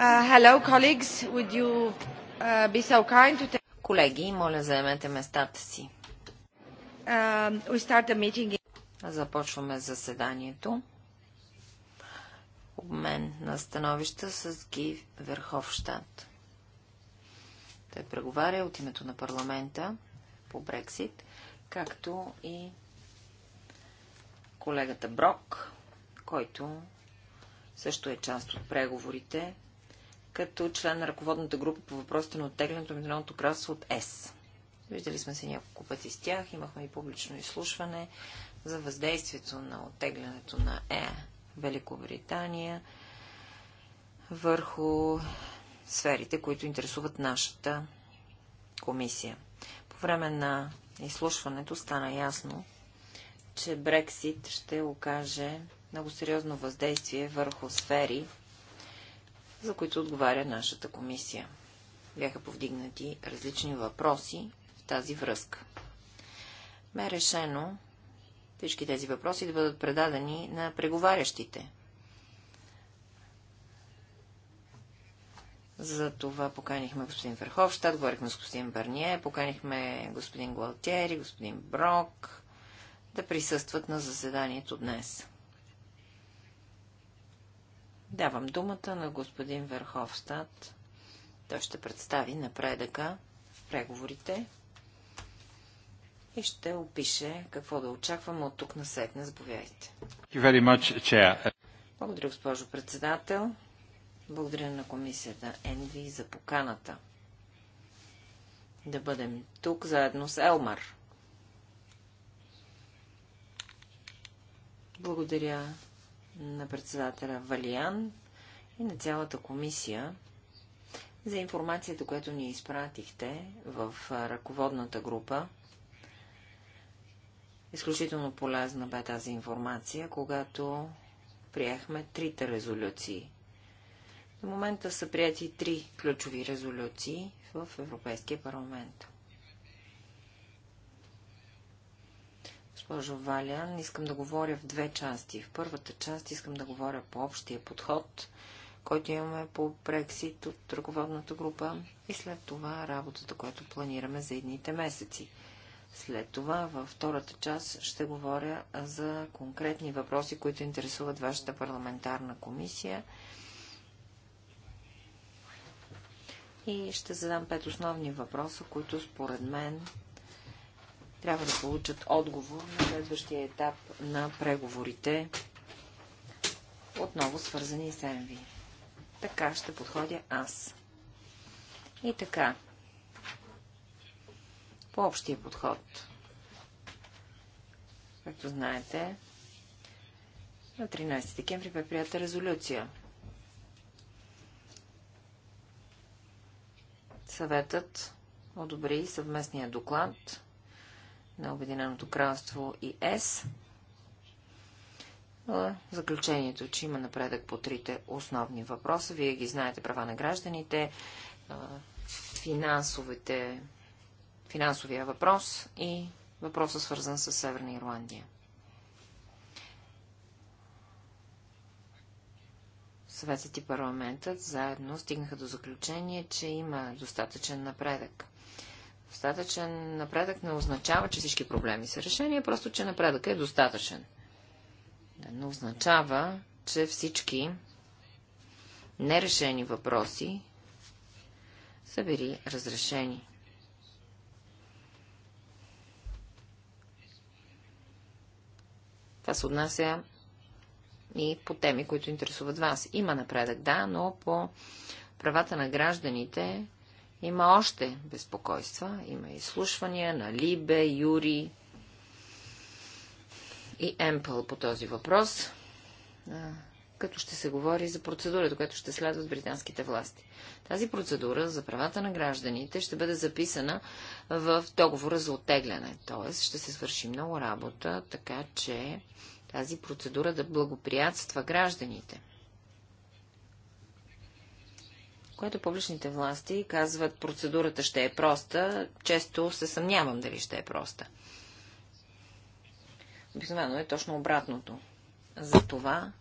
Uh, uh, Колеги, моля заемете местата си. Um, Започваме заседанието. Обмен на становища с Ги Верховщад. Той преговаря от името на парламента по Брексит, както и колегата Брок, който също е част от преговорите като член на ръководната група по въпросите на оттеглянето на Международното кралство от ЕС. Виждали сме се няколко пъти с тях, имахме и публично изслушване за въздействието на оттеглянето на Е, Великобритания върху сферите, които интересуват нашата комисия. По време на изслушването стана ясно, че Брексит ще окаже много сериозно въздействие върху сфери, за които отговаря нашата комисия. Бяха повдигнати различни въпроси в тази връзка. Ме е решено всички тези въпроси да бъдат предадени на преговарящите. За това поканихме господин Верховщад, говорихме с господин Барние, поканихме господин Гуалтери, господин Брок да присъстват на заседанието днес. Давам думата на господин Верховстат. Той ще представи напредъка в преговорите и ще опише какво да очакваме от тук на сетне. Заповядайте. Благодаря, госпожо председател. Благодаря на комисията Енви за поканата да бъдем тук заедно с Елмар. Благодаря на председателя Валиан и на цялата комисия за информацията, която ни изпратихте в ръководната група. Изключително полезна бе тази информация, когато приехме трите резолюции. До момента са прияти три ключови резолюции в Европейския парламент. госпожо Валян. Искам да говоря в две части. В първата част искам да говоря по общия подход, който имаме по Брексит от ръководната група и след това работата, която планираме за едните месеци. След това, във втората част, ще говоря за конкретни въпроси, които интересуват вашата парламентарна комисия. И ще задам пет основни въпроса, които според мен трябва да получат отговор на следващия етап на преговорите, отново свързани с МВИ. Така ще подходя аз. И така. По общия подход. Както знаете, на 13 декември бе прията резолюция. Съветът одобри съвместния доклад на Обединеното кралство и ЕС. Заключението, че има напредък по трите основни въпроса. Вие ги знаете права на гражданите, финансовите, финансовия въпрос и въпроса свързан с Северна Ирландия. Съветът и парламентът заедно стигнаха до заключение, че има достатъчен напредък. Достатъчен напредък не означава, че всички проблеми са решени, просто, че напредък е достатъчен. Не означава, че всички нерешени въпроси са били разрешени. Това се отнася и по теми, които интересуват вас. Има напредък, да, но по правата на гражданите има още безпокойства. Има изслушвания на Либе, Юри и Емпъл по този въпрос, като ще се говори за процедурата, която ще следват британските власти. Тази процедура за правата на гражданите ще бъде записана в договора за оттегляне. т.е. ще се свърши много работа, така че тази процедура да благоприятства гражданите. Когато публичните власти казват процедурата ще е проста, често се съмнявам дали ще е проста. Обикновено е точно обратното. Затова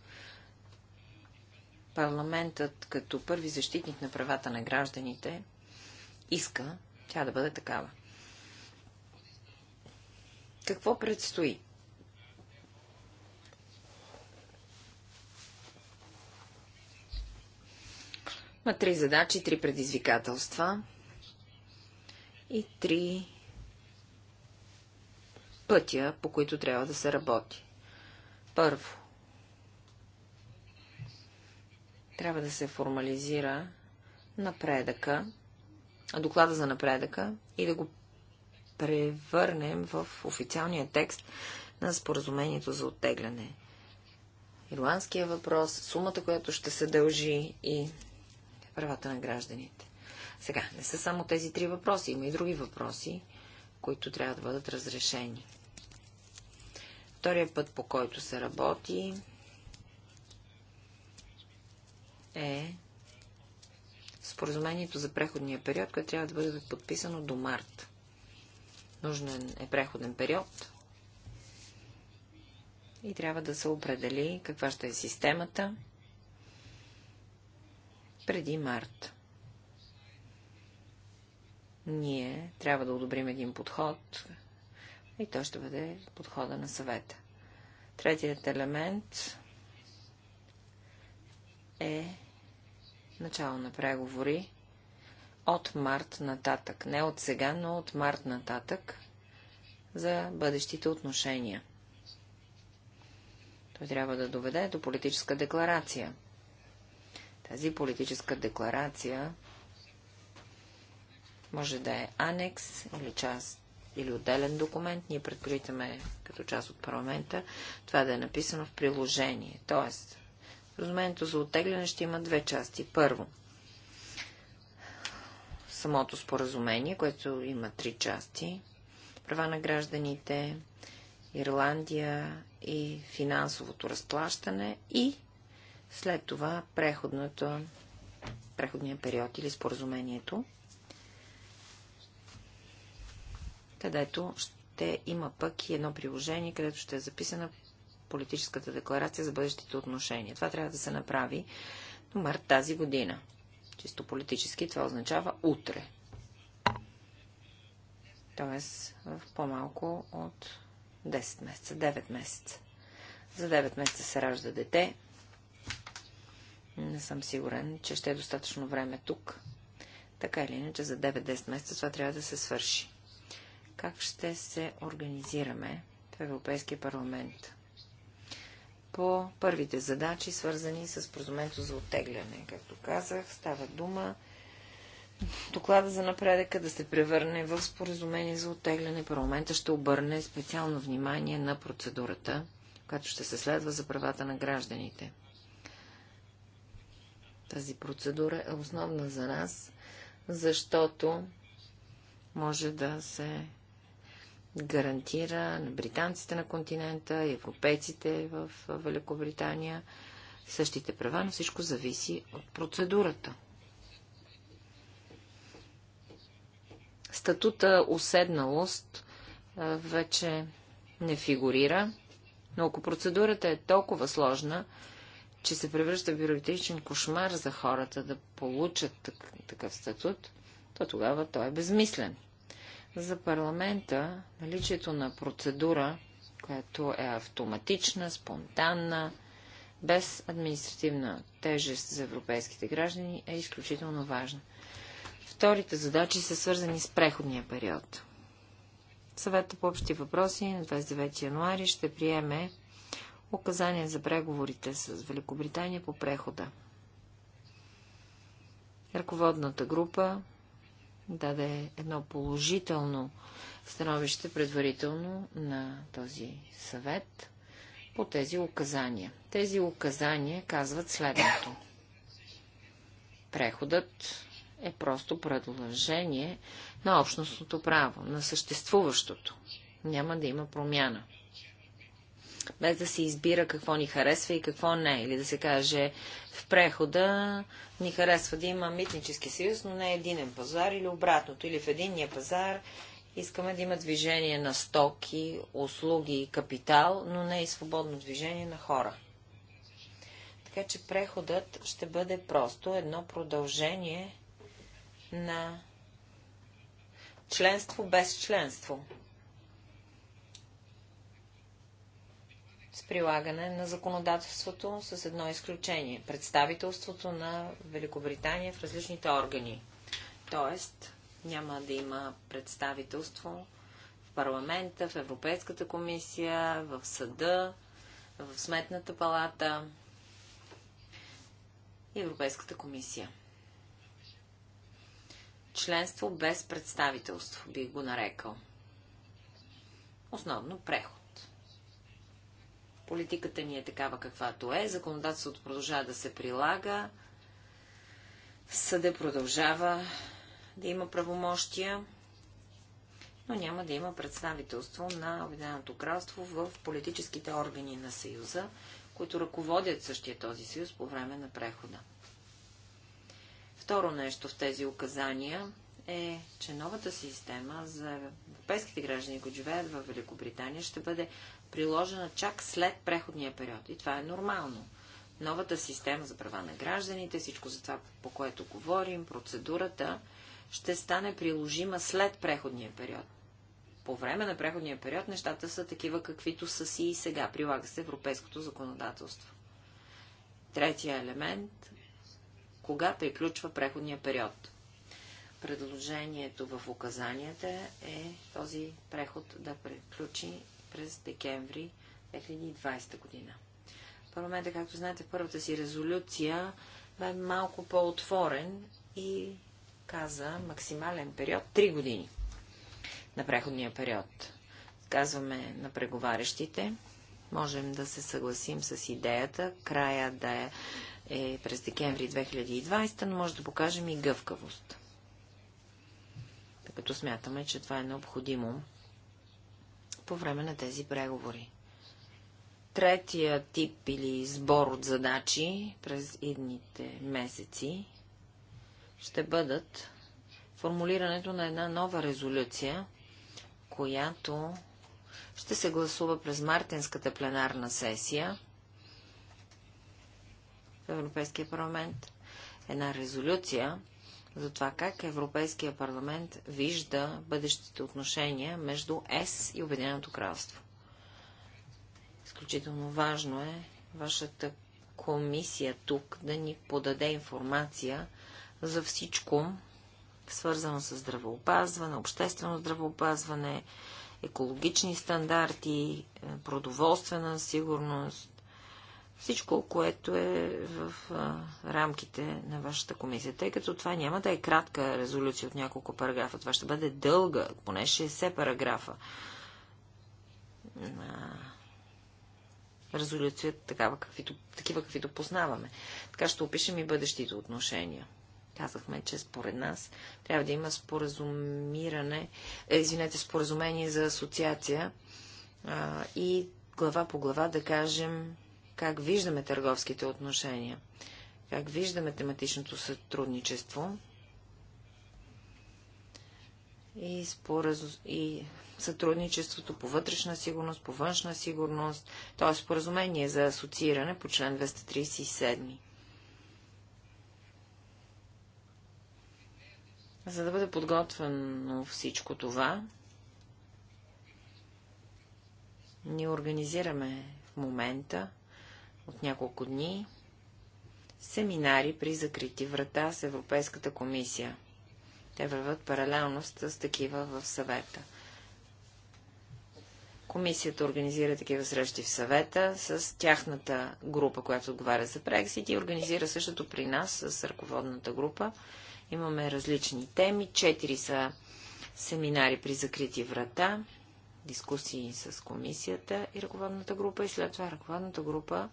парламентът като първи защитник на правата на гражданите иска тя да бъде такава. Какво предстои? Има три задачи, три предизвикателства и три пътя, по които трябва да се работи. Първо, трябва да се формализира напредъка, доклада за напредъка и да го превърнем в официалния текст на споразумението за оттегляне. Ирландския въпрос, сумата, която ще се дължи и правата на гражданите. Сега, не са само тези три въпроси, има и други въпроси, които трябва да бъдат разрешени. Втория път, по който се работи, е споразумението за преходния период, което трябва да бъде подписано до март. Нужен е преходен период и трябва да се определи каква ще е системата, преди март. Ние трябва да одобрим един подход и то ще бъде подхода на съвета. Третият елемент е начало на преговори от март нататък. Не от сега, но от март нататък за бъдещите отношения. Той трябва да доведе до политическа декларация. Тази политическа декларация може да е анекс или част или отделен документ. Ние предпочитаме като част от парламента това да е написано в приложение. Тоест, разумението за оттегляне ще има две части. Първо, самото споразумение, което има три части. Права на гражданите, Ирландия и финансовото разплащане и след това преходната, преходния период или споразумението, където ще има пък и едно приложение, където ще е записана политическата декларация за бъдещите отношения. Това трябва да се направи до март тази година. Чисто политически това означава утре. Тоест в по-малко от 10 месеца, 9 месеца. За 9 месеца се ражда дете, не съм сигурен, че ще е достатъчно време тук. Така или иначе, за 9-10 месеца това трябва да се свърши. Как ще се организираме в Европейския парламент? По първите задачи, свързани с прозумението за оттегляне. Както казах, става дума доклада за напредъка да се превърне в споразумение за оттегляне. Парламента ще обърне специално внимание на процедурата, която ще се следва за правата на гражданите. Тази процедура е основна за нас, защото може да се гарантира на британците на континента, европейците в Великобритания същите права, но всичко зависи от процедурата. Статута уседналост вече не фигурира, но ако процедурата е толкова сложна, че се превръща в бюрократичен кошмар за хората да получат так- такъв статут, то тогава той е безмислен. За парламента наличието на процедура, която е автоматична, спонтанна, без административна тежест за европейските граждани, е изключително важна. Вторите задачи са свързани с преходния период. Съвета по общи въпроси на 29 януари ще приеме указание за преговорите с Великобритания по прехода. Ръководната група даде едно положително становище предварително на този съвет по тези указания. Тези указания казват следното. Преходът е просто предложение на общностното право, на съществуващото. Няма да има промяна без да се избира какво ни харесва и какво не. Или да се каже в прехода ни харесва да има митнически съюз, но не единен пазар или обратното. Или в единния пазар искаме да има движение на стоки, услуги и капитал, но не и свободно движение на хора. Така че преходът ще бъде просто едно продължение на членство без членство. с прилагане на законодателството с едно изключение – представителството на Великобритания в различните органи. Тоест, няма да има представителство в парламента, в Европейската комисия, в съда, в Сметната палата и Европейската комисия. Членство без представителство, бих го нарекал. Основно преход. Политиката ни е такава каквато е, законодателството продължава да се прилага, съде продължава да има правомощия, но няма да има представителство на Обединеното кралство в политическите органи на Съюза, които ръководят същия този съюз по време на прехода. Второ нещо в тези указания е, че новата система за европейските граждани, които живеят в Великобритания, ще бъде приложена чак след преходния период. И това е нормално. Новата система за права на гражданите, всичко за това, по което говорим, процедурата, ще стане приложима след преходния период. По време на преходния период нещата са такива, каквито са си и сега. Прилага се европейското законодателство. Третия елемент – кога приключва преходния период – Предложението в указанията е този преход да приключи през декември 2020 година. Парламента, както знаете, първата си резолюция бе малко по-отворен и каза максимален период 3 години на преходния период. Казваме на преговарящите, можем да се съгласим с идеята, края да е през декември 2020, но може да покажем и гъвкавост като смятаме, че това е необходимо по време на тези преговори. Третия тип или сбор от задачи през идните месеци ще бъдат формулирането на една нова резолюция, която ще се гласува през мартинската пленарна сесия в Европейския парламент. Една резолюция, за това как Европейския парламент вижда бъдещите отношения между ЕС и Обединеното кралство. Изключително важно е вашата комисия тук да ни подаде информация за всичко, свързано с здравеопазване, обществено здравеопазване, екологични стандарти, продоволствена сигурност, всичко, което е в а, рамките на вашата комисия. Тъй като това няма да е кратка резолюция от няколко параграфа, това ще бъде дълга, поне 60 параграфа. На резолюция такава, каквито, такива, каквито познаваме. Така ще опишем и бъдещите отношения. Казахме, че според нас трябва да има споразумиране, е, извинете, споразумение за асоциация а, и глава по глава да кажем как виждаме търговските отношения, как виждаме тематичното сътрудничество и, споразу... и сътрудничеството по вътрешна сигурност, по външна сигурност, т.е. споразумение за асоцииране по член 237. За да бъде подготвено всичко това, ние организираме в момента от няколко дни семинари при закрити врата с Европейската комисия. Те върват паралелно с такива в съвета. Комисията организира такива срещи в съвета с тяхната група, която отговаря за Brexit и организира същото при нас с ръководната група. Имаме различни теми. Четири са семинари при закрити врата, дискусии с комисията и ръководната група и след това ръководната група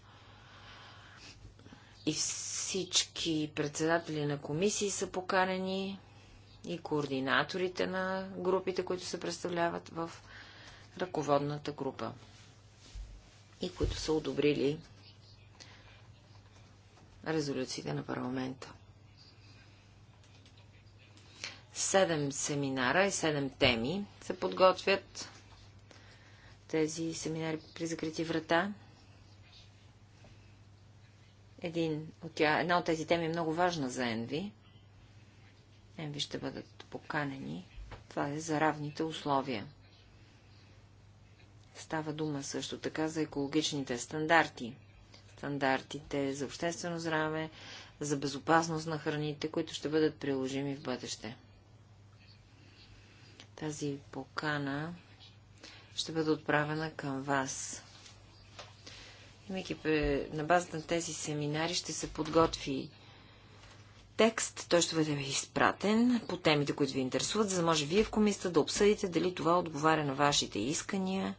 и всички председатели на комисии са поканени и координаторите на групите, които се представляват в ръководната група и които са одобрили резолюциите на парламента. Седем семинара и седем теми се подготвят тези семинари при закрити врата. Един от тя, една от тези теми е много важна за Енви. Енви ще бъдат поканени. Това е за равните условия. Става дума също така за екологичните стандарти. Стандартите за обществено здраве, за безопасност на храните, които ще бъдат приложими в бъдеще. Тази покана ще бъде отправена към вас. Имайки на базата на тези семинари ще се подготви текст, той ще бъде изпратен по темите, които ви интересуват, за да може вие в комисията да обсъдите дали това отговаря на вашите искания,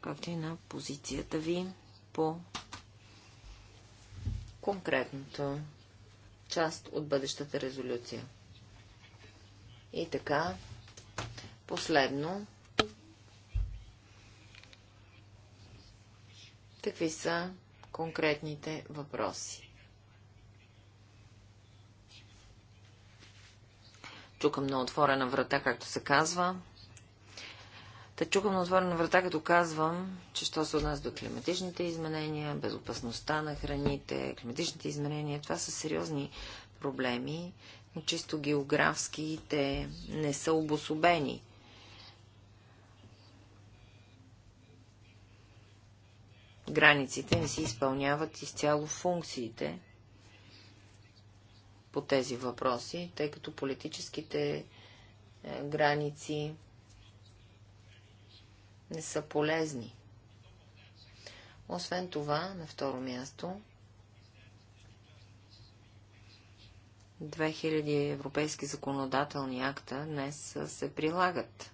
както и на позицията ви по конкретното част от бъдещата резолюция. И така, последно, Какви са конкретните въпроси? Чукам на отворена врата, както се казва. Та чукам на отворена врата, като казвам, че що се отнася до климатичните изменения, безопасността на храните, климатичните изменения, това са сериозни проблеми, но чисто географски те не са обособени. границите не си изпълняват изцяло функциите по тези въпроси, тъй като политическите е, граници не са полезни. Освен това, на второ място, 2000 европейски законодателни акта днес се прилагат.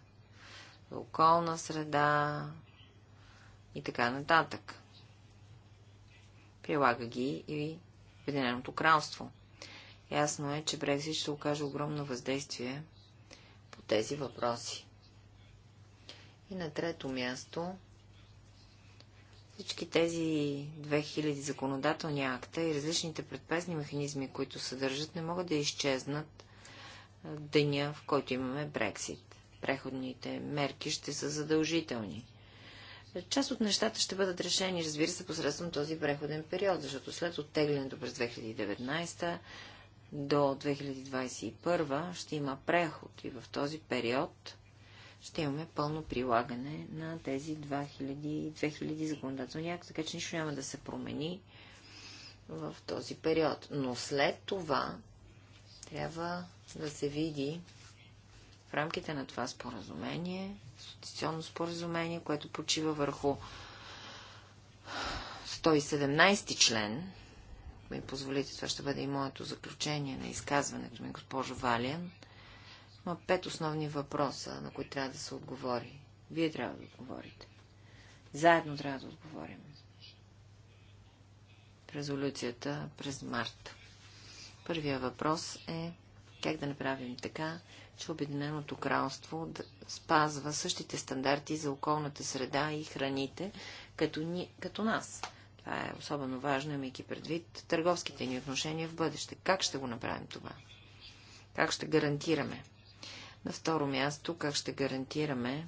Околна среда и така нататък. Прилага ги и Обединеното кралство. Ясно е, че Брекзит ще окаже огромно въздействие по тези въпроси. И на трето място всички тези 2000 законодателни акта и различните предпазни механизми, които съдържат, не могат да изчезнат деня, в който имаме Брексит. Преходните мерки ще са задължителни. Част от нещата ще бъдат решени, разбира се, посредством този преходен период, защото след оттеглянето през 2019 до 2021 ще има преход и в този период ще имаме пълно прилагане на тези 2000, 2000 законодателни акта, така че нищо няма да се промени в този период. Но след това трябва да се види в рамките на това споразумение, асоциационно споразумение, което почива върху 117 член, ми позволите, това ще бъде и моето заключение на изказването ми, госпожо Валиан, има пет основни въпроса, на които трябва да се отговори. Вие трябва да отговорите. Заедно трябва да отговорим. Резолюцията през март. Първия въпрос е как да направим така, че Обединеното кралство да спазва същите стандарти за околната среда и храните, като, ни, като нас. Това е особено важно, имайки предвид търговските ни отношения в бъдеще. Как ще го направим това? Как ще гарантираме? На второ място, как ще гарантираме,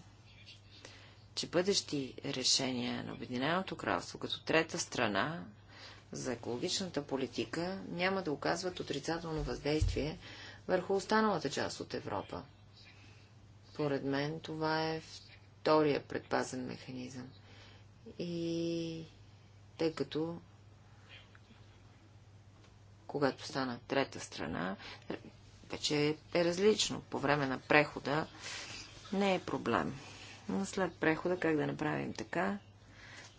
че бъдещи решения на Обединеното кралство като трета страна за екологичната политика няма да оказват отрицателно въздействие върху останалата част от Европа. Поред мен това е втория предпазен механизъм. И тъй като когато стана трета страна, вече е различно. По време на прехода не е проблем. Но след прехода как да направим така,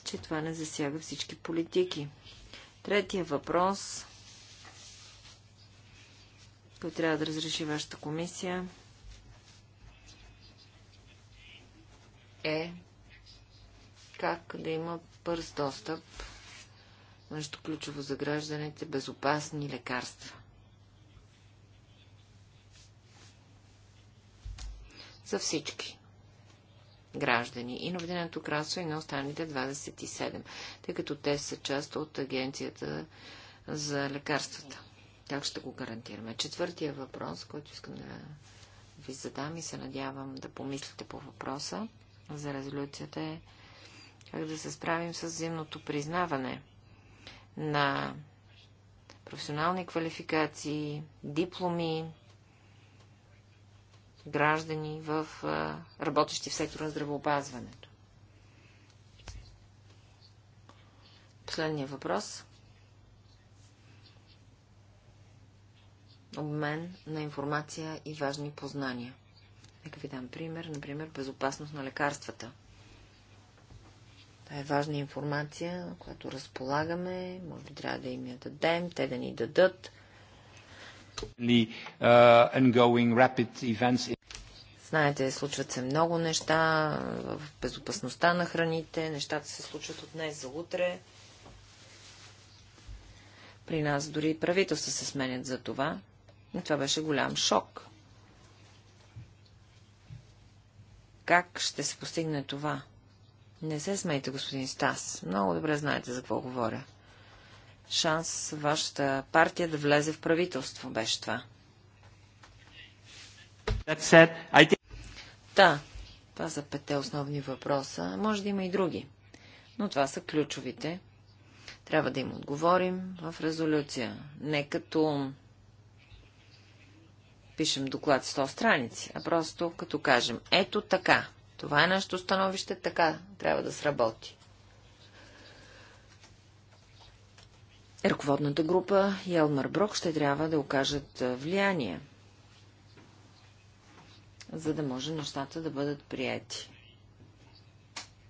че това не засяга всички политики? Третия въпрос кой трябва да разреши вашата комисия, е как да има пърс достъп нещо ключово за гражданите безопасни лекарства. За всички граждани и на Обединеното и на останалите 27, тъй като те са част от Агенцията за лекарствата. Как ще го гарантираме? Четвъртия въпрос, който искам да ви задам и се надявам да помислите по въпроса за резолюцията е как да се справим с взаимното признаване на професионални квалификации, дипломи, граждани в работещи в сектора на здравеопазването. Последния въпрос. обмен на информация и важни познания. Нека ви дам пример, например, безопасност на лекарствата. Това е важна информация, която разполагаме, може би трябва да им я дадем, те да ни дадат. Uh, Знаете, случват се много неща в безопасността на храните, нещата се случват от днес за утре. При нас дори и правителства се сменят за това. Това беше голям шок. Как ще се постигне това? Не се смейте, господин Стас. Много добре знаете за какво говоря. Шанс вашата партия да влезе в правителство беше това. Said, think... Да, това са пете основни въпроса. Може да има и други. Но това са ключовите. Трябва да им отговорим в резолюция. Не като пишем доклад 100 страници, а просто като кажем, ето така, това е нашето становище, така трябва да сработи. Ръководната група и Елмар Брок ще трябва да окажат влияние, за да може нещата да бъдат прияти.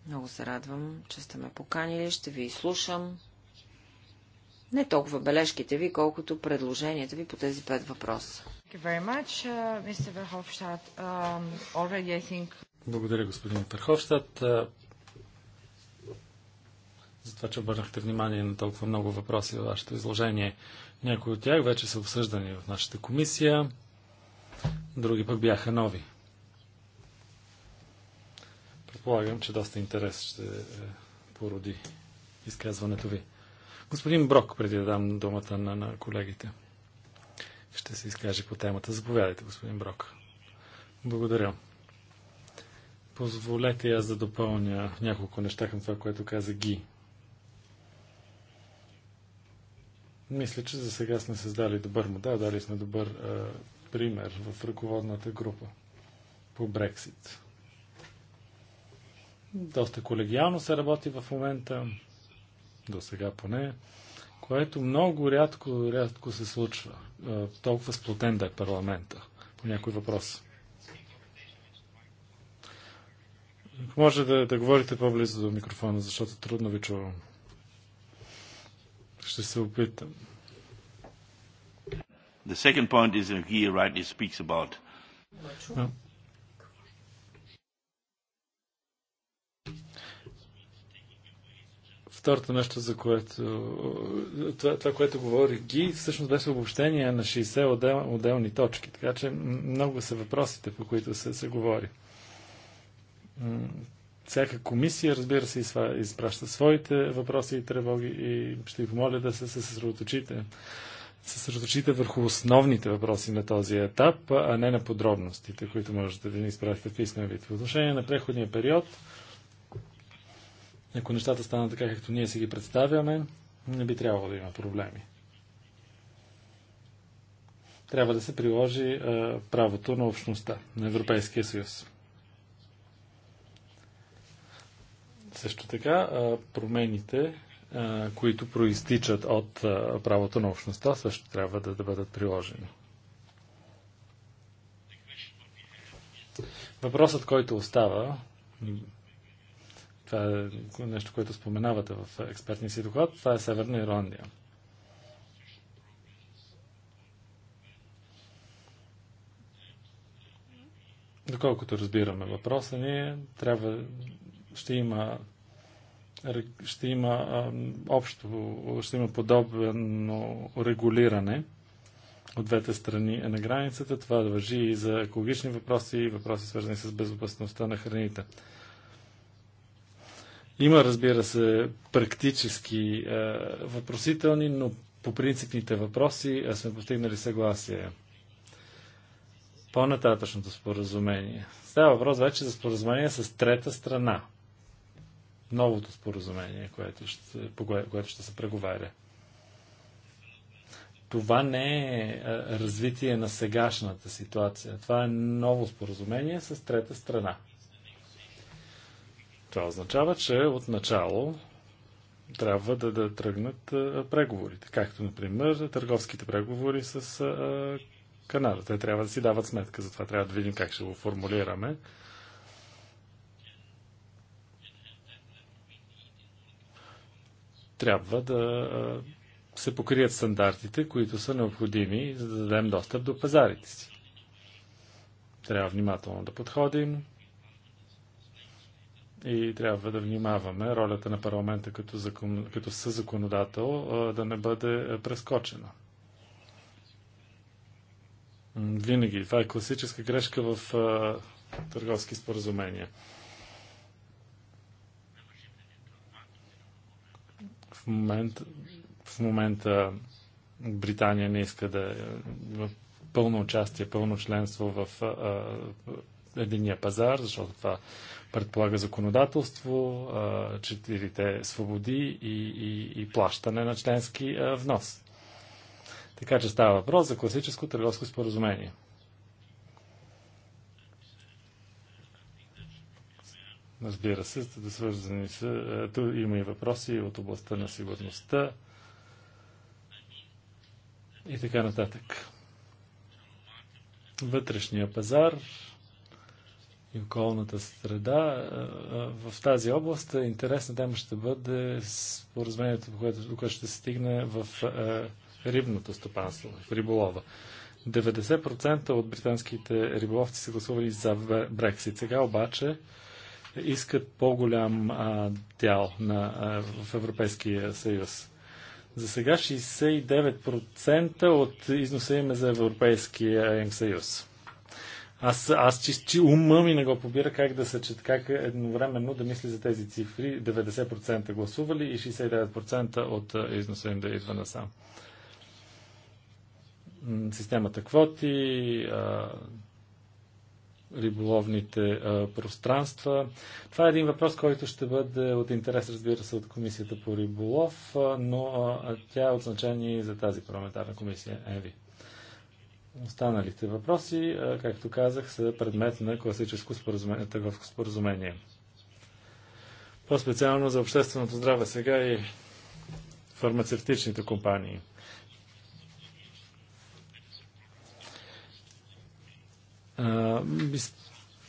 Много се радвам, че сте ме поканили, ще ви изслушам. Не толкова бележките ви, колкото предложенията ви по тези пет въпроса. Uh, um, Благодаря, господин Перховщад, за това, че обърнахте внимание на толкова много въпроси във вашето изложение. Някои от тях вече са обсъждани в нашата комисия, други пък бяха нови. Предполагам, че доста интерес ще е, породи изказването ви. Господин Брок, преди да дам думата на, на колегите, ще се изкаже по темата. Заповядайте, господин Брок. Благодаря. Позволете аз да допълня няколко неща към това, което каза Ги. Мисля, че за сега сме създали добър модел, дали сме добър е, пример в ръководната група по Брексит. Доста колегиално се работи в момента до сега поне, което много рядко, рядко се случва. Толкова сплотен да е парламента по някой въпрос. Може да, да говорите по-близо до микрофона, защото трудно ви чувам. Ще се опитам. The second point is that he rightly speaks about Второто нещо, за което... Това, това което говори Ги, всъщност беше обобщение на 60 отдел, отделни точки. Така че много са въпросите, по които се, се говори. Всяка комисия, разбира се, изпраща своите въпроси и тревоги и ще ви помоля да се съсредоточите. Съсредоточите върху основните въпроси на този етап, а не на подробностите, които можете да ни изпратите в писмен вид. отношение на преходния период, ако нещата станат така, както ние си ги представяме, не би трябвало да има проблеми. Трябва да се приложи е, правото на общността, на Европейския съюз. Също така, е, промените, е, които проистичат от е, правото на общността, също трябва да, да бъдат приложени. Въпросът, който остава, това е нещо, което споменавате в експертния си доклад. Това е Северна Ирландия. Доколкото разбираме въпроса ни, трябва, ще има ще има общо, ще има подобно регулиране от двете страни на границата. Това да въжи и за екологични въпроси и въпроси свързани с безопасността на храните. Има, разбира се, практически е, въпросителни, но по принципните въпроси е, сме постигнали съгласие. По-нататъчното споразумение. Става въпрос вече за споразумение с трета страна. Новото споразумение, което ще, по кое, което ще се преговаря. Това не е, е развитие на сегашната ситуация. Това е ново споразумение с трета страна. Това означава, че от начало трябва да, да тръгнат а, преговорите. Както, например, търговските преговори с а, Канада. Те трябва да си дават сметка, затова трябва да видим как ще го формулираме. Трябва да се покрият стандартите, които са необходими, за да дадем достъп до пазарите си. Трябва внимателно да подходим, и трябва да внимаваме ролята на парламента като, закон, като съзаконодател да не бъде е, прескочена. Винаги. Това е класическа грешка в а, търговски споразумения. В, момент, в момента Британия не иска да е, има пълно участие, пълно членство в а, единния пазар, защото това предполага законодателство, четирите свободи и, и, и плащане на членски внос. Така че става въпрос за класическо търговско споразумение. Разбира се, да свързани с... Ту има и въпроси от областта на сигурността и така нататък. Вътрешния пазар и околната среда. В тази област интересна тема ще бъде споразумението, до което, което ще стигне в рибното стопанство, в риболова. 90% от британските риболовци са гласували за Брексит. Сега обаче искат по-голям дял на, а, в Европейския съюз. За сега 69% от износа им е за Европейския съюз. Аз, аз че, че ума ми не го побира как да се чет, как едновременно да мисли за тези цифри. 90% гласували и 69% от износа им да идва насам. Системата квоти, а, риболовните а, пространства. Това е един въпрос, който ще бъде от интерес, разбира се, от Комисията по риболов, а, но а, тя е от значение и за тази парламентарна комисия. Еви. Останалите въпроси, както казах, са предмет на класическо споразумение, търговско споразумение. По-специално за общественото здраве сега и фармацевтичните компании.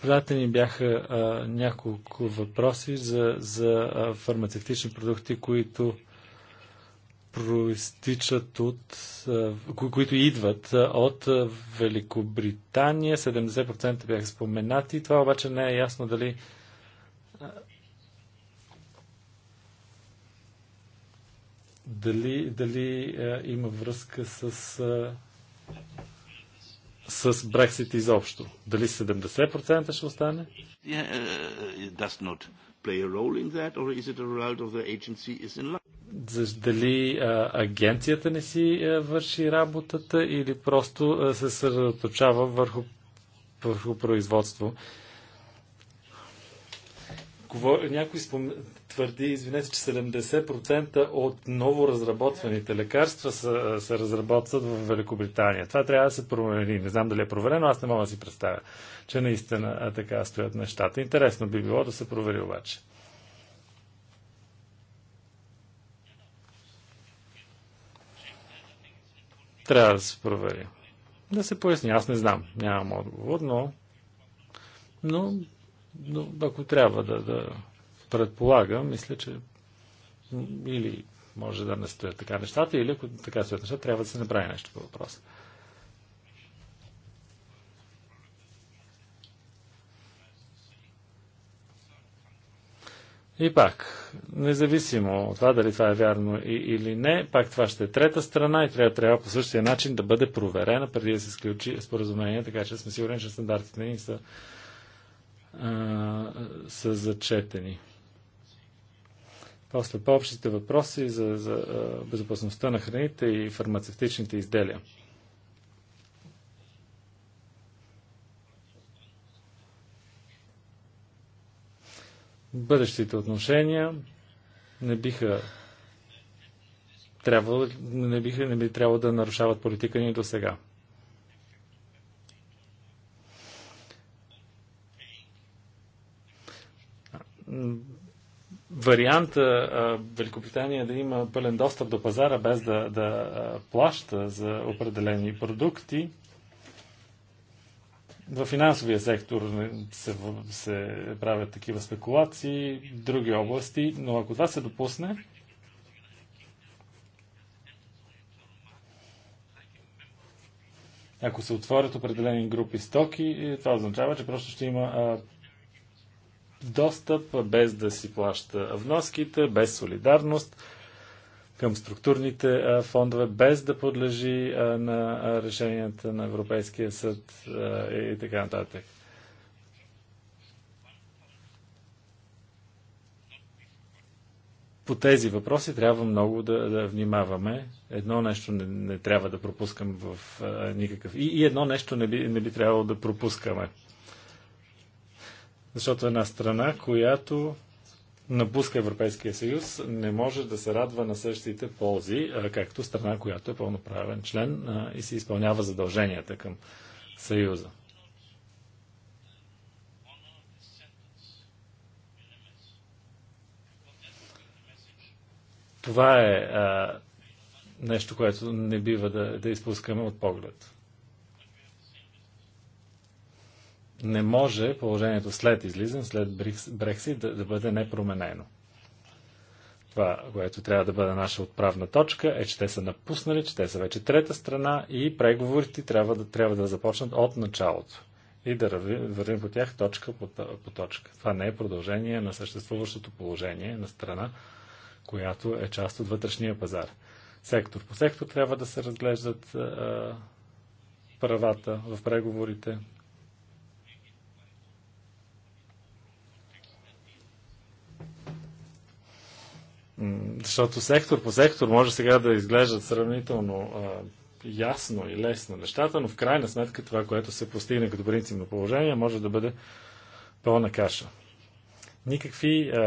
Пратени бяха а, няколко въпроси за, за а, фармацевтични продукти, които проистичат от, които идват от Великобритания. 70% бяха споменати. Това обаче не е ясно дали дали, дали има връзка с, с Брексит изобщо. Дали 70% ще остане? Yeah, uh, дали а, агенцията не си а, върши работата или просто а, се съсредоточава върху, върху производство. Говор... Някой спом... твърди, извинете, че 70% от ново разработваните лекарства се, се разработват в Великобритания. Това трябва да се промени. Не знам дали е проверено, аз не мога да си представя, че наистина а, така стоят нещата. Интересно би било да се провери обаче. Трябва да се провери. Да се поясни. Аз не знам. Нямам отговор, но... Но, но ако трябва да, да предполагам, мисля, че или може да не стоят така нещата, или ако така стоят нещата, трябва да се направи нещо по въпроса. И пак, независимо от това дали това е вярно и, или не, пак това ще е трета страна и трябва, трябва по същия начин да бъде проверена преди да се сключи споразумение, така че сме сигурни, че стандартите ни са, а, са зачетени. После по-общите въпроси за, за безопасността на храните и фармацевтичните изделия. бъдещите отношения не биха трябвало, не, биха, не би трябвало да нарушават политика ни до сега. Варианта Великобритания да има пълен достъп до пазара без да, да плаща за определени продукти – в финансовия сектор се, се правят такива спекулации, други области, но ако това се допусне, ако се отворят определени групи стоки, е, това означава, че просто ще има а, достъп без да си плаща вноските, без солидарност към структурните фондове, без да подлежи на решенията на Европейския съд и така нататък. По тези въпроси трябва много да, да внимаваме. Едно нещо не, не трябва да пропускам в а, никакъв. И, и едно нещо не би, не би трябвало да пропускаме. Защото една страна, която напуска Европейския съюз, не може да се радва на същите ползи, както страна, която е пълноправен член и си изпълнява задълженията към съюза. Това е а, нещо, което не бива да, да изпускаме от поглед. не може положението след излизане, след Брексит да, да бъде непроменено. Това, което трябва да бъде наша отправна точка, е, че те са напуснали, че те са вече трета страна и преговорите трябва да, трябва да започнат от началото и да вървим по тях точка по, по точка. Това не е продължение на съществуващото положение на страна, която е част от вътрешния пазар. Сектор по сектор трябва да се разглеждат а, правата в преговорите, Защото сектор по сектор може сега да изглеждат сравнително а, ясно и лесно нещата, но в крайна сметка това, което се постигне като принципно положение, може да бъде пълна каша. Никакви а,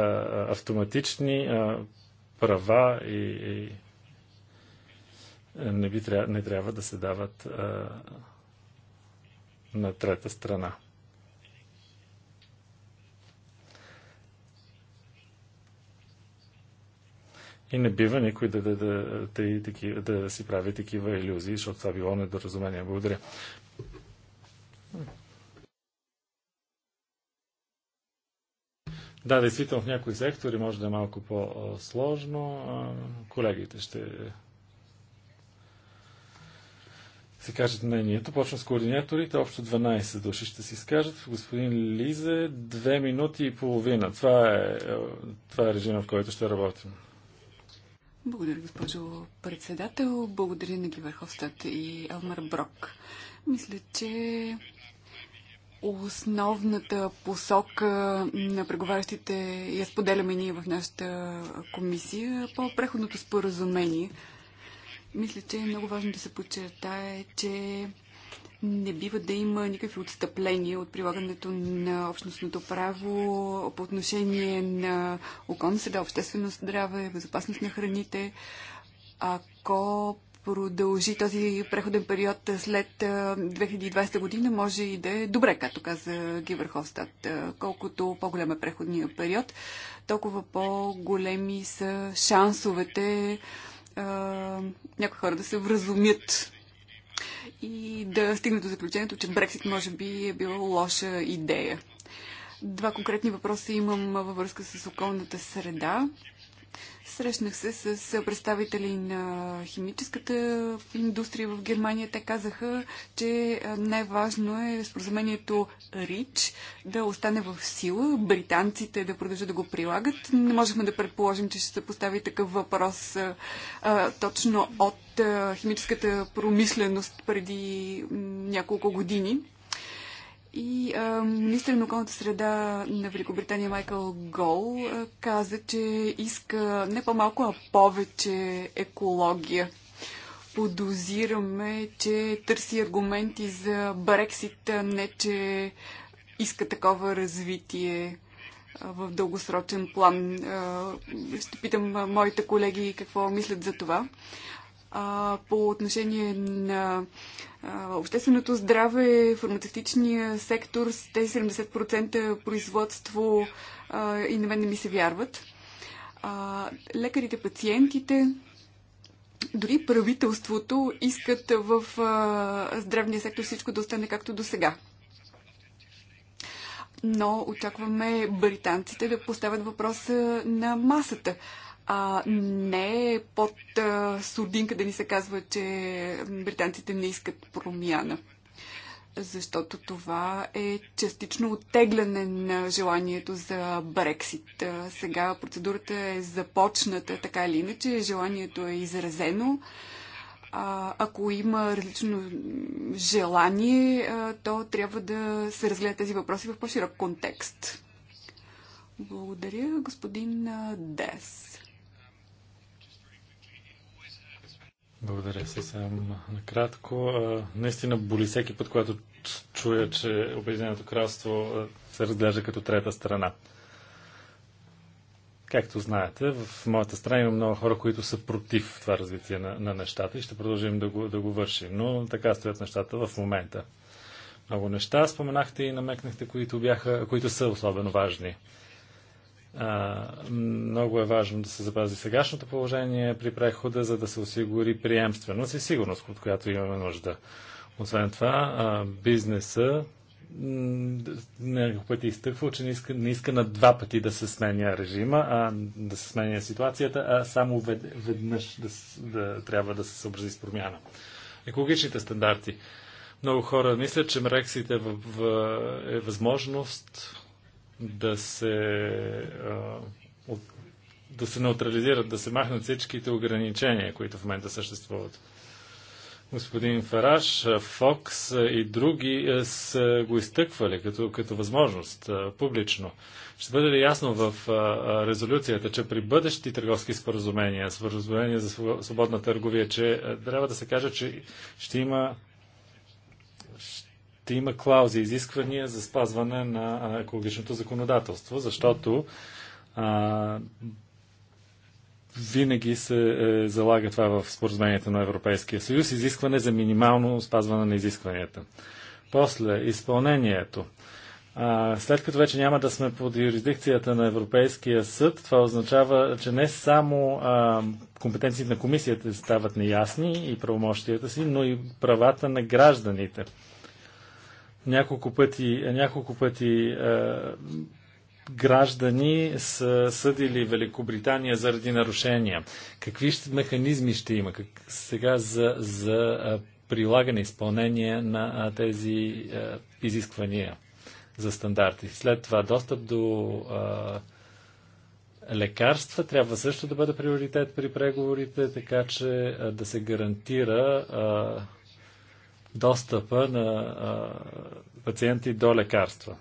автоматични а, права и, и не, би, не трябва да се дават а, на трета страна. И не бива никой да, да, да, да, да си прави такива иллюзии, защото това било недоразумение. Благодаря. Да, действително в някои сектори може да е малко по-сложно. Колегите ще се кажат мнението. Почна с координаторите. Общо 12 души ще си скажат. Господин Лизе, 2 минути и половина. Това е, е, това е режима, в който ще работим. Благодаря, госпожо председател. Благодаря на Гиверховстат и Елмар Брок. Мисля, че основната посока на преговарящите я споделяме ние в нашата комисия по преходното споразумение. Мисля, че е много важно да се подчертае, че не бива да има никакви отстъпления от прилагането на общностното право по отношение на околна среда, обществено здраве, безопасност на храните. Ако продължи този преходен период след 2020 година, може и да е добре, както каза Гиберховстат. Колкото по-голям е преходният период, толкова по-големи са шансовете някои хора да се вразумят и да стигне до заключението, че Брексит може би е била лоша идея. Два конкретни въпроса имам във връзка с околната среда. Срещнах се с представители на химическата индустрия в Германия. Те казаха, че най-важно е споразумението РИЧ да остане в сила, британците да продължат да го прилагат. Не можехме да предположим, че ще се постави такъв въпрос а, точно от а, химическата промишленост преди няколко години. И министър на околната среда на Великобритания Майкъл Гол а, каза, че иска не по-малко, а повече екология. Подозираме, че търси аргументи за Брексит, не че иска такова развитие в дългосрочен план. Ще питам моите колеги какво мислят за това а, по отношение на а, общественото здраве, фармацевтичния сектор, с тези 70% производство а, и на мен не ми се вярват. А, лекарите, пациентите, дори правителството искат в а, здравния сектор всичко да остане както до сега. Но очакваме британците да поставят въпроса на масата а, не е под а, судинка да ни се казва, че британците не искат промяна. Защото това е частично оттегляне на желанието за Брексит. Сега процедурата е започната така или иначе, желанието е изразено. А, ако има различно желание, а, то трябва да се разгледат тези въпроси в по-широк контекст. Благодаря, господин Дес. Благодаря съвсем накратко. Наистина боли всеки път, когато чуя, че Обединеното кралство се разглежда като трета страна. Както знаете, в моята страна има много хора, които са против това развитие на, на нещата и ще продължим да го, да го вършим. Но така стоят нещата в момента. Много неща споменахте и намекнахте, които, бяха, които са особено важни. А, много е важно да се запази сегашното положение при прехода, за да се осигури приемственост и сигурност, от която имаме нужда. Освен това, а, бизнеса няколко пъти изтъква, че не иска, не иска на два пъти да се сменя режима, а да се сменя ситуацията, а само вед, веднъж да, да, трябва да се съобрази с промяна. Екологичните стандарти. Много хора мислят, че мрексите в, в, е възможност да се, да се неутрализират, да се махнат всичките ограничения, които в момента съществуват. Господин Фараш, Фокс и други са го изтъквали като, като възможност публично. Ще бъде ли ясно в резолюцията, че при бъдещи търговски споразумения, споразумения за свободна търговия, че трябва да се каже, че ще има ще има клаузи изисквания за спазване на екологичното законодателство, защото а, винаги се е, залага това в споразумението на Европейския съюз, изискване за минимално спазване на изискванията. После, изпълнението. А, след като вече няма да сме под юрисдикцията на Европейския съд, това означава, че не само а, компетенциите на комисията стават неясни и правомощията си, но и правата на гражданите. Няколко пъти, няколко пъти е, граждани са съдили Великобритания заради нарушения. Какви ще, механизми ще има как, сега за, за е, прилагане, изпълнение на а, е, тези е, изисквания за стандарти. След това достъп до е, лекарства трябва също да бъде приоритет при преговорите, така че е, да се гарантира Е, достъпа на а, пациенти до лекарства,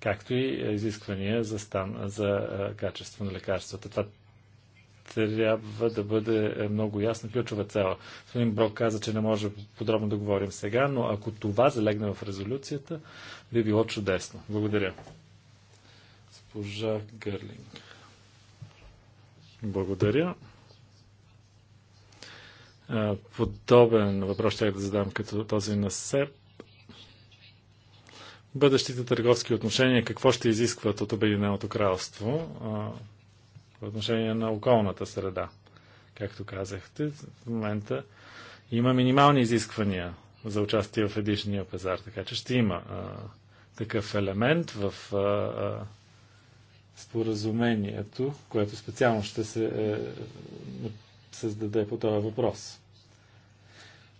както и изисквания за, стан, за а, качество на лекарствата. Това трябва да бъде е, много ясно ключова цела. Господин Брок каза, че не може подробно да говорим сега, но ако това залегне в резолюцията, би било чудесно. Благодаря. Спожа Гърлинг. Благодаря. Подобен въпрос ще да задам като този на СЕП. Бъдещите търговски отношения, какво ще изискват от Обединеното кралство в отношение на околната среда? Както казахте, в момента има минимални изисквания за участие в едишния пазар, така че ще има а, такъв елемент в а, а, споразумението, което специално ще се е, създаде по този въпрос.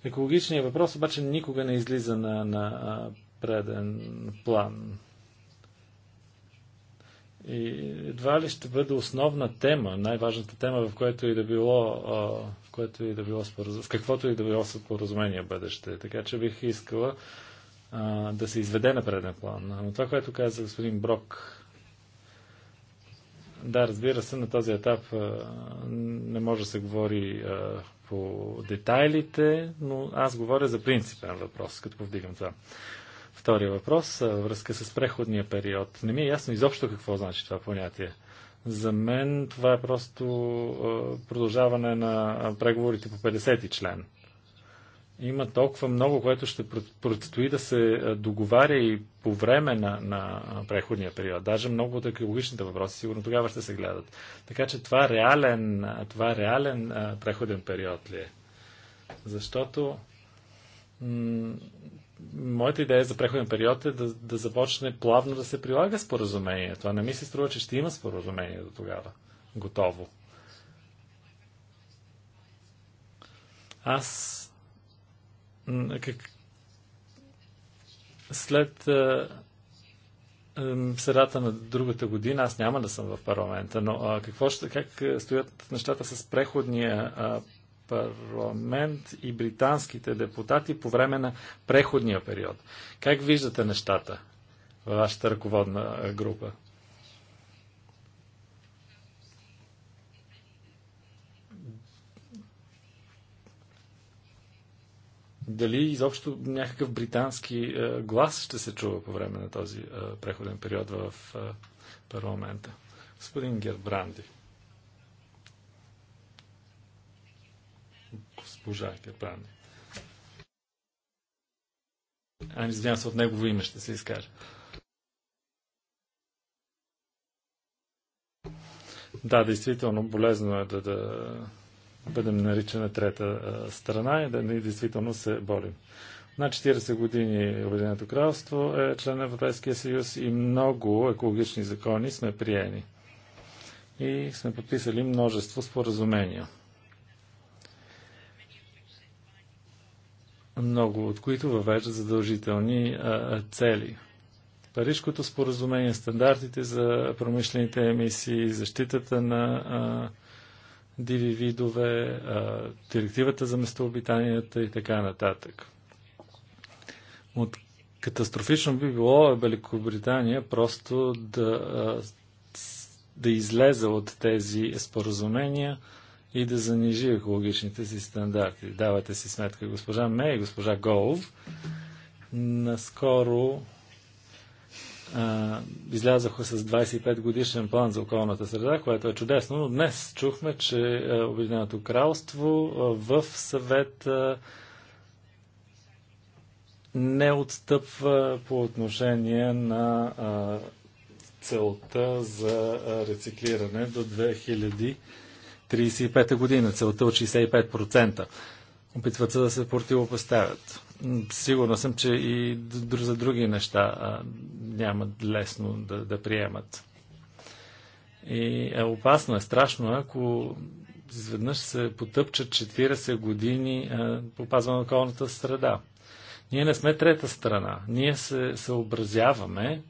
Екологичният въпрос обаче никога не излиза на, на преден план. И едва ли ще бъде основна тема, най-важната тема, в което и да било, в, което и да било в каквото и да било споразумение бъдеще. Така че бих искала да се изведе на преден план. Но това, което каза господин Брок да, разбира се, на този етап не може да се говори по детайлите, но аз говоря за принципен въпрос, като повдигам това. Втория въпрос, връзка с преходния период. Не ми е ясно изобщо какво значи това понятие. За мен това е просто продължаване на преговорите по 50 ти член. Има толкова много, което ще предстои да се е, договаря и по време на, на преходния период. Даже много от екологичните въпроси сигурно тогава ще се гледат. Така че това реален, е, това реален е, преходен период ли е? Защото моята идея за преходен период е да, да започне плавно да се прилага споразумението. А не ми се струва, че ще има споразумение до тогава. Готово. Аз как... след е, средата на другата година аз няма да съм в парламента, но е, какво ще, как стоят нещата с преходния е, парламент и британските депутати по време на преходния период? Как виждате нещата във вашата ръководна група? дали изобщо някакъв британски е, глас ще се чува по време на този е, преходен период в е, парламента. Господин Гербранди. Госпожа Гербранди. А, извинявам се, от негово име ще се изкаже. Да, действително, болезно е да, да бъдем наричана трета страна и да ние действително се борим. На 40 години Обединеното кралство е член на Европейския съюз и много екологични закони сме приели. И сме подписали множество споразумения. Много от които въвеждат задължителни цели. Парижкото споразумение, стандартите за промишлените емисии, защитата на а, диви видове, директивата за местообитанията и така нататък. От катастрофично би било е Великобритания просто да, да излезе от тези споразумения и да занижи екологичните си стандарти. Давате си сметка, госпожа Мей и госпожа Голов наскоро излязоха с 25 годишен план за околната среда, което е чудесно, но днес чухме, че Обединеното кралство в съвет не отстъпва по отношение на целта за рециклиране до 2035 година, целта от 65%. Опитват се да се противопоставят. Сигурно съм, че и за други неща няма лесно да, да приемат. И е опасно, е страшно, ако изведнъж се потъпчат 40 години по на околната среда. Ние не сме трета страна. Ние се съобразяваме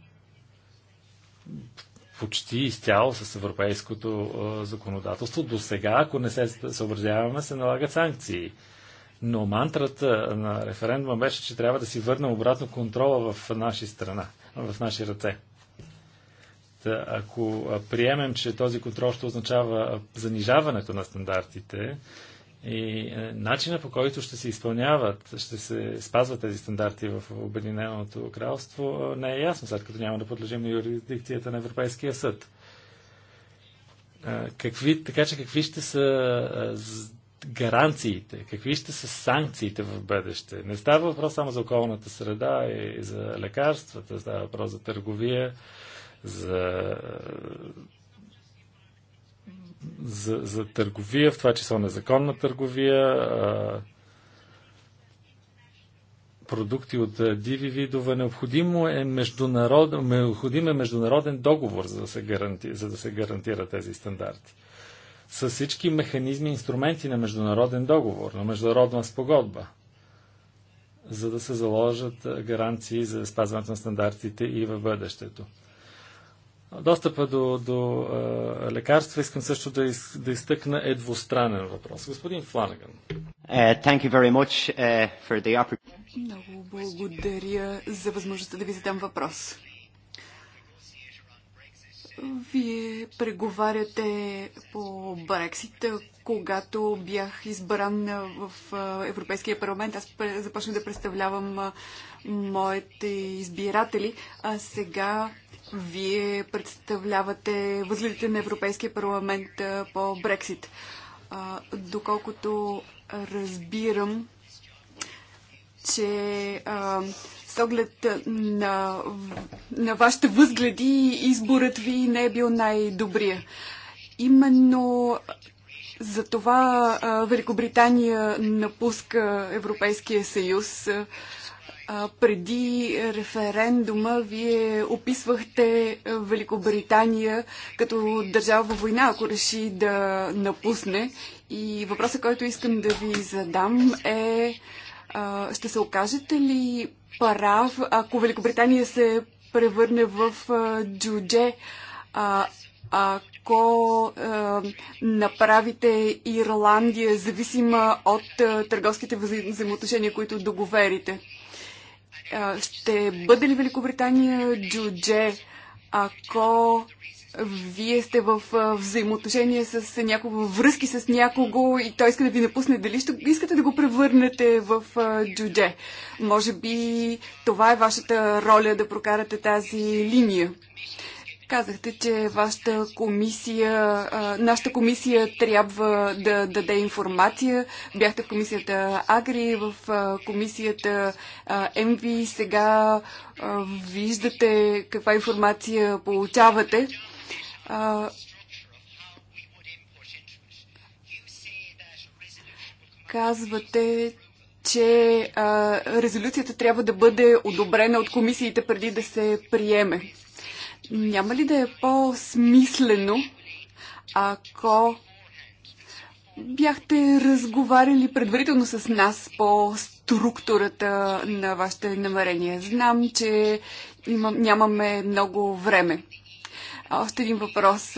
почти изцяло с европейското законодателство. До сега, ако не се съобразяваме, се налагат санкции. Но мантрата на референдума беше, че трябва да си върнем обратно контрола в наша страна, в наши ръце. Та, ако приемем, че този контрол ще означава занижаването на стандартите и е, начина по който ще се изпълняват, ще се спазват тези стандарти в Обединеното кралство, не е ясно, след като няма да подлежим на юрисдикцията на Европейския съд. Какви, така че какви ще са гаранциите, какви ще са санкциите в бъдеще. Не става въпрос само за околната среда и за лекарствата, става въпрос за търговия, за, за, за търговия, в това число незаконна търговия, продукти от диви видове. Необходимо е международ, необходим е международен договор, за да се, гаранти, за да се гарантира тези стандарти с всички механизми и инструменти на международен договор, на международна спогодба, за да се заложат гаранции за спазването на стандартите и в бъдещето. Достъпа до, до е, лекарства искам също да, из, да изтъкна е двустранен въпрос. Господин Фланаган. Uh, uh, Много благодаря за възможността да ви задам въпрос. Вие преговаряте по Брексит. Когато бях избран в Европейския парламент, аз започнах да представлявам моите избиратели, а сега вие представлявате възгледите на Европейския парламент по Брексит. Доколкото разбирам, че оглед на, на вашите възгледи, изборът ви не е бил най-добрия. Именно за това Великобритания напуска Европейския съюз. преди референдума вие описвахте Великобритания като държава във война, ако реши да напусне. И въпросът, който искам да ви задам е ще се окажете ли прав, ако Великобритания се превърне в джудже, ако а, направите Ирландия зависима от а, търговските взаимоотношения, които договерите, А, ще бъде ли Великобритания джудже, ако вие сте в взаимоотношение с някого, връзки с някого и той иска да ви напусне. Дали ще искате да го превърнете в джудже? Може би това е вашата роля да прокарате тази линия. Казахте, че вашата комисия, нашата комисия трябва да даде информация. Бяхте в комисията Агри, в комисията МВ. Сега виждате каква информация получавате казвате, че а, резолюцията трябва да бъде одобрена от комисиите преди да се приеме. Няма ли да е по-смислено, ако бяхте разговаряли предварително с нас по структурата на вашите намерения? Знам, че имам, нямаме много време. Още един въпрос.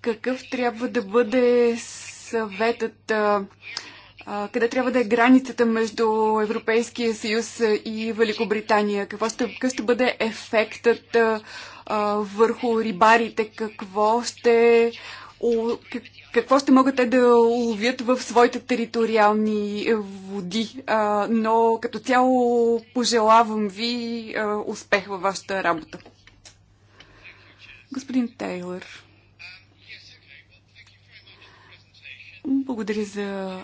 Какъв трябва да бъде съветът? Къде трябва да е границата между Европейския съюз и Великобритания? Какво ще, какъв ще бъде ефектът върху рибарите? Какво ще какво ще могат те да ловят в своите териториални е, води. А, но като цяло пожелавам ви а, е, успех във вашата работа. Господин Тейлър. Благодаря за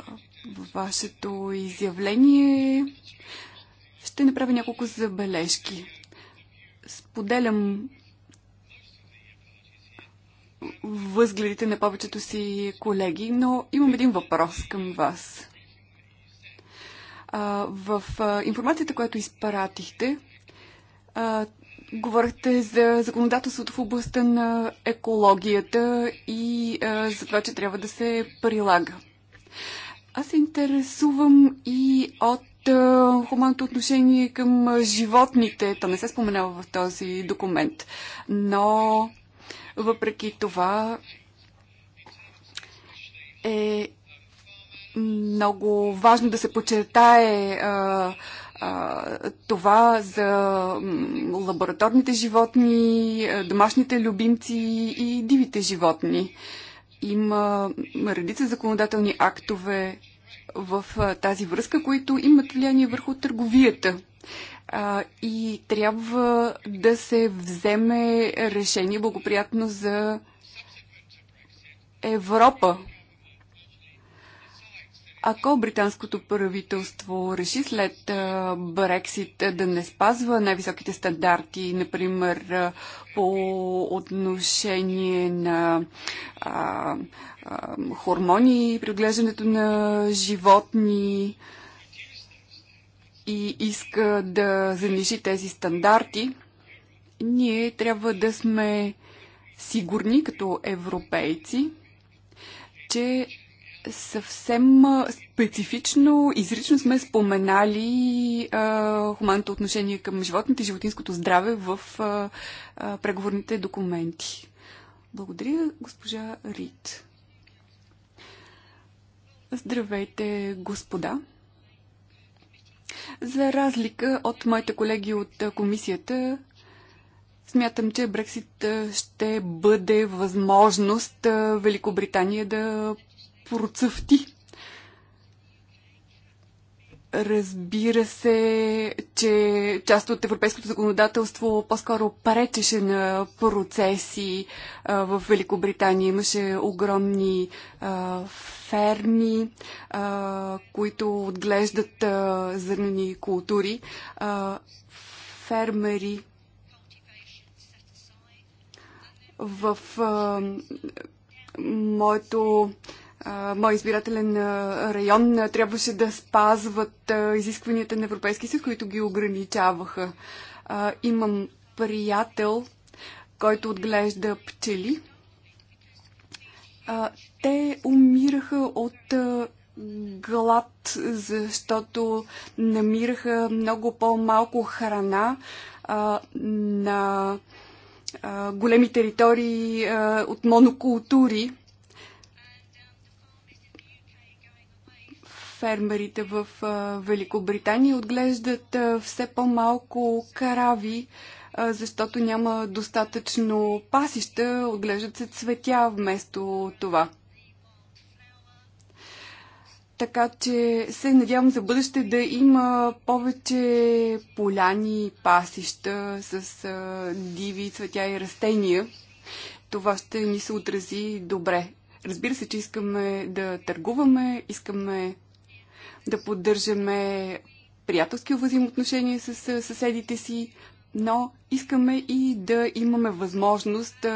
вашето изявление. Ще направя няколко забележки. Споделям възгледите на повечето си колеги, но имам един въпрос към вас. А, в а, информацията, която изпратихте, а, говорихте за законодателството в областта на екологията и а, за това, че трябва да се прилага. Аз се интересувам и от хуманното отношение към животните. То не се споменава в този документ, но въпреки това е много важно да се подчертае а, а, това за лабораторните животни, домашните любимци и дивите животни. Има редица законодателни актове в тази връзка, които имат влияние върху търговията а, и трябва да се вземе решение благоприятно за Европа. Ако британското правителство реши след Брексит да не спазва най-високите стандарти, например по отношение на а, а, хормони при отглеждането на животни, а, и иска да занижи тези стандарти, ние трябва да сме сигурни като европейци, че съвсем специфично, изрично сме споменали а, хуманното отношение към животните и животинското здраве в а, а, преговорните документи. Благодаря, госпожа Рид. Здравейте, господа. За разлика от моите колеги от комисията, смятам, че Брексит ще бъде възможност Великобритания да процъфти. Разбира се, че част от европейското законодателство по-скоро пречеше на процеси в Великобритания. Имаше огромни ферми, а, които отглеждат а, зърнени култури. А, фермери в а, моето мой избирателен район трябваше да спазват изискванията на Европейския съюз, които ги ограничаваха. Имам приятел, който отглежда пчели а, те умираха от а, глад, защото намираха много по-малко храна а, на а, големи територии а, от монокултури. Фермерите в а, Великобритания отглеждат а, все по-малко карави, а, защото няма достатъчно пасища, отглеждат се цветя вместо това. Така че се надявам за бъдеще да има повече поляни, пасища с а, диви цветя и растения. Това ще ни се отрази добре. Разбира се, че искаме да търгуваме, искаме да поддържаме приятелски взаимоотношения с съседите си, но искаме и да имаме възможност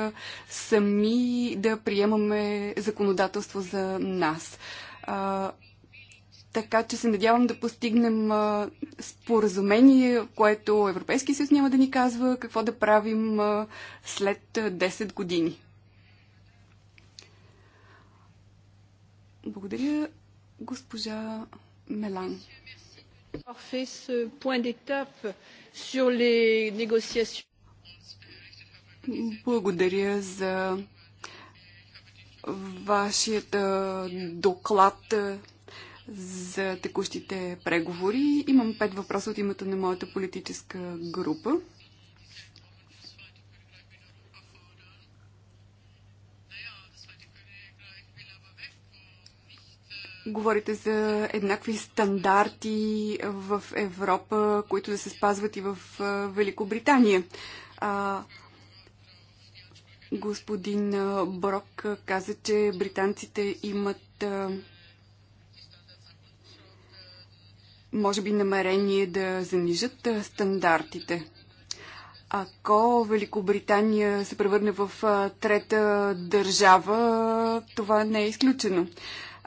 сами да приемаме законодателство за нас. Така че се надявам да постигнем а, споразумение, което Европейски съюз няма да ни казва какво да правим а, след 10 години. Благодаря, госпожа Мелан. Благодаря за вашият доклад за текущите преговори. Имам пет въпроса от името на моята политическа група. Говорите за еднакви стандарти в Европа, които да се спазват и в Великобритания. А, господин Брок каза, че британците имат може би намерение да занижат стандартите. Ако Великобритания се превърне в трета държава, това не е изключено.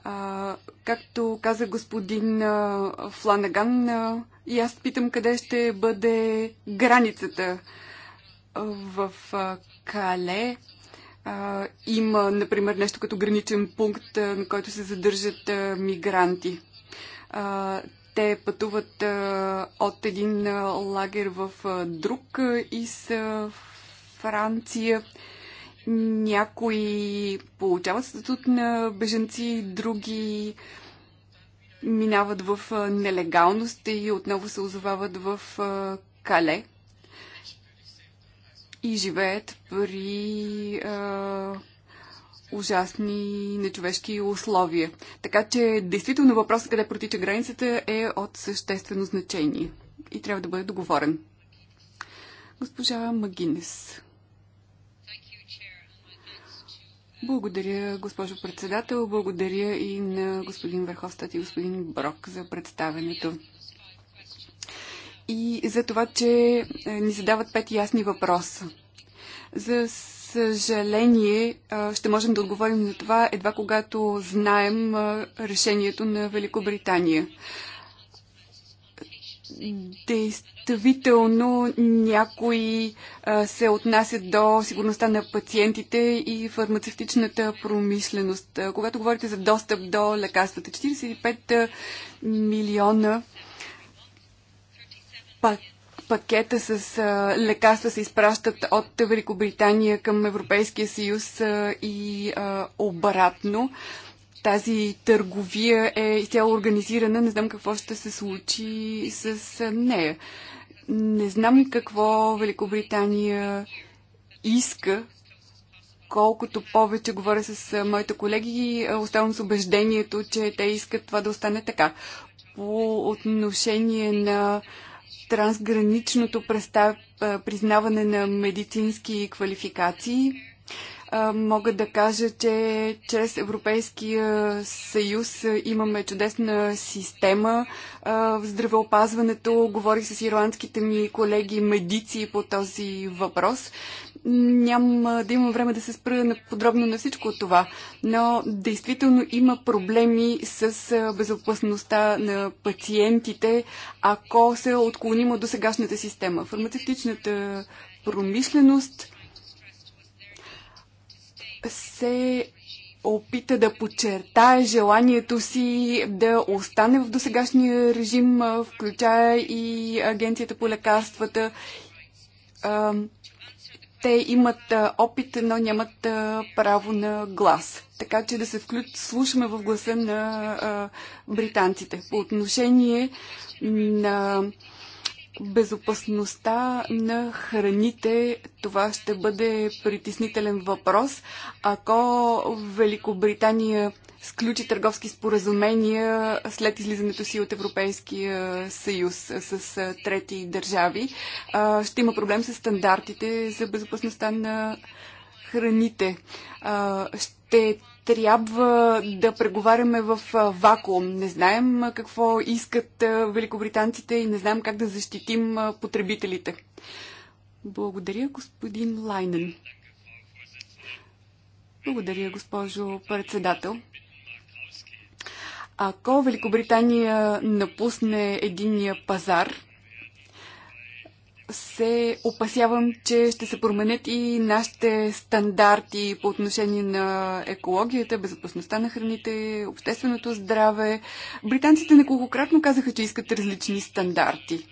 А, както каза господин а, Фланаган, а, и аз питам къде ще бъде границата в а, Кале. А, има, например, нещо като граничен пункт, а, на който се задържат а, мигранти. А, те пътуват а, от един а, лагер в а, друг а, из а, Франция. Някои получават статут на беженци, други минават в нелегалност и отново се озовават в Кале и живеят при а, ужасни нечовешки условия. Така че, действително, въпросът къде протича границата е от съществено значение и трябва да бъде договорен. Госпожа Магинес. Благодаря, госпожо председател. Благодаря и на господин Верховстат и господин Брок за представенето. И за това, че е, ни задават пет ясни въпроса. За съжаление, ще можем да отговорим на това едва когато знаем решението на Великобритания действително някои се отнасят до сигурността на пациентите и фармацевтичната промишленост. Когато говорите за достъп до лекарствата, 45 милиона пакета с лекарства се изпращат от Великобритания към Европейския съюз и обратно тази търговия е изцяло организирана. Не знам какво ще се случи с нея. Не знам какво Великобритания иска. Колкото повече говоря с моите колеги, оставам с убеждението, че те искат това да остане така. По отношение на трансграничното признаване на медицински квалификации, мога да кажа, че чрез Европейския съюз имаме чудесна система в здравеопазването. Говорих с ирландските ми колеги медици по този въпрос. Няма да имам време да се спра на, подробно на всичко това, но действително има проблеми с безопасността на пациентите, ако се отклоним от досегашната система. Фармацевтичната промишленост – се опита да подчертае желанието си да остане в досегашния режим, включая и Агенцията по лекарствата. Те имат опит, но нямат право на глас. Така че да се включ... слушаме в гласа на британците. По отношение на Безопасността на храните, това ще бъде притеснителен въпрос. Ако Великобритания сключи търговски споразумения след излизането си от Европейския съюз с трети държави, ще има проблем с стандартите за безопасността на храните. Ще трябва да преговаряме в вакуум. Не знаем какво искат великобританците и не знаем как да защитим потребителите. Благодаря, господин Лайнен. Благодаря, госпожо председател. Ако Великобритания напусне единния пазар, се опасявам, че ще се променят и нашите стандарти по отношение на екологията, безопасността на храните, общественото здраве. Британците неколкократно казаха, че искат различни стандарти.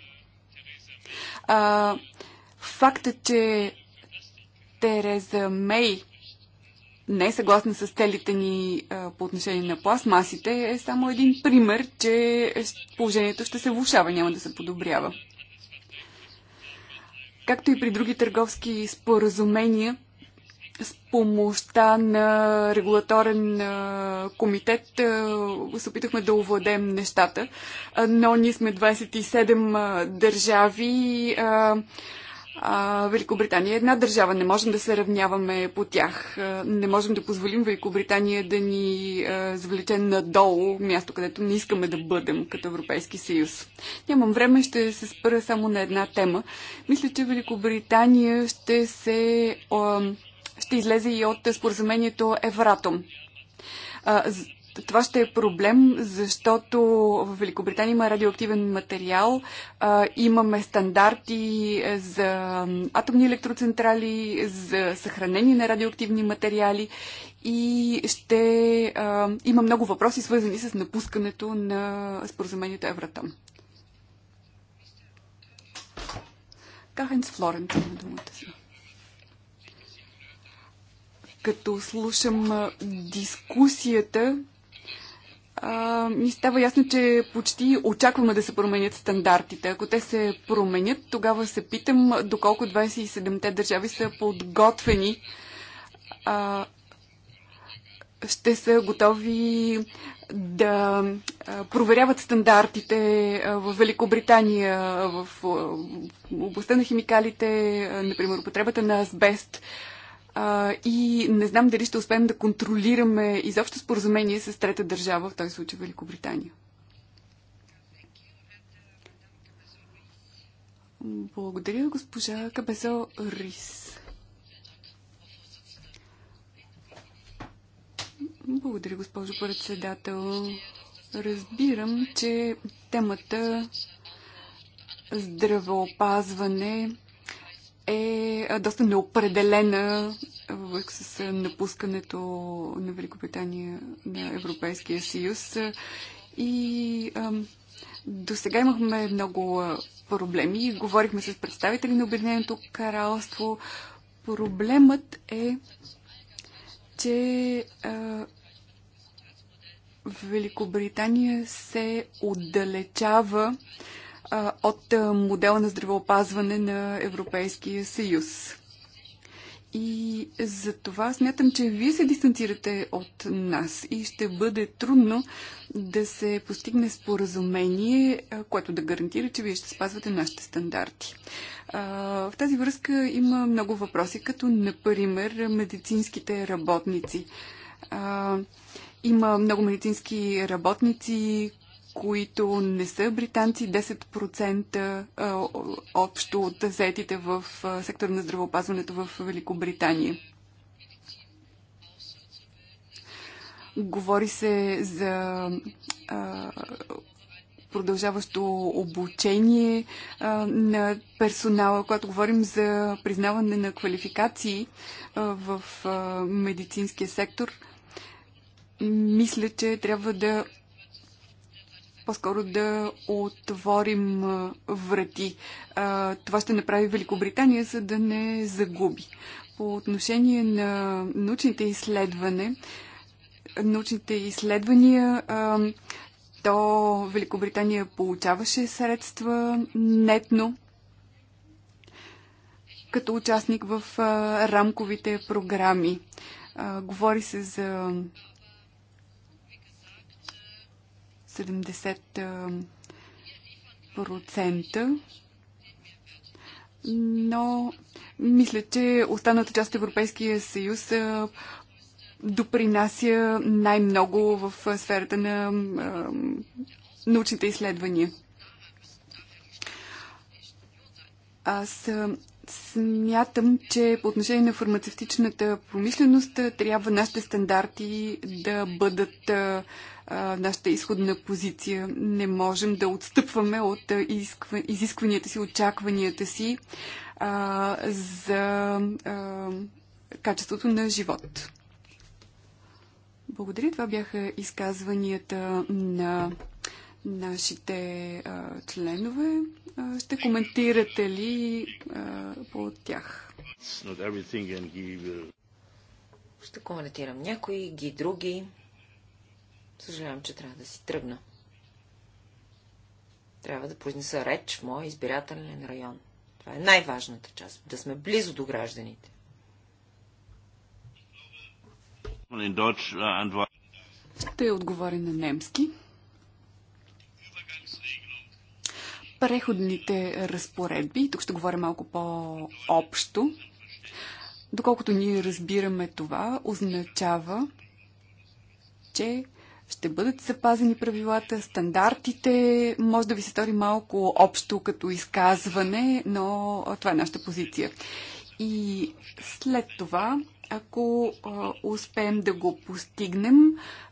А, факта, е, че Тереза Мей не е съгласна с целите ни а, по отношение на пластмасите, е само един пример, че положението ще се влушава, няма да се подобрява. Както и при други търговски споразумения, с помощта на регулаторен комитет се опитахме да овладем нещата, но ние сме 27 държави а, Великобритания е една държава. Не можем да се равняваме по тях. Не можем да позволим Великобритания да ни а, завлече надолу, място, където не искаме да бъдем като Европейски съюз. Нямам време, ще се спра само на една тема. Мисля, че Великобритания ще се. А, ще излезе и от споразумението Евратом това ще е проблем, защото в Великобритания има радиоактивен материал, имаме стандарти е, за атомни електроцентрали, за съхранение на радиоактивни материали и ще има много въпроси, свързани с напускането на споразумението Евратом. Кахенс Флорент има думата си като слушам дискусията, а, ми става ясно, че почти очакваме да се променят стандартите. Ако те се променят, тогава се питам доколко 27-те държави са подготвени. А, ще са готови да проверяват стандартите в Великобритания в областта на химикалите, например, употребата на азбест а, и не знам дали ще успеем да контролираме изобщо споразумение с трета държава, в този случай Великобритания. Благодаря, госпожа Кабезо Рис. Благодаря, госпожо председател. Разбирам, че темата здравеопазване е доста неопределена с напускането на Великобритания на Европейския съюз. И до сега имахме много проблеми. Говорихме с представители на Обединеното кралство. Проблемът е, че а, Великобритания се отдалечава от модела на здравеопазване на Европейския съюз. И за това смятам, че вие се дистанцирате от нас и ще бъде трудно да се постигне споразумение, което да гарантира, че вие ще спазвате нашите стандарти. В тази връзка има много въпроси, като например медицинските работници. Има много медицински работници, които не са британци, 10% общо от заетите в сектора на здравеопазването в Великобритания. Говори се за продължаващо обучение на персонала, когато говорим за признаване на квалификации в медицинския сектор. Мисля, че трябва да по-скоро да отворим врати. Това ще направи Великобритания, за да не загуби. По отношение на научните изследвания, научните изследвания то Великобритания получаваше средства нетно като участник в рамковите програми. Говори се за 70%. Но мисля, че останалата част от Европейския съюз допринася най-много в сферата на научните изследвания. Аз Смятам, че по отношение на фармацевтичната промишленост трябва нашите стандарти да бъдат нашата изходна позиция. Не можем да отстъпваме от изискванията си, очакванията си за качеството на живот. Благодаря. Това бяха изказванията на нашите а, членове. А, ще коментирате ли а, по тях? Ще коментирам някои, ги други. Съжалявам, че трябва да си тръгна. Трябва да произнеса реч в моя избирателен район. Това е най-важната част. Да сме близо до гражданите. Ще отговори на немски. преходните разпоредби, тук ще говоря малко по-общо, доколкото ние разбираме това, означава, че ще бъдат запазени правилата, стандартите. Може да ви се стори малко общо като изказване, но това е нашата позиция. И след това ако а, успеем да го постигнем,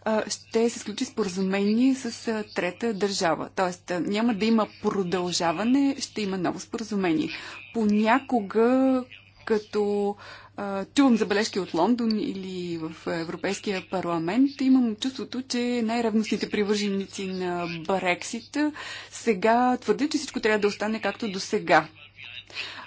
а, ще се сключи споразумение с а, трета държава. Тоест а, няма да има продължаване, ще има ново споразумение. Понякога, като а, чувам забележки от Лондон или в Европейския парламент, имам чувството, че най-ревностните привърженици на Брексит сега твърдят, че всичко трябва да остане както до сега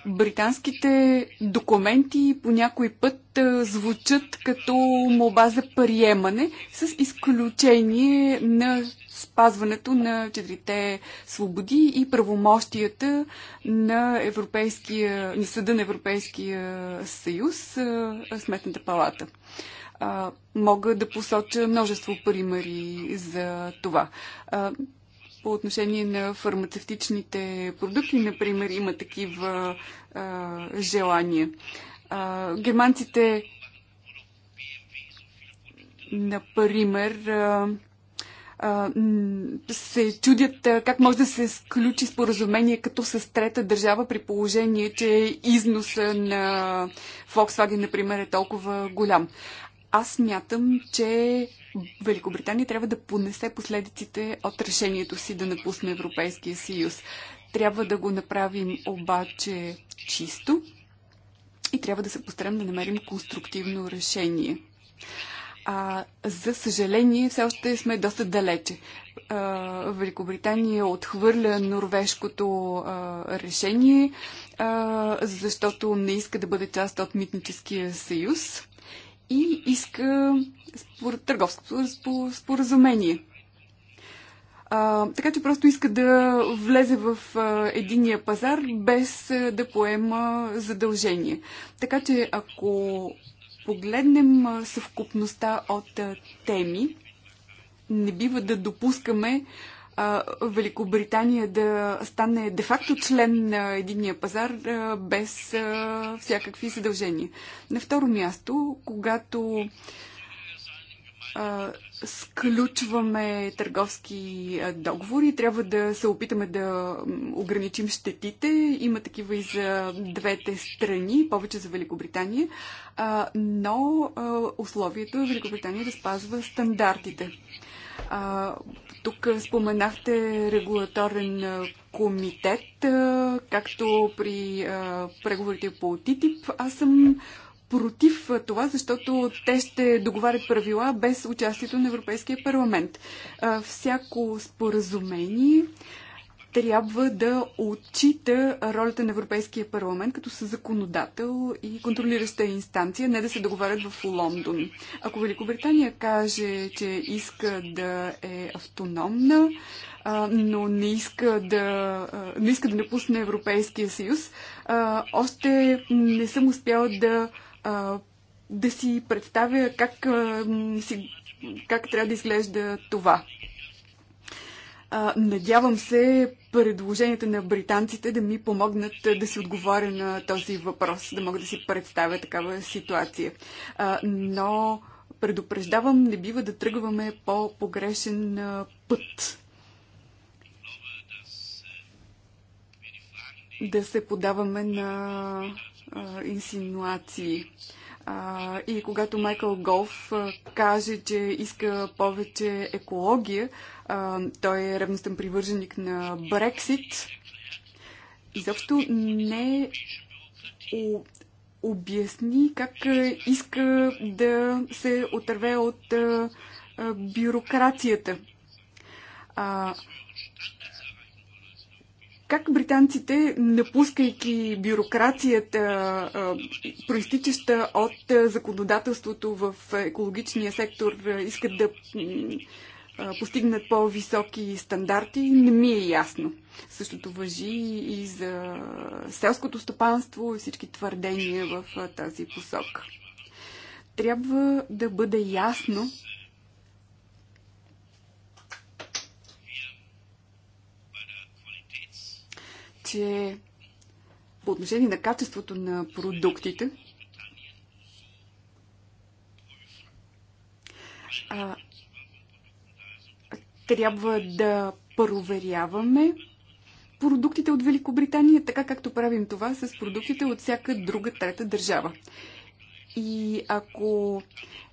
британските документи по някой път звучат като молба за приемане, с изключение на спазването на четирите свободи и правомощията на, Европейския, на Съда на Европейския съюз, Сметната палата. мога да посоча множество примери за това по отношение на фармацевтичните продукти, например, има такива а, желания. А, германците, например, а, се чудят как може да се сключи споразумение като с трета държава при положение, че износа на Volkswagen, например, е толкова голям. Аз мятам, че Великобритания трябва да понесе последиците от решението си да напусне Европейския съюз. Трябва да го направим обаче чисто и трябва да се постарам да намерим конструктивно решение. А, за съжаление, все още сме доста далече. А, Великобритания отхвърля норвежкото а, решение, а, защото не иска да бъде част от Митническия съюз и иска спор... търговско споразумение. А, така че просто иска да влезе в а, единия пазар без а, да поема задължение. Така че ако погледнем а, съвкупността от а, теми, не бива да допускаме Великобритания да стане де-факто член на единния пазар без всякакви задължения. На второ място, когато сключваме търговски договори, трябва да се опитаме да ограничим щетите. Има такива и за двете страни, повече за Великобритания, но условието е Великобритания да спазва стандартите. Тук споменахте регулаторен комитет, както при преговорите по ТИТИП. Аз съм против това, защото те ще договарят правила без участието на Европейския парламент. Всяко споразумение трябва да отчита ролята на Европейския парламент като законодател и контролираща инстанция, не да се договарят в Лондон. Ако Великобритания каже, че иска да е автономна, но не иска да, не иска да напусне Европейския съюз, още не съм успяла да, да си представя как, как трябва да изглежда това. А, надявам се предложенията на британците да ми помогнат да си отговоря на този въпрос, да мога да си представя такава ситуация. А, но предупреждавам, не бива да тръгваме по погрешен път. Да се подаваме на а, инсинуации. А, и когато Майкъл Голф каже, че иска повече екология, той е ревностен привърженик на Брексит. Изобщо не обясни как иска да се отърве от бюрокрацията. А, как британците, напускайки бюрокрацията, проистичаща от законодателството в екологичния сектор, искат да постигнат по-високи стандарти, не ми е ясно. Същото въжи и за селското стопанство и всички твърдения в тази посока. Трябва да бъде ясно, че по отношение на качеството на продуктите, трябва да проверяваме продуктите от Великобритания, така както правим това с продуктите от всяка друга трета държава. И ако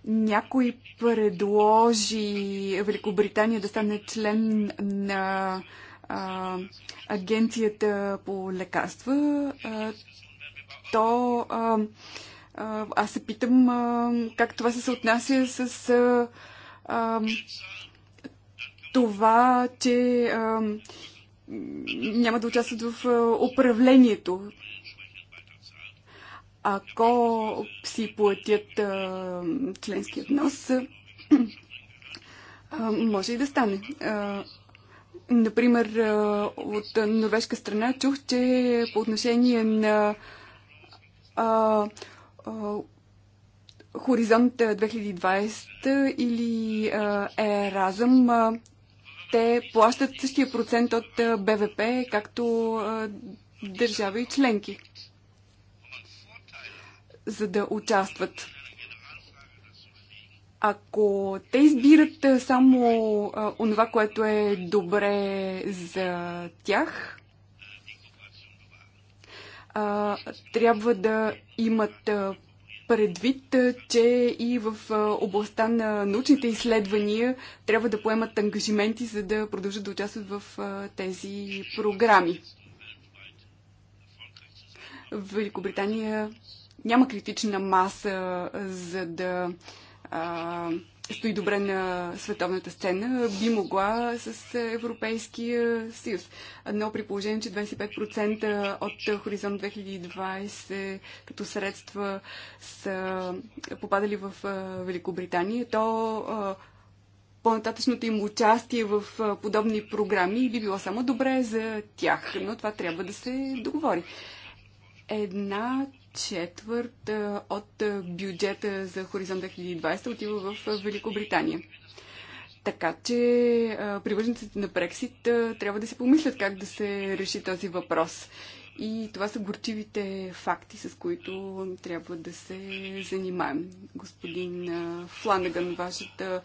някой предложи Великобритания да стане член на а, агенцията по лекарства, а, то а, аз се питам а, как това се съотнася с а, а, това, че а, няма да участват в а, управлението. Ако си платят а, членският нос, а, може и да стане. А, например, а, от норвежка страна чух, че по отношение на а, а, Хоризонт 2020 или Еразъм те плащат същия процент от БВП, както държави и членки, за да участват. Ако те избират само онова, което е добре за тях, трябва да имат предвид, че и в областта на научните изследвания трябва да поемат ангажименти, за да продължат да участват в тези програми. В Великобритания няма критична маса, за да стои добре на световната сцена, би могла с Европейския съюз. Но при положение, че 25% от Хоризонт 2020 като средства са попадали в Великобритания, то по-нататъчното им участие в подобни програми би било само добре за тях, но това трябва да се договори. Една четвърт от бюджета за Хоризонт 2020 отива в Великобритания. Така че привържениците на Брексит трябва да си помислят как да се реши този въпрос. И това са горчивите факти, с които трябва да се занимаем. Господин Фланеган, вашата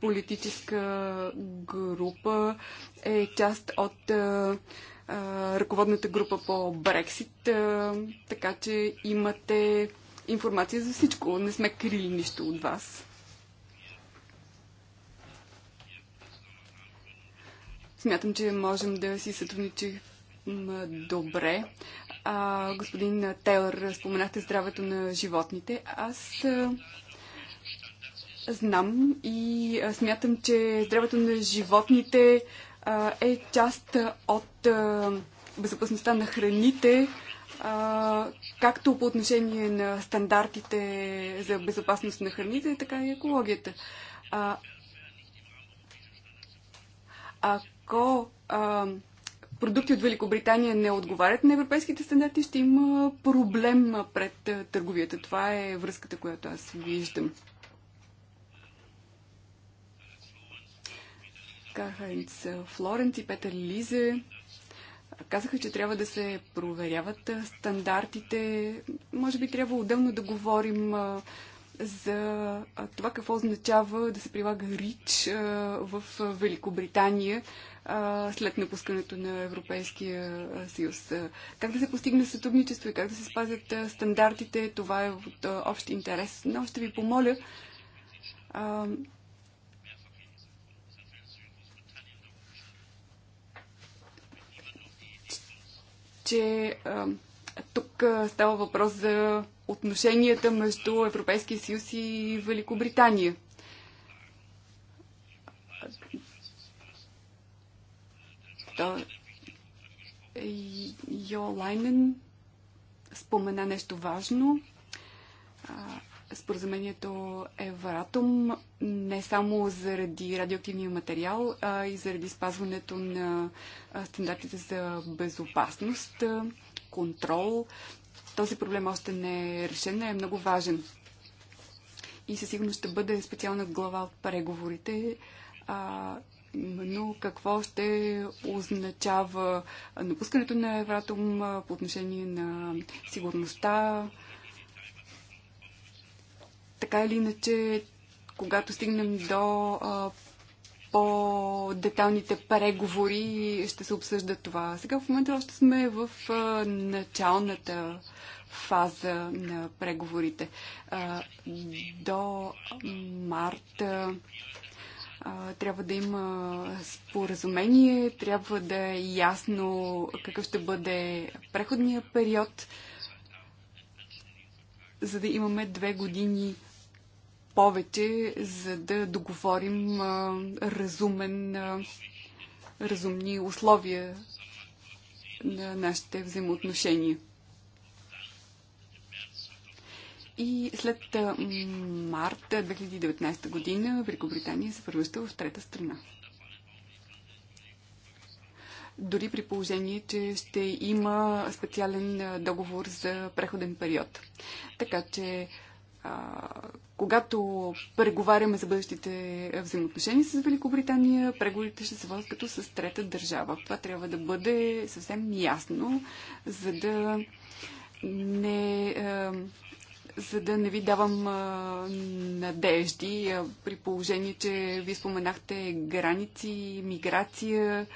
политическа група е част от ръководната група по Брексит, така че имате информация за всичко. Не сме крили нищо от вас. Смятам, че можем да си сътрудничим добре. А, господин Тейлър, споменахте здравето на животните. Аз а, знам и а, смятам, че здравето на животните е част от безопасността на храните, както по отношение на стандартите за безопасност на храните, така и екологията. Ако продукти от Великобритания не отговарят на европейските стандарти, ще има проблем пред търговията. Това е връзката, която аз виждам. Хайнц Флоренц и Петър Лизе казаха, че трябва да се проверяват стандартите. Може би трябва отделно да говорим за това какво означава да се прилага РИЧ в Великобритания след напускането на Европейския съюз. Как да се постигне сътрудничество и как да се спазят стандартите, това е от общ интерес. Но ще ви помоля че а, тук а, става въпрос за отношенията между Европейския съюз и Великобритания. То... Е, Йо Лайнен спомена нещо важно споразумението Евратом не само заради радиоактивния материал, а и заради спазването на стандартите за безопасност, контрол. Този проблем още не е решен, е много важен. И със сигурност ще бъде специална глава от преговорите, а, какво ще означава напускането на Евратом по отношение на сигурността, така или иначе, когато стигнем до по-деталните преговори, ще се обсъжда това. Сега в момента още сме в а, началната фаза на преговорите. А, до март трябва да има споразумение, трябва да е ясно какъв ще бъде преходния период, за да имаме две години повече, за да договорим разумен, разумни условия на нашите взаимоотношения. И след март 2019 година Великобритания се превръща в трета страна. Дори при положение, че ще има специален договор за преходен период. Така че когато преговаряме за бъдещите взаимоотношения с Великобритания, преговорите ще се водят като с трета държава. Това трябва да бъде съвсем ясно, за да не, е, за да не ви давам е, надежди е, при положение, че ви споменахте граници, миграция.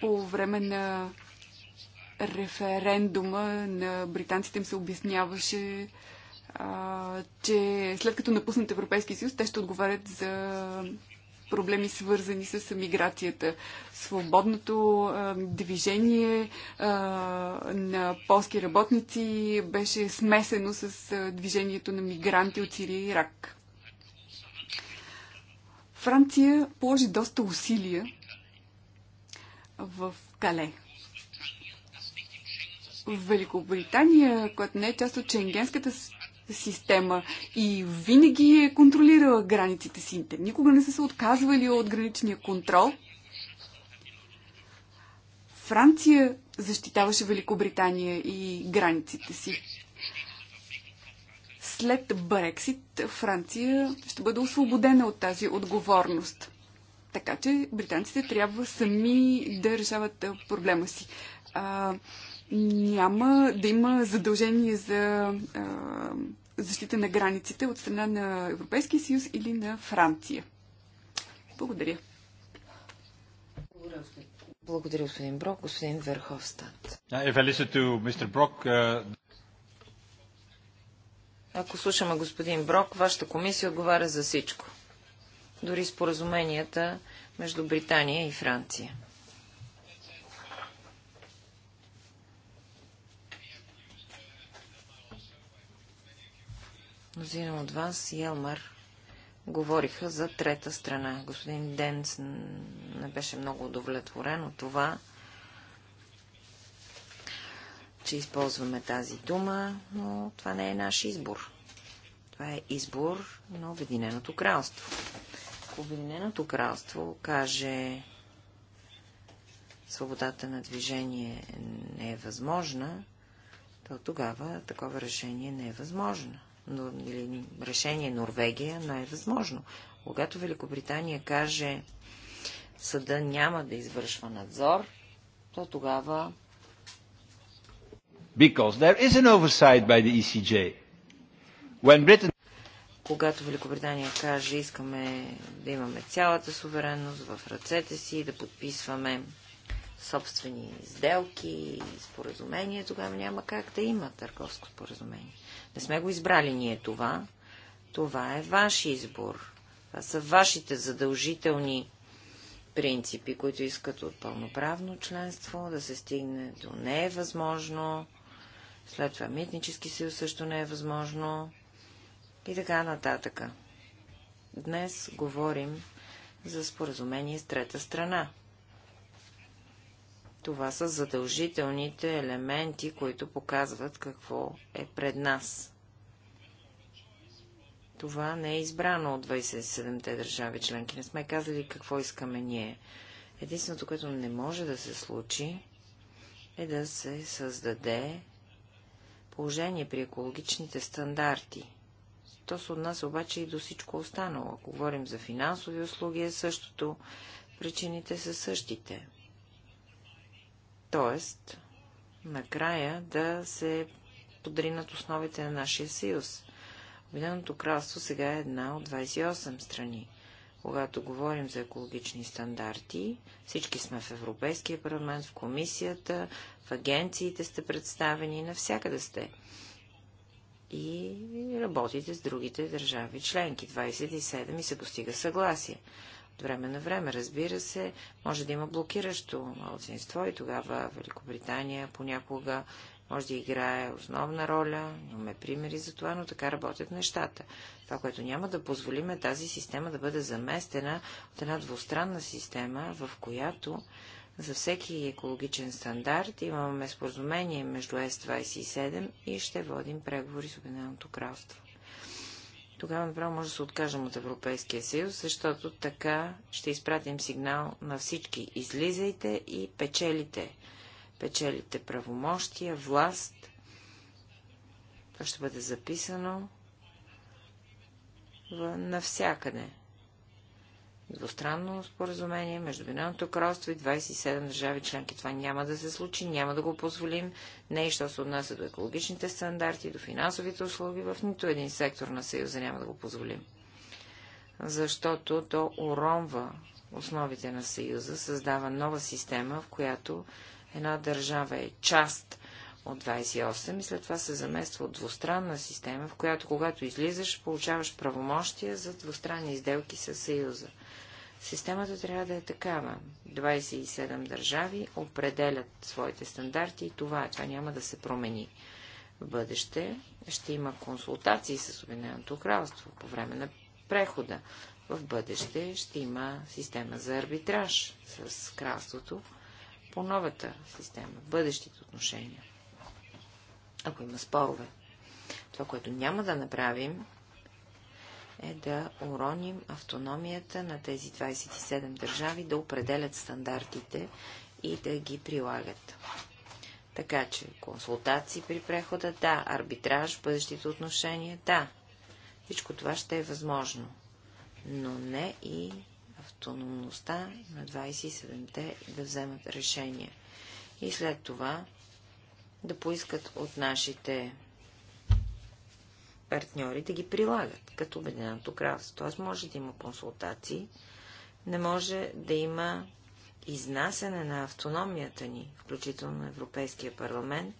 По време на референдума на британците им се обясняваше, а, че след като напуснат Европейския съюз, те ще отговарят за проблеми, свързани с миграцията. Свободното а, движение а, на полски работници беше смесено с а, движението на мигранти от Сирия и Ирак. Франция положи доста усилия в Кале. Великобритания, която не е част от ченгенската система и винаги е контролирала границите си. Те никога не са се отказвали от граничния контрол. Франция защитаваше Великобритания и границите си. След Брексит Франция ще бъде освободена от тази отговорност. Така че британците трябва сами да решават проблема си. А, няма да има задължение за а, защита на границите от страна на Европейския съюз или на Франция. Благодаря. Благодаря, господин Брок. Господин Верховстат. Uh, Ако слушаме господин Брок, вашата комисия отговаря за всичко. Дори споразуменията между Британия и Франция. Мнозина от вас и Елмар говориха за трета страна. Господин Денц не беше много удовлетворен от това, че използваме тази дума, но това не е наш избор. Това е избор на Обединеното кралство. Ако Обединеното кралство каже свободата на движение не е възможна, то тогава такова решение не е възможно или решение Норвегия, но е възможно. Когато Великобритания каже, съда няма да извършва надзор, то тогава... Because there is an oversight by the ECJ. When Britain... Когато Великобритания каже, искаме да имаме цялата суверенност в ръцете си, да подписваме собствени сделки и споразумения, тогава няма как да има търговско споразумение. Не сме го избрали ние това. Това е ваш избор. Това са вашите задължителни принципи, които искат от пълноправно членство да се стигне до не е възможно. След това митнически съюз също не е възможно. И така нататък. Днес говорим за споразумение с трета страна. Това са задължителните елементи, които показват какво е пред нас. Това не е избрано от 27-те държави членки. Не сме казали какво искаме ние. Единственото, което не може да се случи, е да се създаде положение при екологичните стандарти. То се отнася обаче и до всичко останало. Ако говорим за финансови услуги, е същото. Причините са същите. Т.е. накрая да се подринат основите на нашия съюз. Обединеното кралство сега е една от 28 страни. Когато говорим за екологични стандарти, всички сме в Европейския парламент, в комисията, в агенциите сте представени, навсякъде сте. И работите с другите държави членки, 27 и се постига съгласие време на време, разбира се, може да има блокиращо младсинство и тогава Великобритания понякога може да играе основна роля, имаме примери за това, но така работят нещата. Това, което няма да позволим е тази система да бъде заместена от една двустранна система, в която за всеки екологичен стандарт имаме споразумение между С-27 и ще водим преговори с Обединеното кралство тогава направо може да се откажем от Европейския съюз, защото така ще изпратим сигнал на всички. Излизайте и печелите. Печелите правомощия, власт. Това ще бъде записано навсякъде двустранно споразумение между Виненото кралство и 27 държави членки. Това няма да се случи, няма да го позволим. Не и що се отнася до екологичните стандарти, до финансовите услуги, в нито един сектор на Съюза няма да го позволим. Защото то уронва основите на Съюза, създава нова система, в която една държава е част от 28 и след това се замества от двустранна система, в която когато излизаш, получаваш правомощия за двустранни изделки с Съюза. Системата трябва да е такава. 27 държави определят своите стандарти и това е. Това няма да се промени. В бъдеще ще има консултации с Обединеното кралство по време на прехода. В бъдеще ще има система за арбитраж с кралството по новата система, бъдещите отношения ако има спорове. Това, което няма да направим, е да уроним автономията на тези 27 държави да определят стандартите и да ги прилагат. Така че консултации при прехода – да, арбитраж, бъдещите отношения – да. Всичко това ще е възможно, но не и автономността на 27-те да вземат решения. И след това да поискат от нашите партньори да ги прилагат, като Обединеното кралство. Тоест може да има консултации, не може да има изнасяне на автономията ни, включително на Европейския парламент,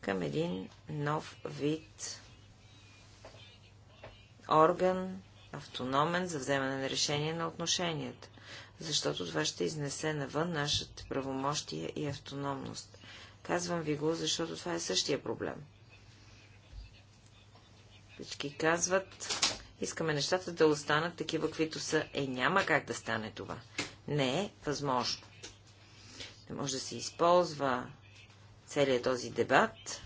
към един нов вид орган, автономен за вземане на решение на отношенията, защото това ще изнесе навън нашите правомощия и автономност. Казвам ви го, защото това е същия проблем. Всички казват, искаме нещата да останат такива, каквито са. Е, няма как да стане това. Не е възможно. Не може да се използва целият този дебат,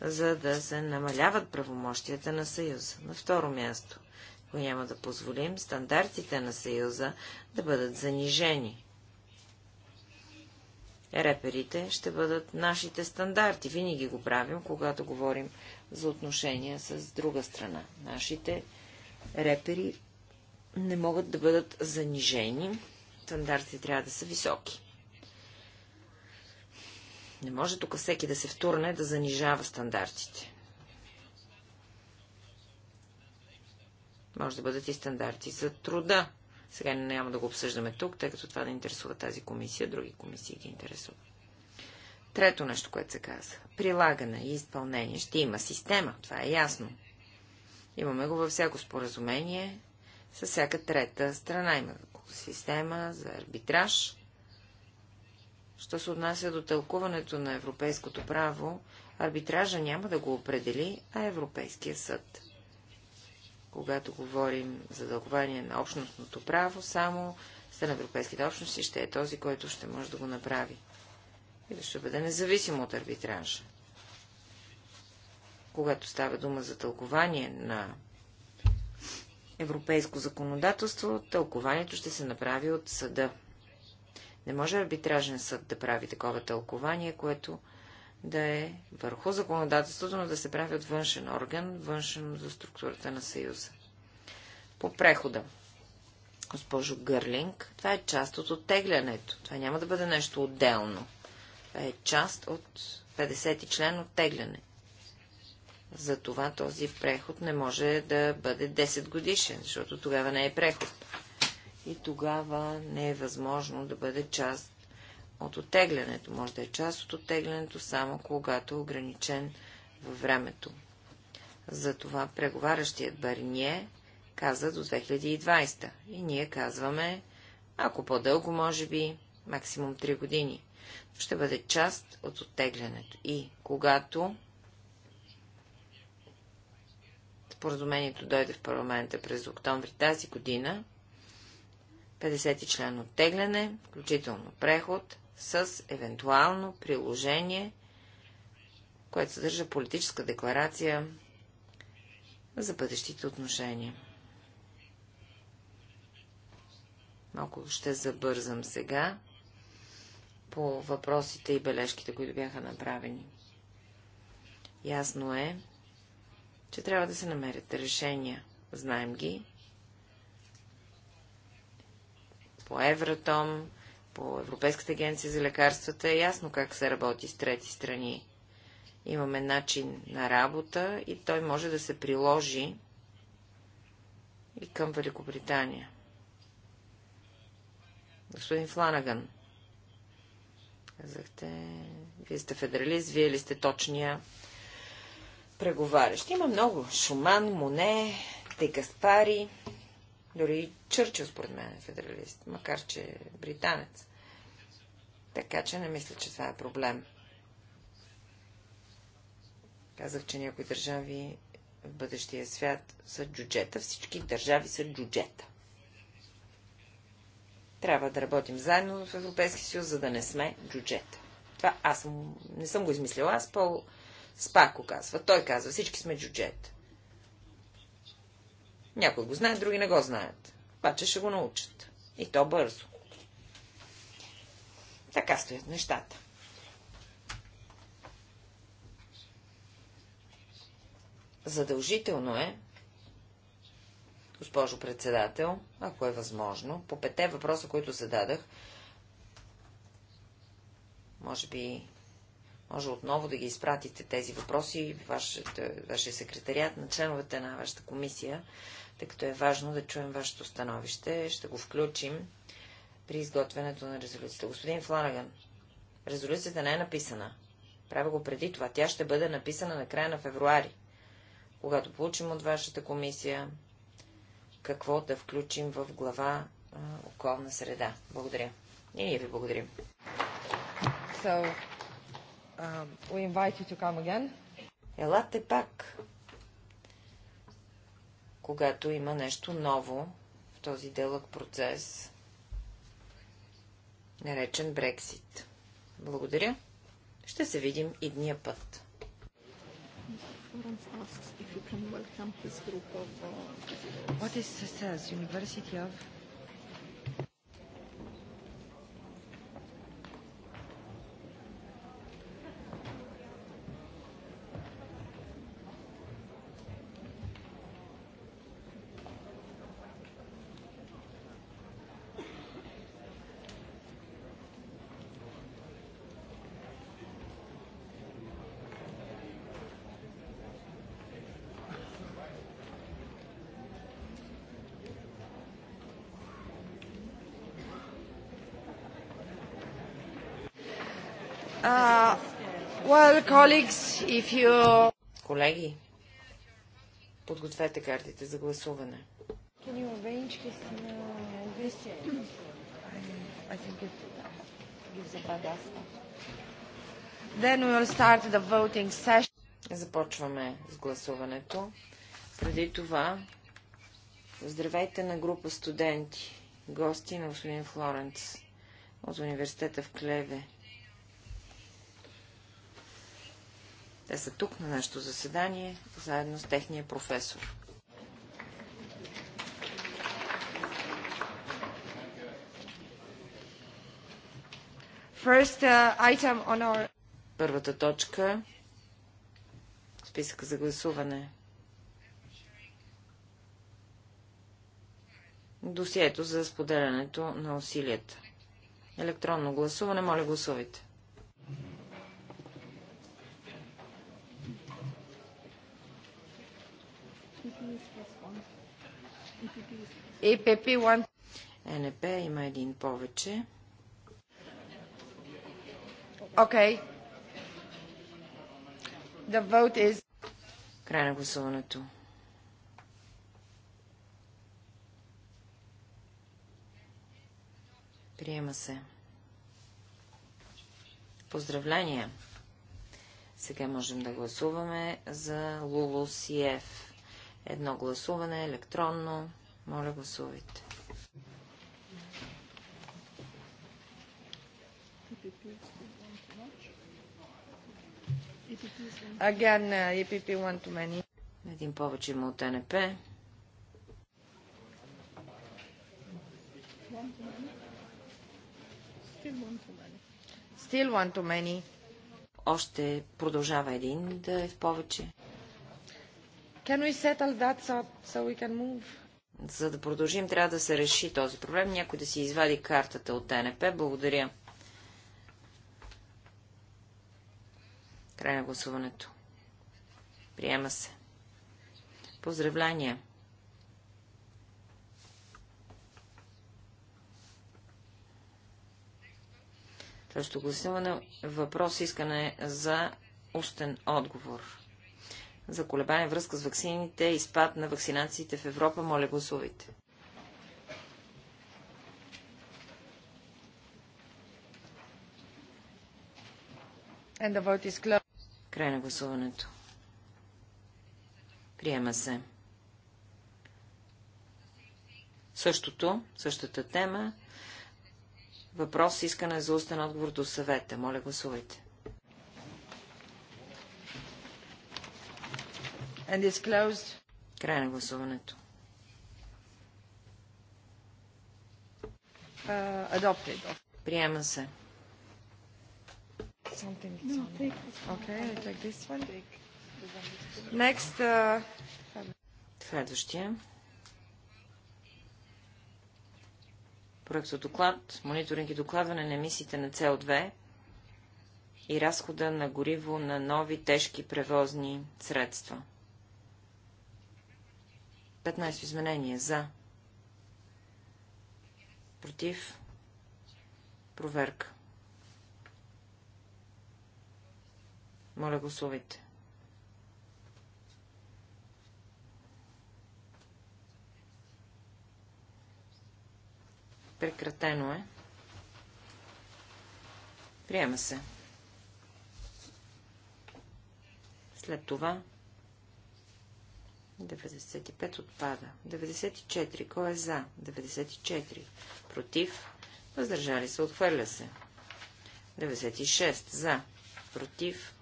за да се намаляват правомощията на Съюза. На второ място, ако няма да позволим стандартите на Съюза да бъдат занижени реперите ще бъдат нашите стандарти. Винаги го правим, когато говорим за отношения с друга страна. Нашите репери не могат да бъдат занижени. Стандартите трябва да са високи. Не може тук всеки да се втурне да занижава стандартите. Може да бъдат и стандарти за труда, сега няма да го обсъждаме тук, тъй като това не интересува тази комисия, други комисии ги интересуват. Трето нещо, което се казва. Прилагане и изпълнение. Ще има система, това е ясно. Имаме го във всяко споразумение, с всяка трета страна има система за арбитраж. Що се отнася до тълкуването на европейското право, арбитража няма да го определи, а Европейския съд когато говорим за дълговане на общностното право, само Съд на Европейските общности ще е този, който ще може да го направи. И да ще бъде независим от арбитража. Когато става дума за тълкование на европейско законодателство, тълкованието ще се направи от съда. Не може арбитражен съд да прави такова тълкование, което да е върху законодателството, но да се прави от външен орган, външен за структурата на Съюза. По прехода, госпожо Гърлинг, това е част от оттеглянето. Това няма да бъде нещо отделно. Това е част от 50 ти член оттегляне. Затова този преход не може да бъде 10 годишен, защото тогава не е преход. И тогава не е възможно да бъде част от отеглянето. Може да е част от отеглянето, само когато е ограничен във времето. Затова преговарящият Барние каза до 2020. И ние казваме, ако по-дълго, може би, максимум 3 години. Ще бъде част от оттеглянето. И когато споразумението дойде в парламента през октомври тази година, 50 член оттегляне, включително преход, с евентуално приложение, което съдържа политическа декларация за бъдещите отношения. Малко ще забързам сега по въпросите и бележките, които бяха направени. Ясно е, че трябва да се намерят решения. Знаем ги. По Евротом, по Европейската агенция за лекарствата е ясно как се работи с трети страни. Имаме начин на работа и той може да се приложи и към Великобритания. Господин Фланаган, казахте, вие сте федералист, вие ли сте точния преговарящ? Има много. Шуман, Моне, тегаспари. Дори и Чърчил, според мен, е федералист, макар че е британец. Така че не мисля, че това е проблем. Казах, че някои държави в бъдещия свят са джуджета. Всички държави са джуджета. Трябва да работим заедно в Европейския съюз, за да не сме джуджета. Това аз съм, не съм го измислила, аз Пол Спако казва. Той казва, всички сме джуджета. Някои го знаят, други не го знаят. Обаче ще го научат. И то бързо. Така стоят нещата. Задължително е, госпожо председател, ако е възможно, по пете въпроса, които зададах, може би може отново да ги изпратите тези въпроси, вашия ваше секретарият на членовете на вашата комисия, тъй като е важно да чуем вашето становище. Ще го включим при изготвянето на резолюцията. Господин Фланаган, резолюцията не е написана. Правя го преди това. Тя ще бъде написана на края на февруари, когато получим от вашата комисия какво да включим в глава а, околна среда. Благодаря. И ние ви благодарим. So, um, Елате пак когато има нещо ново в този дълъг процес, наречен Брексит. Благодаря. Ще се видим и дния път. Uh, What is the uh, University of? Колеги, подгответе картите за гласуване. Uh, Започваме с гласуването. Преди това, здравейте на група студенти, гости на господин Флоренц от университета в Клеве. Те са тук на нашето заседание, заедно с техния професор. First, uh, item on our... Първата точка списъка за гласуване. Досието за споделянето на усилията. Електронно гласуване, моля гласувайте. ЕПП е НП има един повече. Окей. Okay. The vote is... Край на гласуването. Приема се. Поздравления! Сега можем да гласуваме за Лулусиев. Едно гласуване, електронно. Моля, гласувайте. Again, uh, EPP one too many. Един повече има от НП. Still one too many. Още продължава един да е в повече. Can we settle that up so we can move? За да продължим, трябва да се реши този проблем. Някой да си извади картата от ТНП. Благодаря. Край на гласуването. Приема се. Поздравления! Следващото гласуване. Въпрос искане за устен отговор за колебание връзка с ваксините и спад на вакцинациите в Европа. Моля, гласувайте. Край на гласуването. Приема се. Същото, същата тема. Въпрос искане за устен отговор до съвета. Моля, гласувайте. And is closed. Край на гласуването. Uh, adopted. Приема се. Something, no, take okay, I take this one. Next, uh... Следващия. Проектът доклад, мониторинг и докладване на емисиите на со 2 и разхода на гориво на нови тежки превозни средства. 15 изменения. За. Против. Проверка. Моля, гласувайте. Прекратено е. Приема се. След това 95 отпада. 94. Кой е за? 94. Против. Въздържали се. Отхвърля се. 96. За. Против.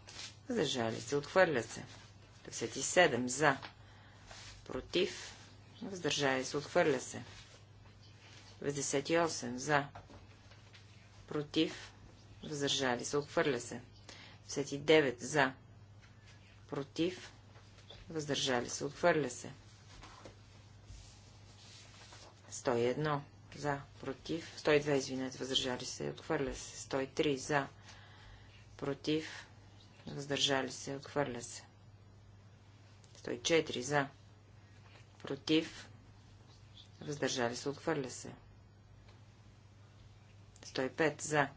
Въздържали се. Отхвърля се. 97. За. Против. Въздържали се. Отхвърля се. 98. За. Против. Въздържали се. Отхвърля се. 59. За. Против въздържали се, отхвърля се. 101 за, против, 102, извинете, въздържали се, отхвърля се, 103 за, против, въздържали се, отхвърля се, 104 за, против, въздържали се, отхвърля се, 105 за,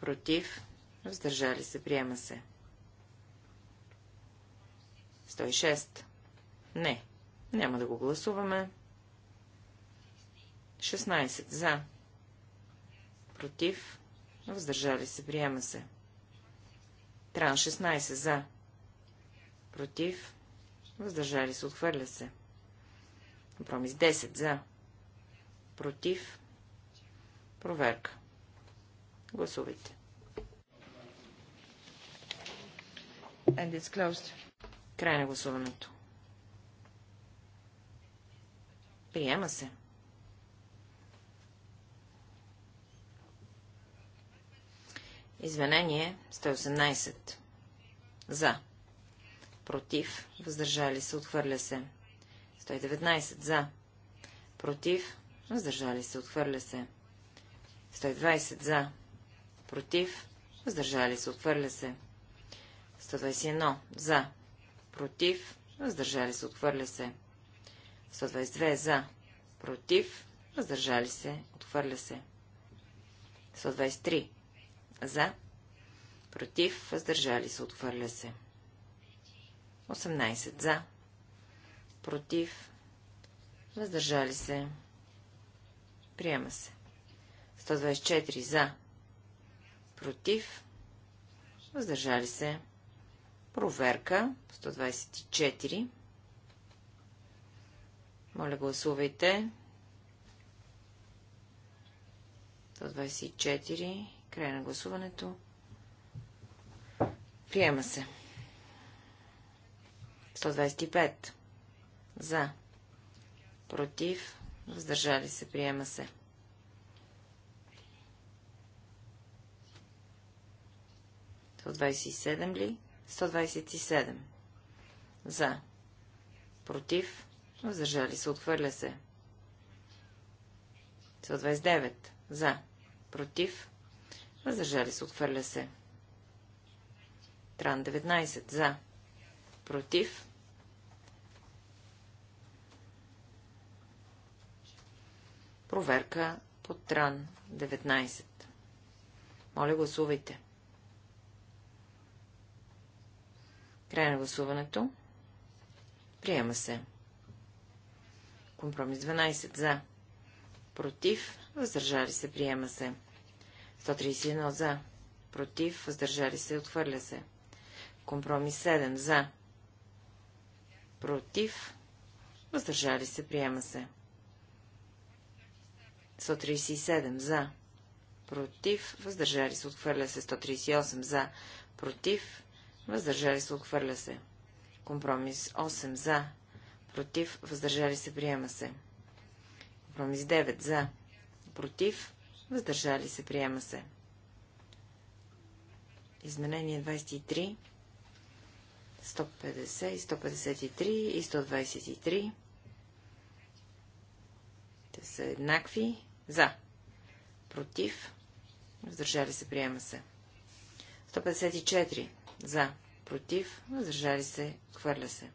против, въздържали се, приема се. 106. Не. Няма да го гласуваме. 16. За. Против. Въздържали се. Приема се. Тран 16. За. Против. Въздържали се. Отхвърля се. Промис 10. За. Против. Проверка. Гласувайте. And it's closed. Край на гласуването. Приема се. Извинение 118. За. Против. Въздържали се. Отхвърля се. 119. За. Против. Въздържали се. Отхвърля се. 120. За. Против. Въздържали се. Отхвърля се. 121. За против, въздържали се, отхвърля се. 122 за, против, въздържали се, отхвърля се. 123 за, против, въздържали се, отхвърля се. 18 за, против, въздържали се, приема се. 124 за, против, въздържали се, Проверка 124. Моля, гласувайте. 124. Край на гласуването. Приема се. 125. За. Против. Въздържали се. Приема се. То 27 ли? 127. За. Против. Въздържали се. Отхвърля се. 129. За. Против. Въздържали се. Отхвърля се. Тран 19. За. Против. Проверка по Тран 19. Моля, гласувайте. Край на гласуването. Приема се. Компромис 12 за. Против. Въздържали се. Приема се. 131 за. Против. Въздържали се. Отхвърля се. Компромис 7 за. Против. Въздържали се. Приема се. 137 за. Против. Въздържали се. Отхвърля се. 138 за. Против въздържали се, отхвърля се. Компромис 8 за, против, въздържали се, приема се. Компромис 9 за, против, въздържали се, приема се. Изменение 23, 150 и 153 и 123. Те са еднакви. За. Против. Въздържали се, приема се. 154. За. Против. Въздържали се. Хвърля се.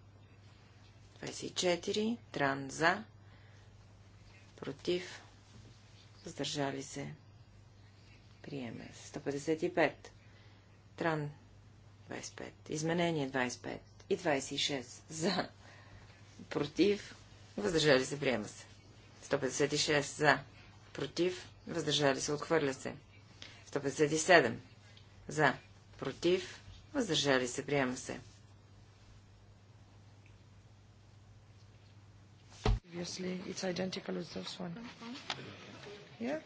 24. Тран. За. Против. Въздържали се. Приеме. 155. Тран. 25. Изменение 25. И 26. За. Против. Въздържали се. Приема се. 156. За. Против. Въздържали се. Отхвърля се. 157. За. Против. Въздържали се. Приема се. Obviously, it's identical this one. Yeah?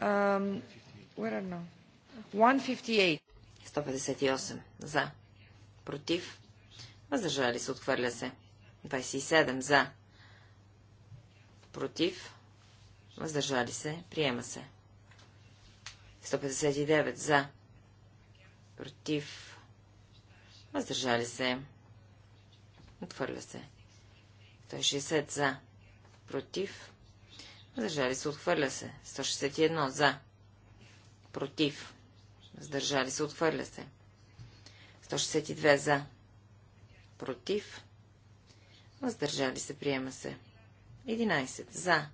Um, where are now? 158. 158. За. Против. Въздържали се. Отхвърля се. 27. За. Против. Въздържали се. Приема се. 159. За против, въздържали се, отхвърля се. 160 за, против, въздържали се, отхвърля се. 161 за, против, въздържали се, отхвърля се. 162 за, против, въздържали се, приема се. 11 за,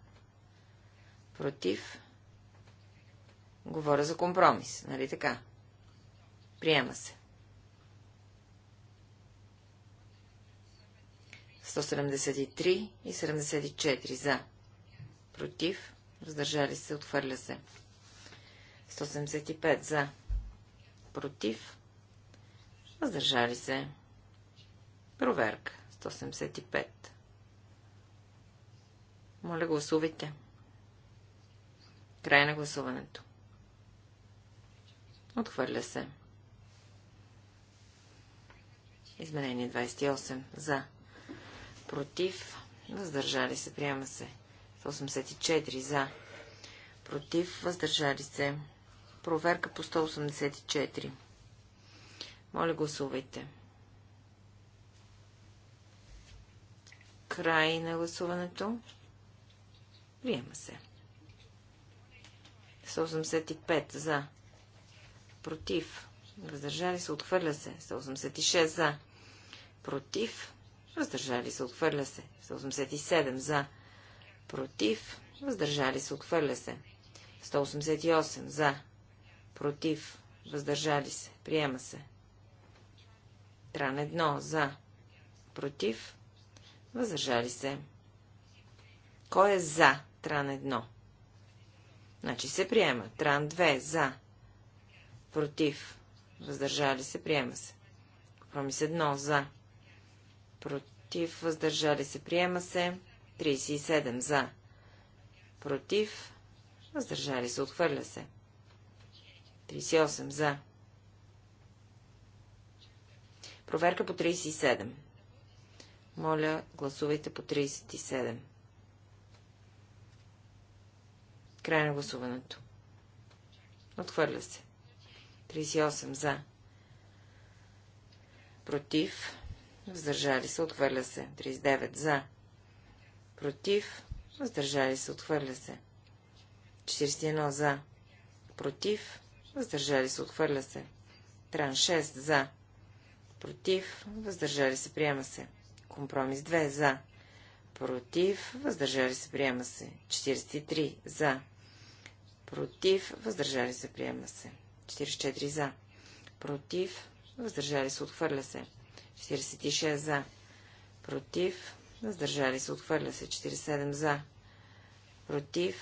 против, говоря за компромис, нали така? Приема се. 173 и 74 за. Против. Въздържали се. Отхвърля се. 175 за. Против. Въздържали се. Проверка. 175. Моля, гласувайте. Край на гласуването. Отхвърля се. Изменение 28. За. Против. Въздържали се. Приема се. 184. За. Против. Въздържали се. Проверка по 184. Моля, гласувайте. Край на гласуването. Приема се. 185. За. Против. Въздържали се, отхвърля се. 86 за. Против. Въздържали се, отхвърля се. 87 за. Против. Въздържали се, отхвърля се. 188 за. Против. Въздържали се. Приема се. Тран едно за. Против. Въздържали се. Кой е за Тран едно. Значи се приема. Тран 2 за. Против въздържали се, приема се. Компромис 1 за, против, въздържали се, приема се. 37 за, против, въздържали се, отхвърля се. 38 за. Проверка по 37. Моля, гласувайте по 37. Край на гласуването. Отхвърля се. 38 за. Против. Въздържали се. Отхвърля се. 39 за. Против. Въздържали се. Отхвърля се. 41 за. Против. Въздържали се. Отхвърля се. Тран 6 за. Против. Въздържали се. Приема се. Компромис 2 за. Против. Въздържали се. Приема се. 43 за. Против. Въздържали се. Приема се. 44 за. Против. Въздържали се. Отхвърля се. 46 за. Против. Въздържали се. Отхвърля се. 47 за. Против.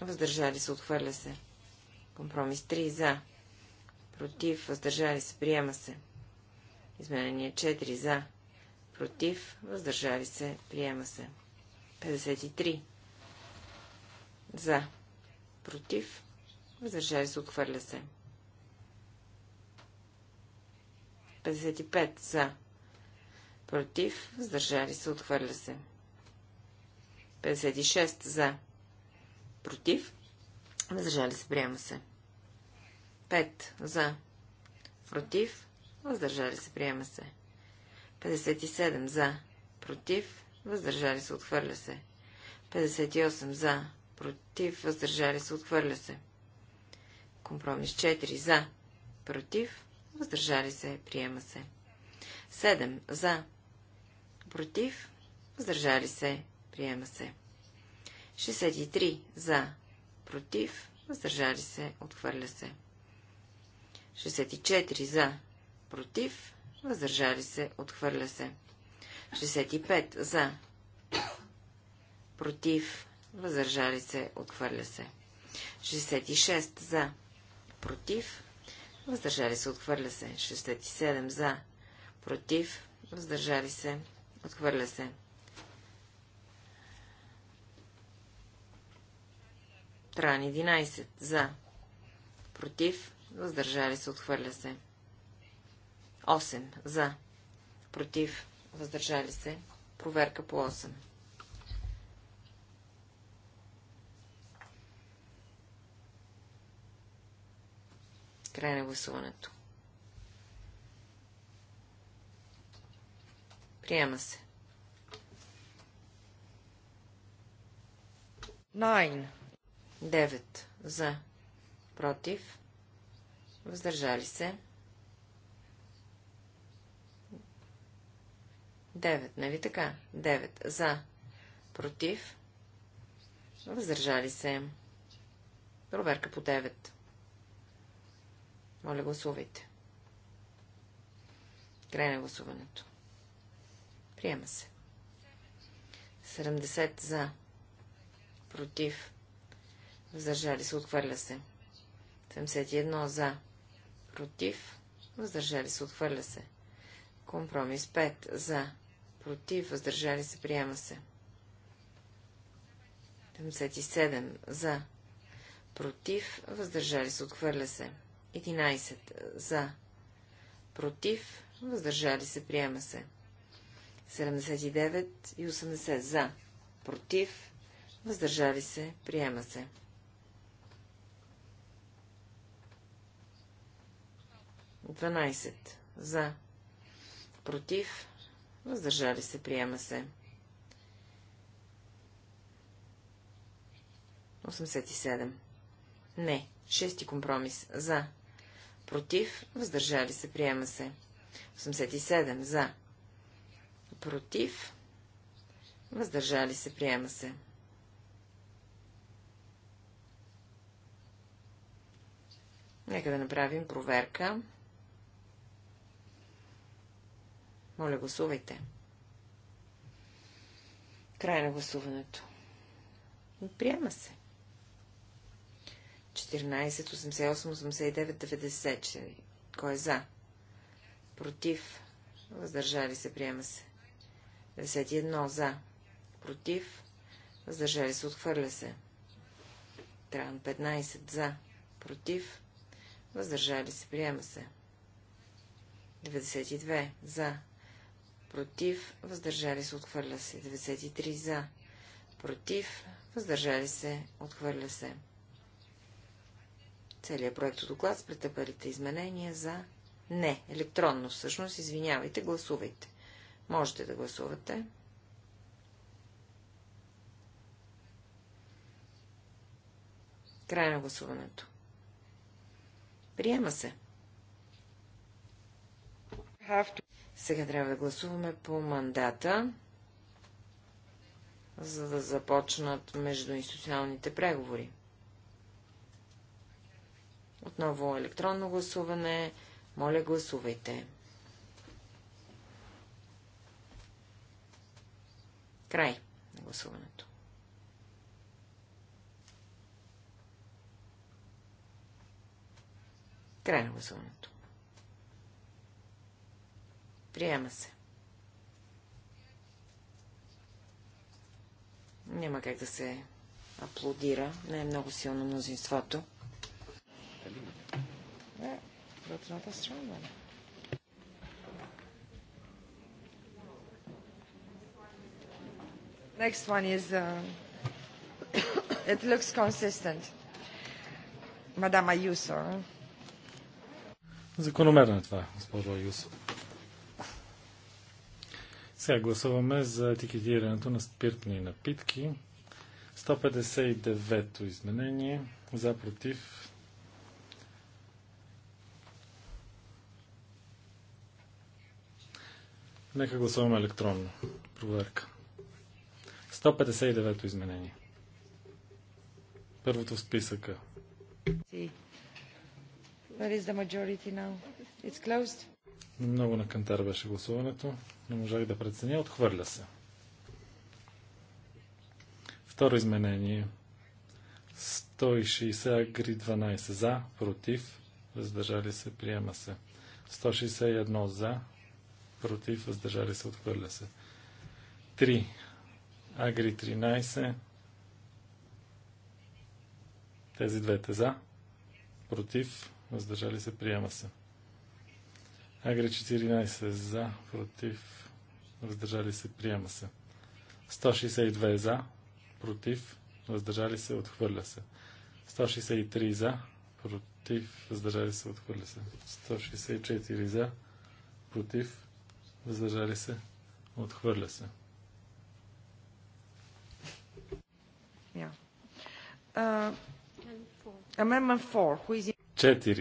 Въздържали се. Отхвърля се. Компромис 3 за. Против. Въздържали се. Приема се. Изменение 4 за. Против. Въздържали се. Приема се. 53. За. Против. Въздържали се. Отхвърля се. 55 за. Против. Въздържали се. Отхвърля се. 56 за. Против. Въздържали се. Приема се. 5 за. Против. Въздържали се. Приема се. 57 за. Против. Въздържали се. Отхвърля се. 58 за. Против. Въздържали се. Отхвърля се. Компромис 4 за. Против въздържали се, приема се. 7. За, против, въздържали се, приема се. 63. За, против, въздържали се, отхвърля се. 64. За, против, въздържали се, отхвърля се. 65. За, против, въздържали се, отхвърля се. 66. За, против, Въздържали се, отхвърля се. 67 за. Против. Въздържали се. Отхвърля се. Тран 11 за. Против. Въздържали се. Отхвърля се. 8 за. Против. Въздържали се. Проверка по 8. Край на гласуването. Приема се. 9. 9. За. Против. Въздържали се. 9. Нали така? 9. За. Против. Въздържали се. Проверка по 9. Моля, гласувайте. Край на гласуването. Приема се. 70 за. Против. Въздържали се. Отхвърля се. 71 за. Против. Въздържали се. Отхвърля се. Компромис 5 за. Против. Въздържали се. Приема се. 77 за. Против. Въздържали се. Отхвърля се. 11. За. Против. Въздържали се. Приема се. 79 и 80. За. Против. Въздържали се. Приема се. Дванайсет. За. Против. Въздържали се. Приема се. 87. Не. Шести компромис. За против, въздържали се, приема се. 87 за, против, въздържали се, приема се. Нека да направим проверка. Моля, гласувайте. Край на гласуването. Приема се. 14, 88, 89, 90. Кой е за? Против. Въздържали се. Приема се. 91. За. Против. Въздържали се. Отхвърля се. Тран 15. За. Против. Въздържали се. Приема се. 92. За. Против. Въздържали се. Отхвърля се. 93. За. Против. Въздържали се. Отхвърля се целият проект от доклад с претъпелите изменения за не. Електронно всъщност, извинявайте, гласувайте. Можете да гласувате. Край на гласуването. Приема се. Сега трябва да гласуваме по мандата, за да започнат междуинституционалните преговори. Отново електронно гласуване. Моля, гласувайте. Край на гласуването. Край на гласуването. Приема се. Няма как да се аплодира. Не е много силно мнозинството that's not a strong one. Next one is, uh, it looks consistent. Madame Ayuso. Закономерно е това, госпожо Аюсо. Сега гласуваме за етикетирането на спиртни напитки. 159-то изменение. За против Нека гласуваме електронно. Проверка. 159-то изменение. Първото в списъка. Много на кантар беше гласуването. Не можах да преценя. Отхвърля се. Второ изменение. 160 агри 12 за, против, въздържали се, приема се. 161 за, против, въздържали се, отхвърля се. 3. Агри 13. Тези двете за, против, въздържали се, приема се. Агри 14 за, против, въздържали се, приема се. 162 за, против, въздържали се, отхвърля се. 163 за, против, въздържали се, отхвърля се. 164 за, против, Въздържали се. Отхвърля се. Yeah. Uh,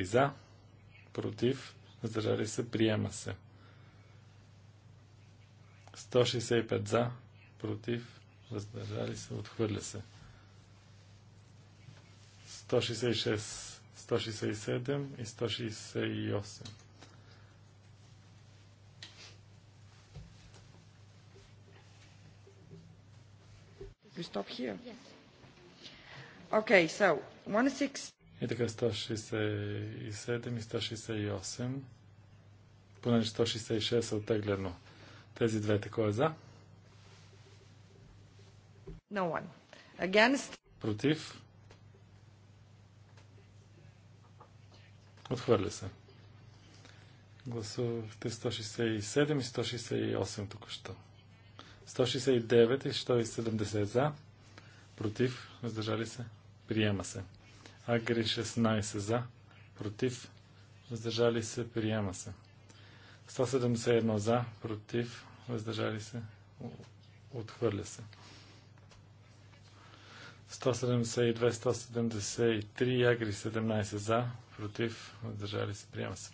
за, против, въздържали се, приема се. 165 за, против, въздържали се, отхвърля се. 166, 167 и 168. We stop here. Yes. Okay, so 160. И така 167 и 168, понеже 166 е оттеглено. Тези двете, кой е за? No one. Against. Против. Отхвърля се. Гласувахте 167 и 168 току-що. 169 и 170 за, против, въздържали се, приема се. Агри 16 за, против, въздържали се, приема се. 171 за, против, въздържали се, отхвърля се. 172, 173, Агри 17 за, против, въздържали се, приема се.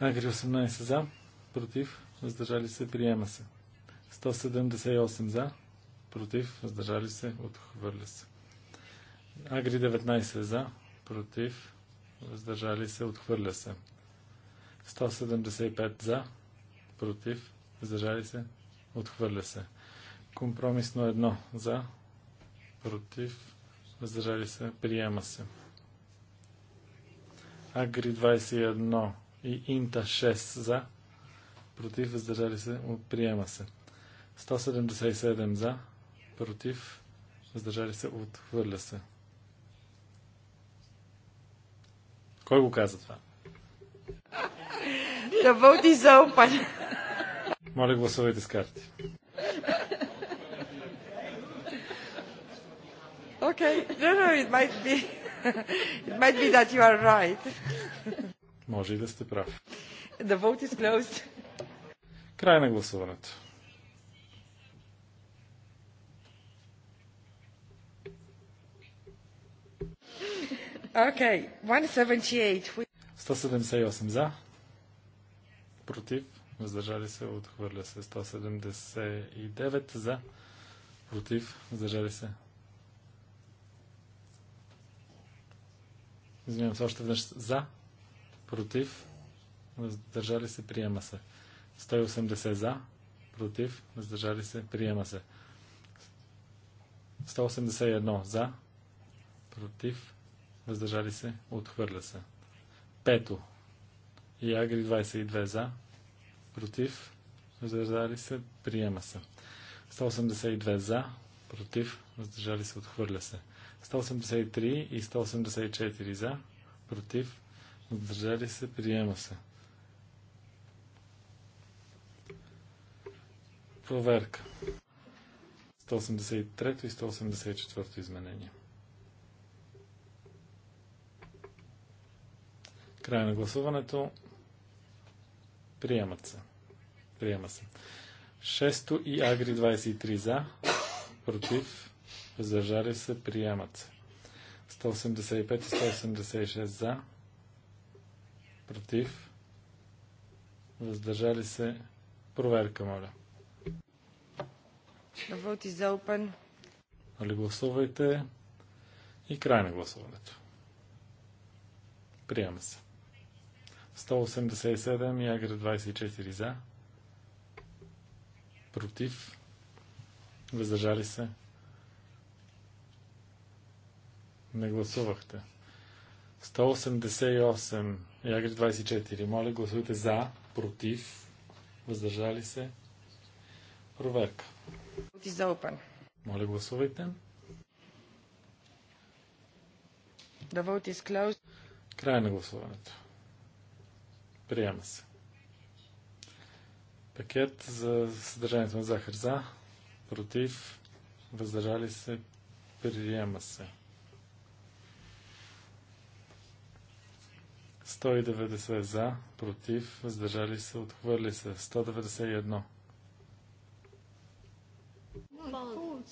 Агри 18 за, против, въздържали се, приема се. 178 за, против, въздържали се, отхвърля се. Агри 19 за, против, въздържали се, отхвърля се. 175 за, против, въздържали се, отхвърля се. Компромисно 1 за, против, въздържали се, приема се. Агри 21 и Инта 6 за, против, въздържали се, приема се. 177 за, против, въздържали се, отхвърля се. Кой го каза това? Да води за опан. Моля, гласувайте с карти. Okay, no, no, it might be, it might be that you are right. Може и да сте прав. The vote is closed. Край на гласуването. Okay, 178. 178 за. Против. Въздържали се. Отхвърля се. 179 за. Против. Въздържали се. Извинявам се още веднъж. За. Против. Въздържали се. Приема се. 180 за. Против. Въздържали се. Приема се. 181 за. Против въздържали се, отхвърля се. Пето. Ягри 22 за, против, въздържали се, приема се. 182 за, против, въздържали се, отхвърля се. 183 и 184 за, против, въздържали се, приема се. Проверка. 183 и 184 изменения. Край на гласуването. Приемат се. Приема се. 6 и Агри 23 за. Против. Въздържали се. Приемат се. 185 и 186 за. Против. Въздържали се. Проверка, моля. The за опен. Али гласувайте. И край на гласуването. Приема се. 187 и Агра 24 за. Против. Въздържали се. Не гласувахте. 188 и Агри 24. Моля, гласувайте за, против, въздържали се. Проверка. Моля, гласувайте. Край на гласуването. Приема се. Пакет за съдържанието на захар за, против, въздържали се, приема се. 190 за, против, въздържали се, отхвърли се. 191. 191,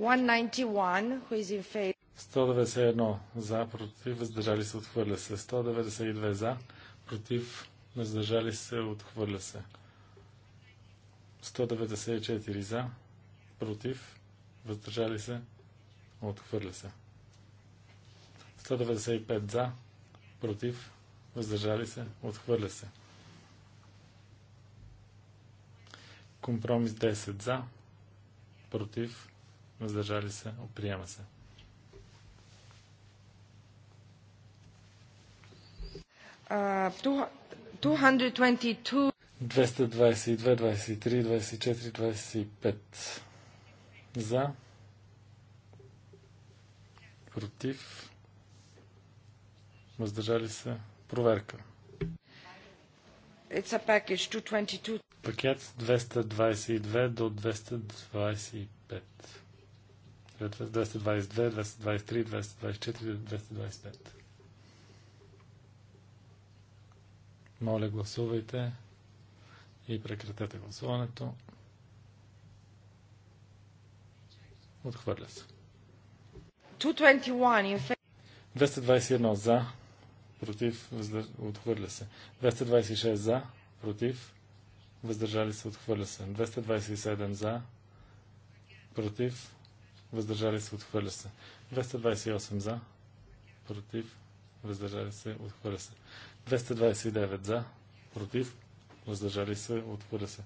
ninety who is in favor. 191 за, против, въздържали се, отхвърля се. 192 за, против, въздържали се, отхвърля се. 194 за, против, въздържали се, отхвърля се. 195 за, против, въздържали се, отхвърля се. Компромис 10 за, против, въздържали се, приема се. 222, 23, 24, 25. За. Против. Въздържали се. Проверка. It's a package 222. Пакет 222 до 225. 222, 223, 224, 225. Моля, гласувайте и прекратете гласуването. Отхвърля се. 221 за, против, отхвърля се. 226 за, против, въздържали се, отхвърля се. 227 за, против, въздържали се, отхвърля се. 228 за, против, въздържали се, отхвърля се. 229 за, против, въздържали се, отхвърля се.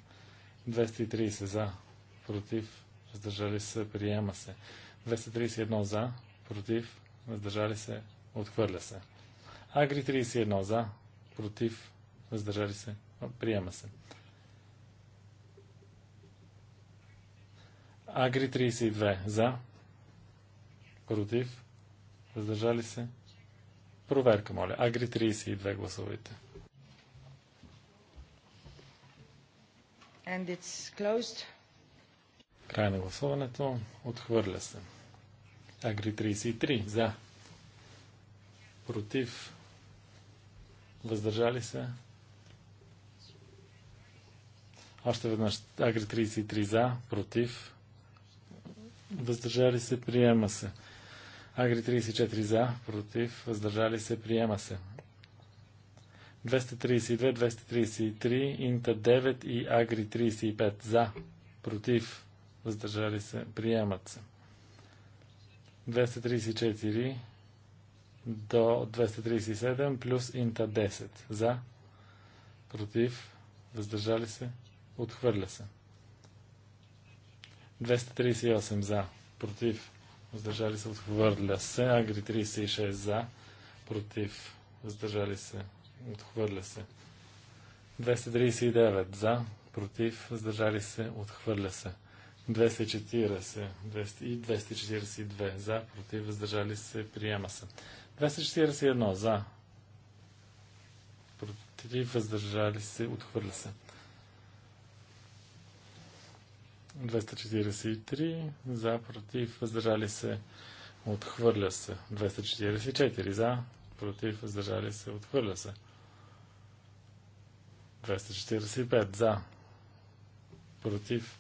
230 за, против, въздържали се, приема се. 231 за, против, въздържали се, отхвърля се. Агри 31 за, против, въздържали се, приема се. Агри 32 за, против, въздържали се, Проверка, моля. Агри 32 гласувайте. And it's closed. Край на гласуването. Отхвърля се. Агри 33. За. Против. Въздържали се. Още веднъж. Агри 33 за. Против. Въздържали се. Приема се. Агри 34 за, против, въздържали се, приема се. 232, 233, Инта 9 и Агри 35 за, против, въздържали се, приемат се. 234 до 237 плюс Инта 10 за, против, въздържали се, отхвърля се. 238 за, против, въздържали се, отхвърля се. Агри 36 за, против, въздържали се, отхвърля се. 239 за, против, въздържали се, отхвърля се. 240 и 242 за, против, въздържали се, приема се. 241 за, против, въздържали се, отхвърля се. 243 за, против, въздържали се, отхвърля се. 244 за, против, въздържали се, отхвърля се. 245 за, против,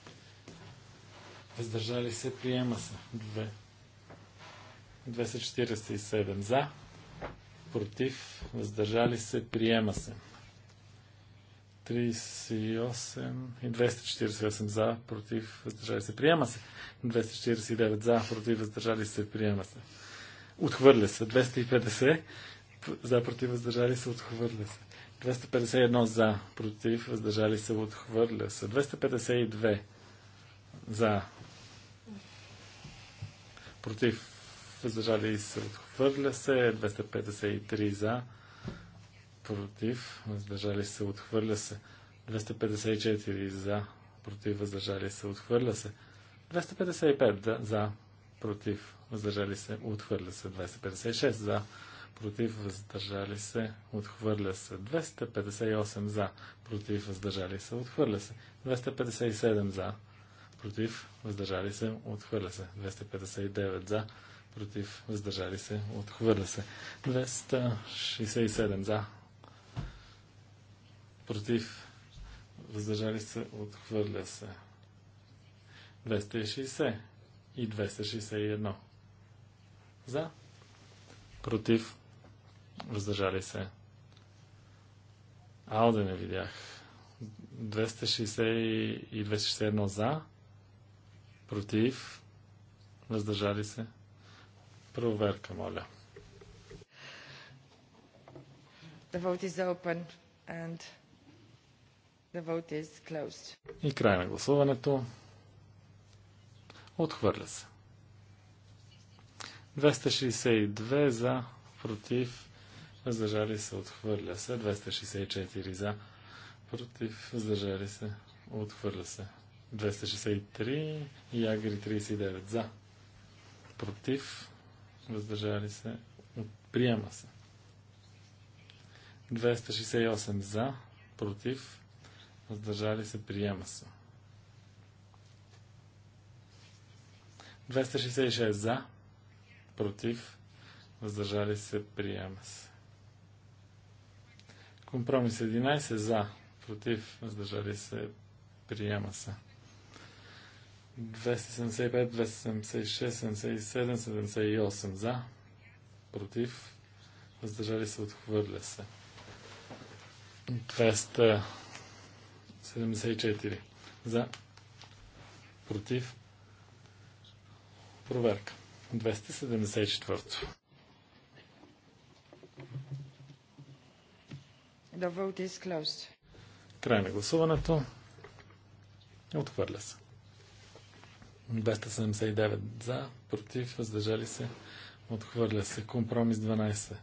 въздържали се, приема се. 247 за, против, въздържали се, приема се. 38 и 248 за, против, въздържали се, приема се. 249 за, против, въздържали се, приема се. Отхвърля се. 250 за, против, въздържали се, отхвърля се. 251 за, против, въздържали се, отхвърля се. 252 за, против, въздържали се, отхвърля се. 253 за, против, въздържали се, отхвърля се. 254 за, против, въздържали се, отхвърля се. 255 да, за, против, въздържали се, отхвърля се. 256 за, против, въздържали се, отхвърля се. 258 за, против, въздържали се, отхвърля се. 257 за, против, въздържали се, отхвърля се. 259 за, против, въздържали се, отхвърля се. 267 за, Против. Въздържали се. Отхвърля се. 260 и 261. За. Против. Въздържали се. Ао да не видях. 260 и 261 за. Против. Въздържали се. Проверка, моля. The vote is open and и край на гласуването. Отхвърля се. 262 за, против, въздържали се, отхвърля се. 264 за, против, въздържали се, отхвърля се. 263 и Агри 39 за, против, въздържали се, приема се. 268 за, против, въздържали се, приема се. 266 за, против, въздържали се, приема се. Компромис 11 за, против, въздържали се, приема се. 275, 276, 77, 78 за, против, въздържали се, отхвърля се. 200 74. За. Против. Проверка. 274. The vote is closed. Край на гласуването. Отхвърля се. 279 за, против, въздържали се. Отхвърля се. Компромис 12.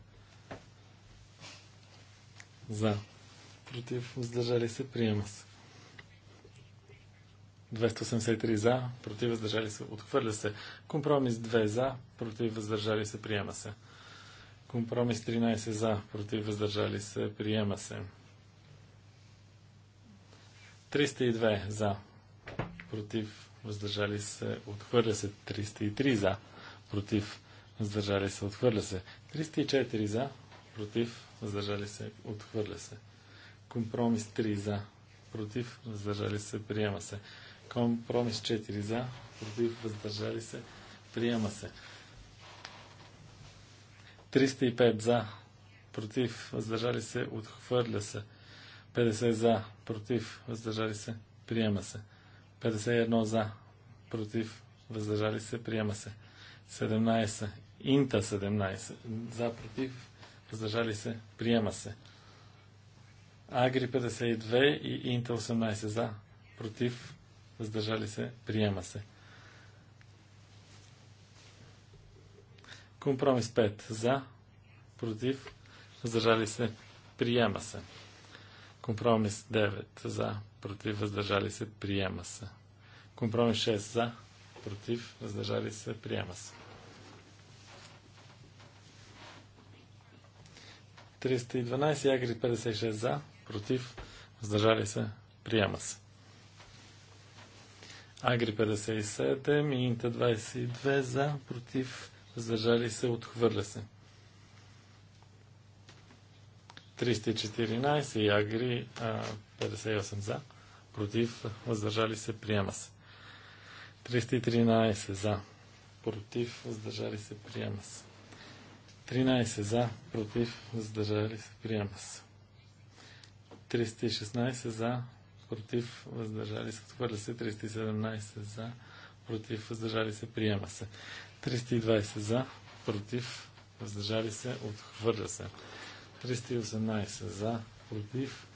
За. Против, въздържали се. Приема се. 283 за, против въздържали се, отхвърля се. Компромис 2 за, против въздържали се, приема се. Компромис 13 за, против въздържали се, приема се. 302 за, против въздържали се, отхвърля се. 303 за, против въздържали се, отхвърля се. 304 за, против въздържали се, отхвърля се. Компромис 3 за, против въздържали се, приема се. Компромис 4 за, против, въздържали се, приема се. 305 за, против, въздържали се, отхвърля се. 50 за, против, въздържали се, приема се. 51 за, против, въздържали се, приема се. 17. Инта 17. За, против, въздържали се, приема се. Агри 52 и Инта 18. За, против, въздържали се, приема се. Компромис 5 за, против, въздържали се, приема се. Компромис 9 за, против, въздържали се, приема се. Компромис 6 за, против, въздържали се, приема се. 312 ягри 56 за, против, въздържали се, приема се. Агри 57 и Инта 22 за, против, въздържали се, отхвърля се. 314 и Агри а, 58 за, против, въздържали се, приема се. 313 за, против, въздържали се, приема се. 13 за, против, въздържали се, приема се. 316 за, против, въздържали се, отхвърля се. 317 за, против, въздържали се, приема се. 320 за, против, въздържали се, отхвърля се. 318 за, против,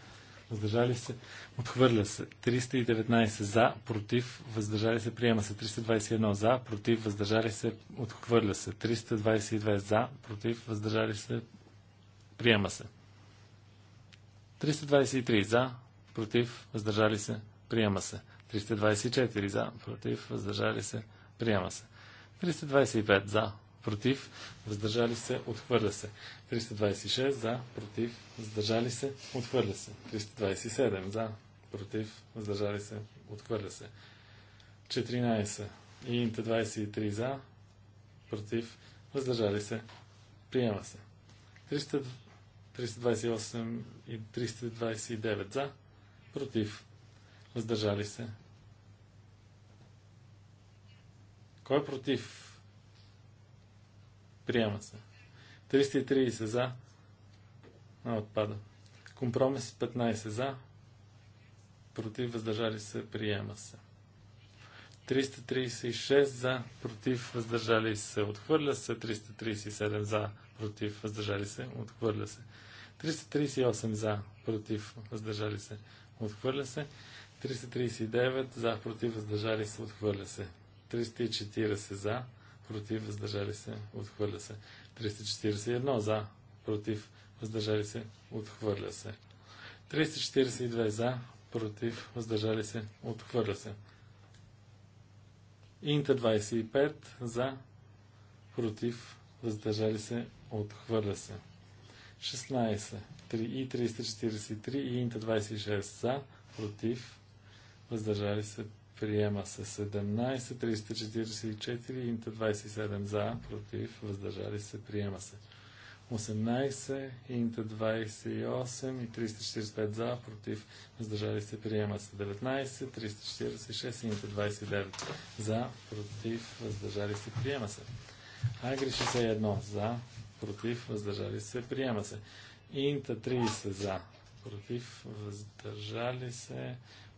въздържали се, отхвърля се. 319 за, против, въздържали се, приема се. 321 за, против, въздържали се, отхвърля се. 322 за, против, въздържали се, приема се. 323 за, против, въздържали се, приема се. 324 за, против, въздържали се, приема се. 325 за, против, въздържали се, отхвърля се. 326 за, против, въздържали се, отхвърля се. 327 за, против, въздържали се, отхвърля се. 14 и 23 за, против, въздържали се, приема се. 328 и 329 за, Против. Въздържали се. Кой е против? Приема се. 330 за. А, отпада. Компромис 15 за. Против въздържали се. Приема се. 336 за. Против въздържали се. Отхвърля се. 337 за. Против въздържали се. Отхвърля се. 338 за. Против въздържали се. Отхвърля се. 339 за, против, въздържали се, отхвърля се. 340 за, против, въздържали се, отхвърля се. 341 за, против, въздържали се, отхвърля се. 342 за, против, въздържали се, отхвърля се. Инта 25 за, против, въздържали се, отхвърля се. 16 и 343 и Инта 26 за, против, въздържали се, приема се 17, 344 и Инта 27 за, против, въздържали се, приема се 18, Инта 28 и 345 за, против, въздържали се, приема се 19, 346 и Инта 29 за, против, въздържали се, приема се. Агри 61 за, против, въздържали се, приема се. Инта 30 за. Против. Въздържали се.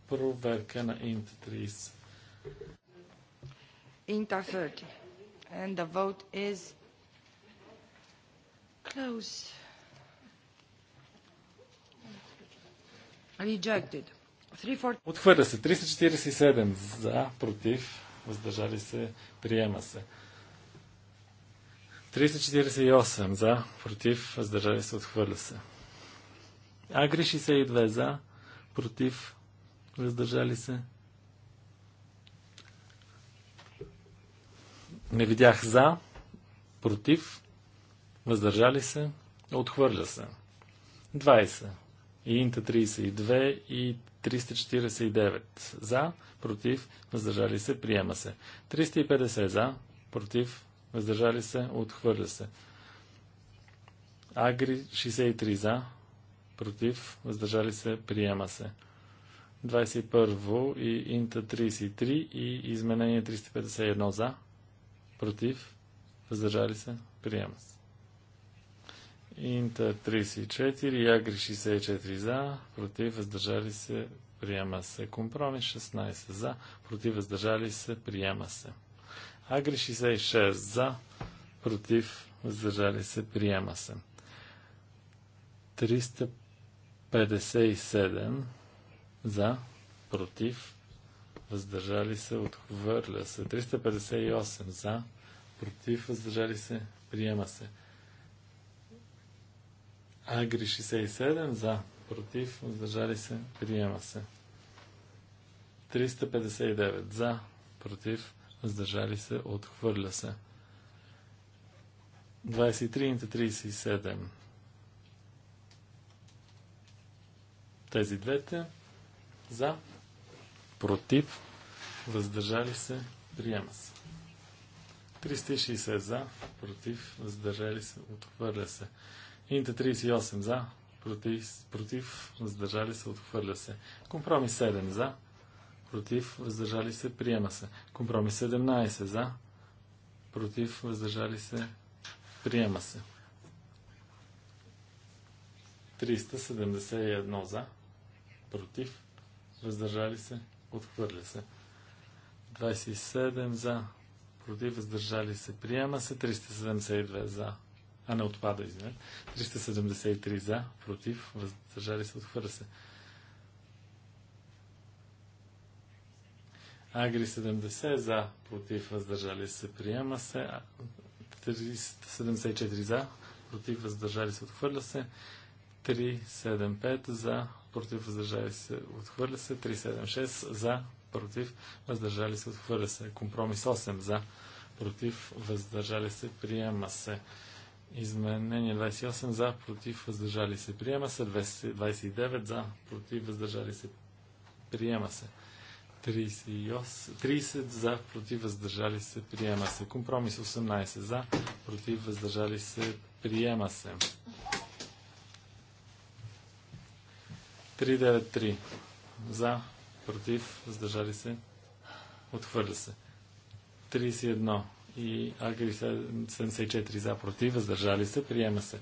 Проверка на Инта 30. Инта 30. And the vote is close. Rejected. Отхвърля се. 347 за, против, въздържали се, приема се. 348 за, против, въздържали се, отхвърля се. Агри 62 за, против, въздържали се. Не видях за, против, въздържали се, отхвърля се. 20. И Инта 32 и 349 за, против, въздържали се, приема се. 350 за, против, въздържали се, отхвърля се. Агри 63 за, против, въздържали се, приема се. 21 и Инта 33 и изменение 351 за, против, въздържали се, приема се. Инта 34 и Агри 64 за, против, въздържали се, приема се. Компромис 16 за, против, въздържали се, приема се. Агри 66 за, против, въздържали се, приема се. 357 за, против, въздържали се, отхвърля се. 358 за, против, въздържали се, приема се. Агри 67 за, против, въздържали се, приема се. 359 за, против, въздържали се, отхвърля се. 23 37. Тези двете за, против, въздържали се, приема се. 360 за, против, въздържали се, отхвърля се. Инта 38 за, против, против, въздържали се, отхвърля се. Компромис 7 за, против, въздържали се, приема се. Компромис 17 за, против, въздържали се, приема се. 371 за, против, въздържали се, отхвърля се. 27 за, против, въздържали се, приема се. 372 за, а не отпада, извинете. 373 за, против, въздържали се, отхвърля се. Агри 70 за, против, въздържали се, приема се. 374 за, против, въздържали се, отхвърля се. 375 за, против, въздържали се, отхвърля се. 376 за, против, въздържали се, отхвърля се. Компромис 8 за, против, въздържали се, приема се. Изменение 28 за, против, въздържали се, приема се. 29 за, против, въздържали се, приема се. 30 за, против, въздържали се, приема се. Компромис 18 за, против, въздържали се, приема се. 393 за, против, въздържали се, отхвърля се. 31 и Агри 74 за, против, въздържали се, приема се.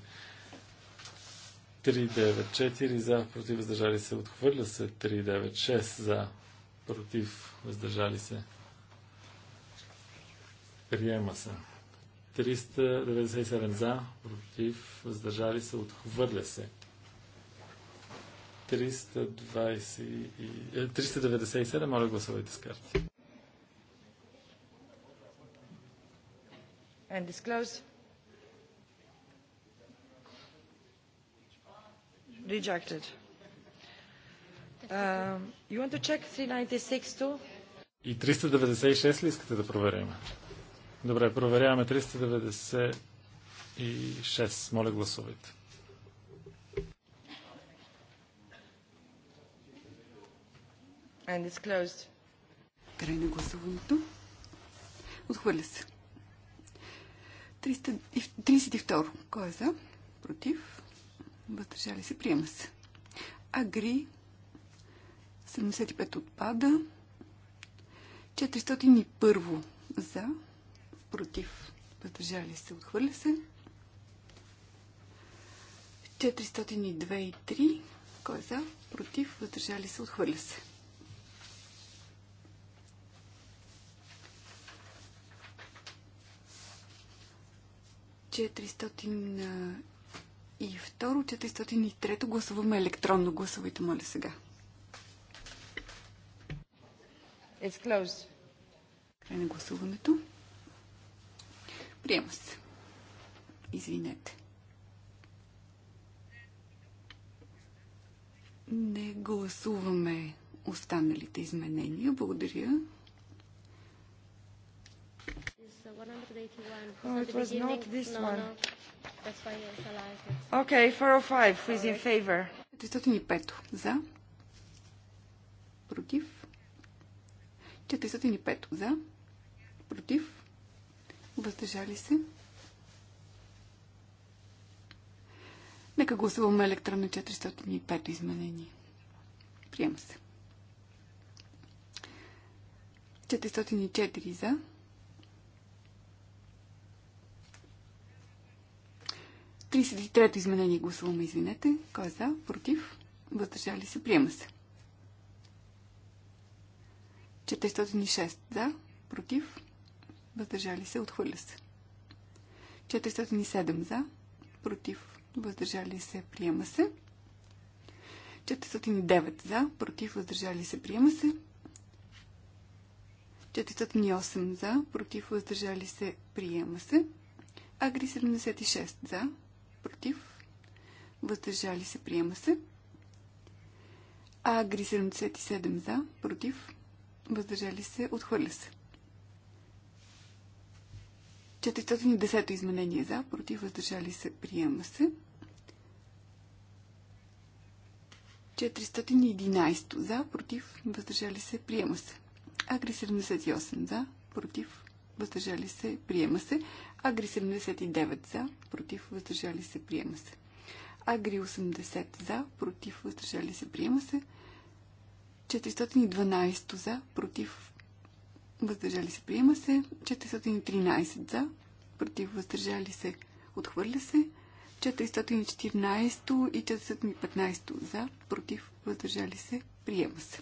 394 за, против, въздържали се, отхвърля се. 396 за, против, въздържали се. Приема се. 397 за, против, въздържали се, отхвърля се. 320... 397, е, моля гласувайте с карти. And disclose. Rejected. И 396 ли искате да проверим? Добре, проверяваме 396. Моля, гласувайте. And it's closed. Край на гласуването. Отхвърля се. 32. Кой е за? Против? Въздържали се? Приема се. Агри 75 отпада. 401 за, против, въздържали се, отхвърля се. 402 и 3, кой е за, против, въздържали се, отхвърля се. Четиристотин и второ, 403 гласуваме електронно. Гласувайте, моля сега. It's closed. Край на гласуването. Приема се. Извинете. Не гласуваме останалите изменения. Благодаря. Oh, it was not this one. Okay, 405, who is in favor? 405 за. Против. 405 за, против, въздържали се. Нека гласуваме електронно 405 изменение. Приема се. 404 за. 33- изменение гласуваме, извинете. Кой е за? Против? Въздържали се? Приема се. 406 за, против, въздържали се, отхвърля се. 407 за, против, въздържали се, приема се. 409 за, против, въздържали се, приема се. 408 за, против, въздържали се, приема се. Агри 76 за, против, въздържали се, приема се. Агри 77 за, против, въздържали се, отхвърля се. 410 изменение за, против, въздържали се, приема се. 411 за, против, въздържали се, приема се. Агри 78 за, против, въздържали се, приема се. Агри 79 за, против, въздържали се, приема се. Агри 80 за, против, въздържали се, приема се. 412 за, против, въздържали се, приема се. 413 за, против, въздържали се, отхвърля се. 414 и 415 за, против, въздържали се, приема се.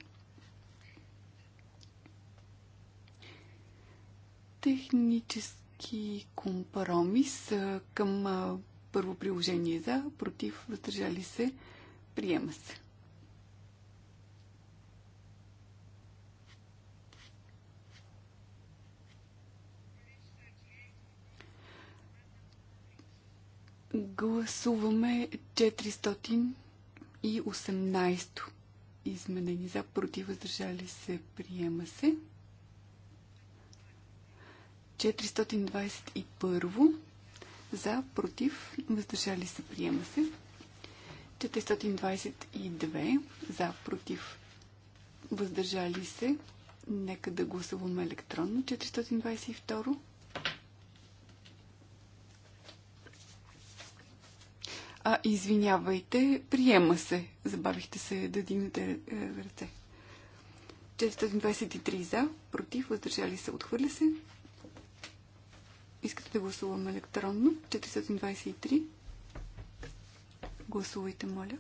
Технически компромис към първо приложение за, против, въздържали се, приема се. Гласуваме 418 изменени за против въздържали се приема се. 421 за против въздържали се приема се. 422 за против въздържали се. Нека да гласуваме електронно. 422 А, извинявайте, приема се. Забавихте се да дигнете е, ръце. 423 за, против, въздържали се, отхвърля се. Искате да гласуваме електронно. 423. Гласувайте, моля.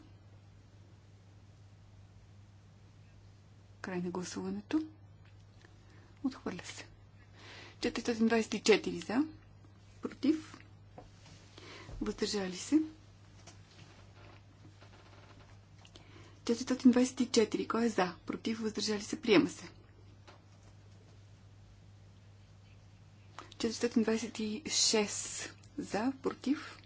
Край на гласуването. Отхвърля се. 424 за, против, въздържали се. 424. Кой е за? Против? Въздържали се? Приема се. 426 за, против.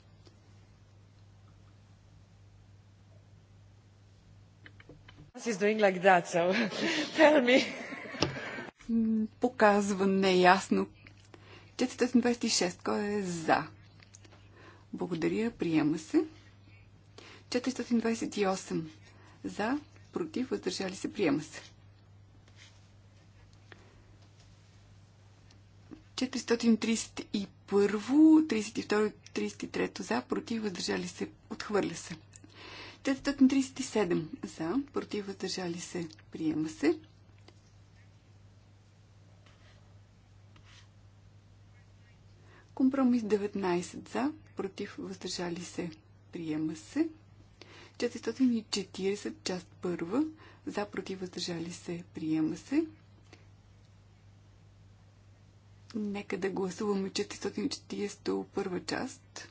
Is doing like that, so tell me. Показва неясно. 426. Кой е за? Благодаря, приема се. 428. За, против, въздържали се, приема се. 431, 32, 33 за, против, въздържали се, отхвърля се. 437 за, против, въздържали се, приема се. Компромис 19 за, против, въздържали се, приема се. 440, част първа, за против въздържали се, приема се. Нека да гласуваме 440 първа част.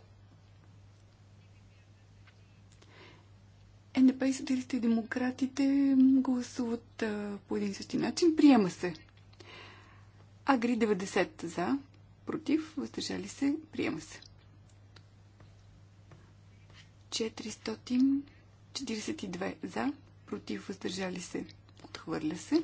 НДП и социалистите и демократите гласуват а, по един същи начин. Приема се. Агри 90 за, против, въздържали се, приема се. 400 42 за, против, въздържали се, отхвърля се.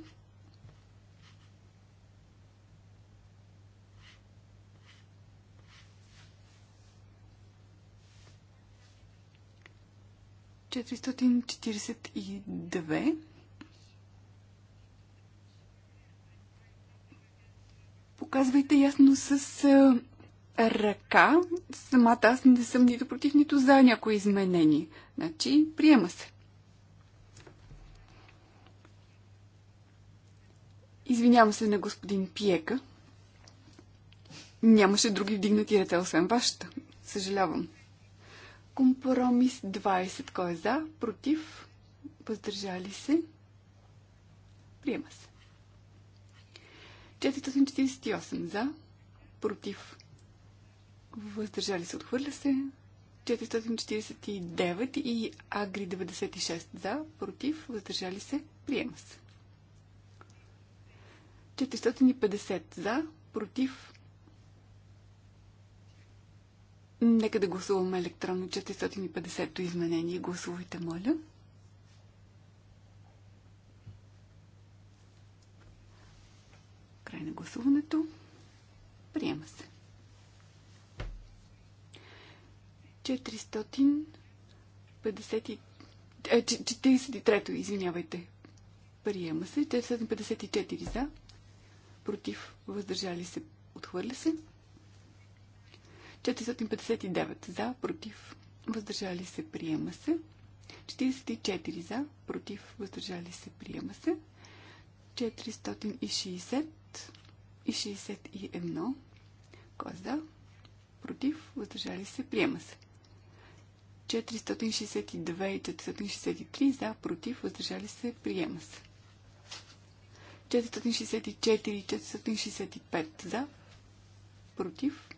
Четиристотин четиридесет и две. показвайте ясно с ръка. Самата аз не съм нито против, нито за някои изменени. Значи, приема се. Извинявам се на господин Пиека. Нямаше други вдигнати ръце, освен вашата. Съжалявам. Компромис 20. Кой е за? Против? Въздържали се? Приема се. 448 за, против, Въздържали се, отхвърля се. 449 и Агри 96 за, против, въздържали се, приема се. 450 за, против. Нека да гласуваме електронно 450-то изменение. Гласувайте, моля. Край на гласуването. Приема се. 453, 43-то, е, извинявайте. Приема се. 454 за. Против. Въздържали се. Отхвърля се. 459 за. Против. Въздържали се. Приема се. 44 за. Против. Въздържали се. Приема се. 460 и 61. Кой е за? Против. Въздържали се. Приема се. 461. 462 и 463 за, против, въздържали се, приема се. 464 и 465 за, против,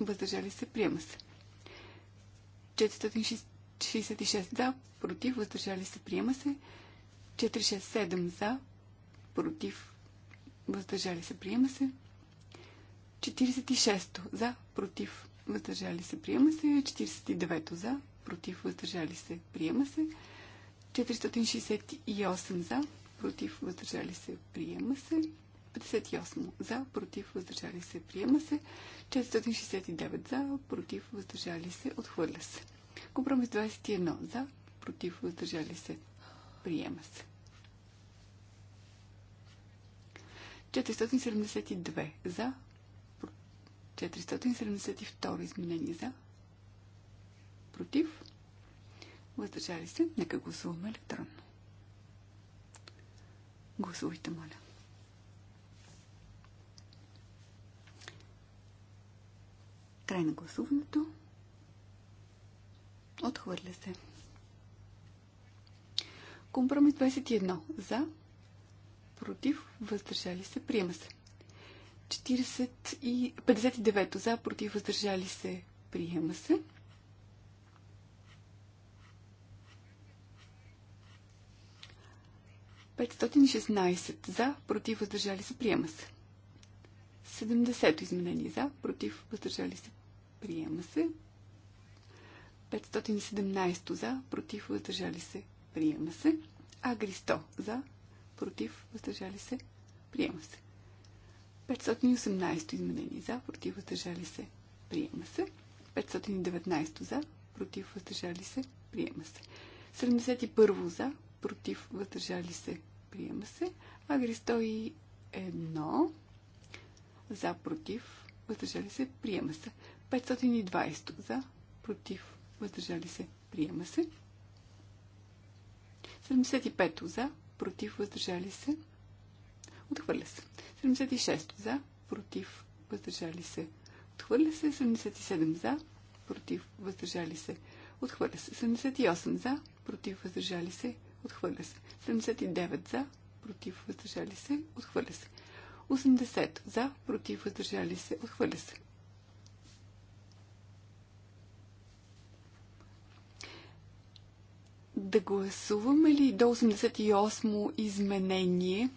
въздържали се, приема се. 466 за, против, въздържали се, приема се. 467 за, против, въздържали се, приема се. 46 за, против, въздържали се, приема се. 49 за, против, въздържали се, приема се. 468 за, против, въздържали се, приема се. 58 за, против, въздържали се, приема се. 469 за, против, въздържали се, отхвърля се. Компромис 21 за, против, въздържали се, приема се. 472 за, 472 изменение за, против, въздържали се, нека гласуваме електронно. Гласувайте, моля. Край на гласуването. Отхвърля се. Компромис 21. За. Против. Въздържали се. Приема се. 40 и... 59. За. Против. Въздържали се. Приема се. 516 за, против, въздържали се, приема се. 70 изменение за, против, въздържали се, приема се. 517 за, против, въздържали се, приема се. Агри 100 за, против, въздържали се, приема се. 518 изменение за, против, въздържали се, приема се. 519 за, против, въздържали се, приема се. 71 за, против, въздържали се, приема се. Агри 101 за, против, въздържали се, приема се. 520 за, против, въздържали се, приема се. 75 за, против, въздържали се, отхвърля се. 76 за, против, въздържали се, отхвърля се. 77 за, против, въздържали се, отхвърля се. 78 за, против, въздържали се, Отхвърля се. 79 за, против, въздържали се. Отхвърля се. 80 за, против, въздържали се. Отхвърля се. Да гласуваме ли до 88 изменение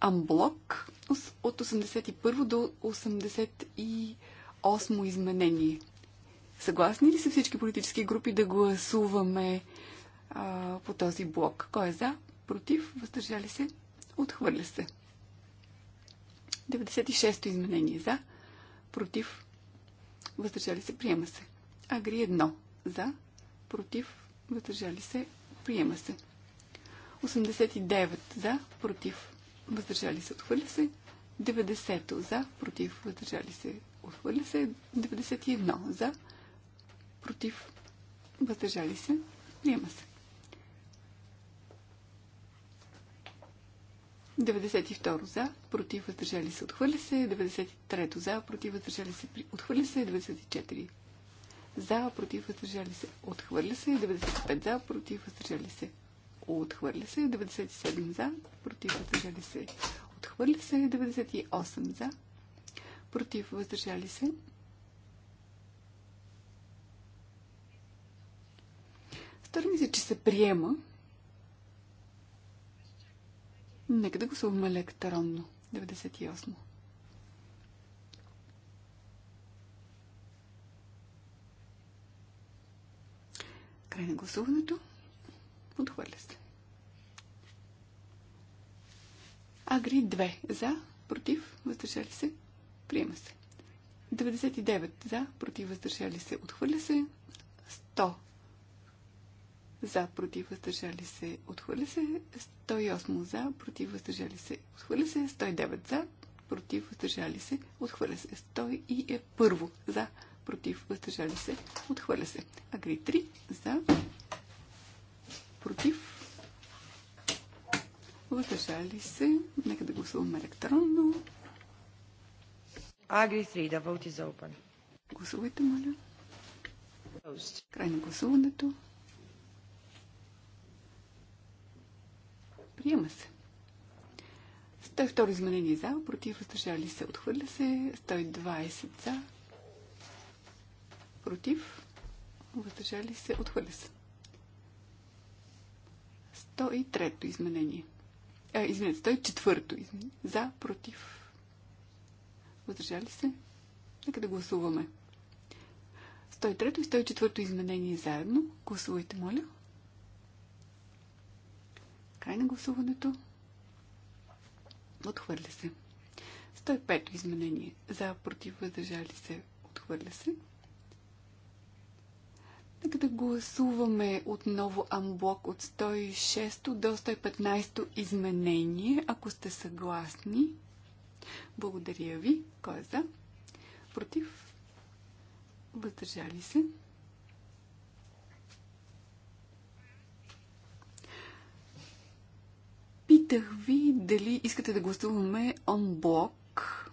амблок от 81 до 88 изменение? Съгласни ли са всички политически групи да гласуваме а, по този блок. Кой е за? Против? Въздържали се? Отхвърля се. 96-то изменение за. Против? Въздържали се? Приема се. Агри 1. За. Против? Въздържали се? Приема се. 89 за. Против? Въздържали се? Отхвърля се. 90 за. Против? Въздържали се? Отхвърля се. 91 за. Против? Въздържали се? Приема се. 92 за, против въздържали се, отхвърля се. 93 за, против въздържали се, отхвърля се. 94 за, против въздържали се, отхвърля се. 95 за, против въздържали се, отхвърля се. 97 за, против въздържали се, отхвърля се. 98 за, против въздържали се. Стори мисля, се, че се приема, Нека да гласуваме електронно. 98. Край на гласуването. Отхвърля се. Агри 2. За, против, въздържали се. Приема се. 99. За, против, въздържали се. Отхвърля се. 100 за, против, въздържали се, отхвърля се. 108 за, против, въздържали се, отхвърля се. 109 за, против, въздържали се, отхвърля се. 100 и е първо за, против, въздържали се, отхвърля се. Агри 3 за, против, въздържали се. Нека да гласуваме електронно. Агри 3, да вълти за опан. Гласувайте, моля. Край на гласуването. Приема се. 102 изменение за, против, въздържали се, отхвърля се. 120 за, против, въздържали се, отхвърля се. 103 изменение. А, извинете, 104 изменение. За, против, въздържали се. Нека да гласуваме. 103 и 104 изменение заедно. Гласувайте, моля. Край на гласуването. Отхвърля се. 105 изменение. За, против, въздържали се. Отхвърля се. Нека да гласуваме отново амблок от 106 до 115 изменение, ако сте съгласни. Благодаря ви. Кой е за? Против? Въздържали се? Попитах ви дали искате да гласуваме онблок.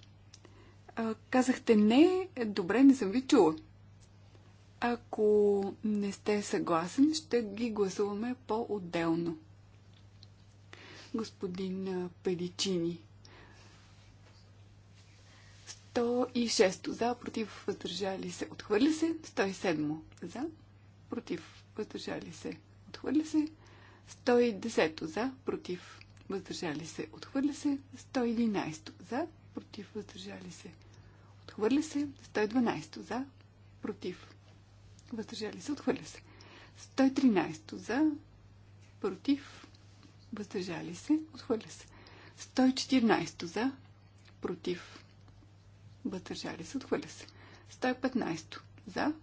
Казахте не, добре, не съм ви чула. Ако не сте съгласен, ще ги гласуваме по-отделно. Господин Педичини. 106 за, против, въздържали се, отхвърля се. 107 за, против, въздържали се, отхвърля се. 110 за, против, въздържали се, отхвърля се. 111 за, против, въздържали се, отхвърля се. 112 за, против, въздържали се, отхвърля се. 113 за, против, въздържали се, отхвърля се. 114 за, против, въздържали се, отхвърля се. 115 за,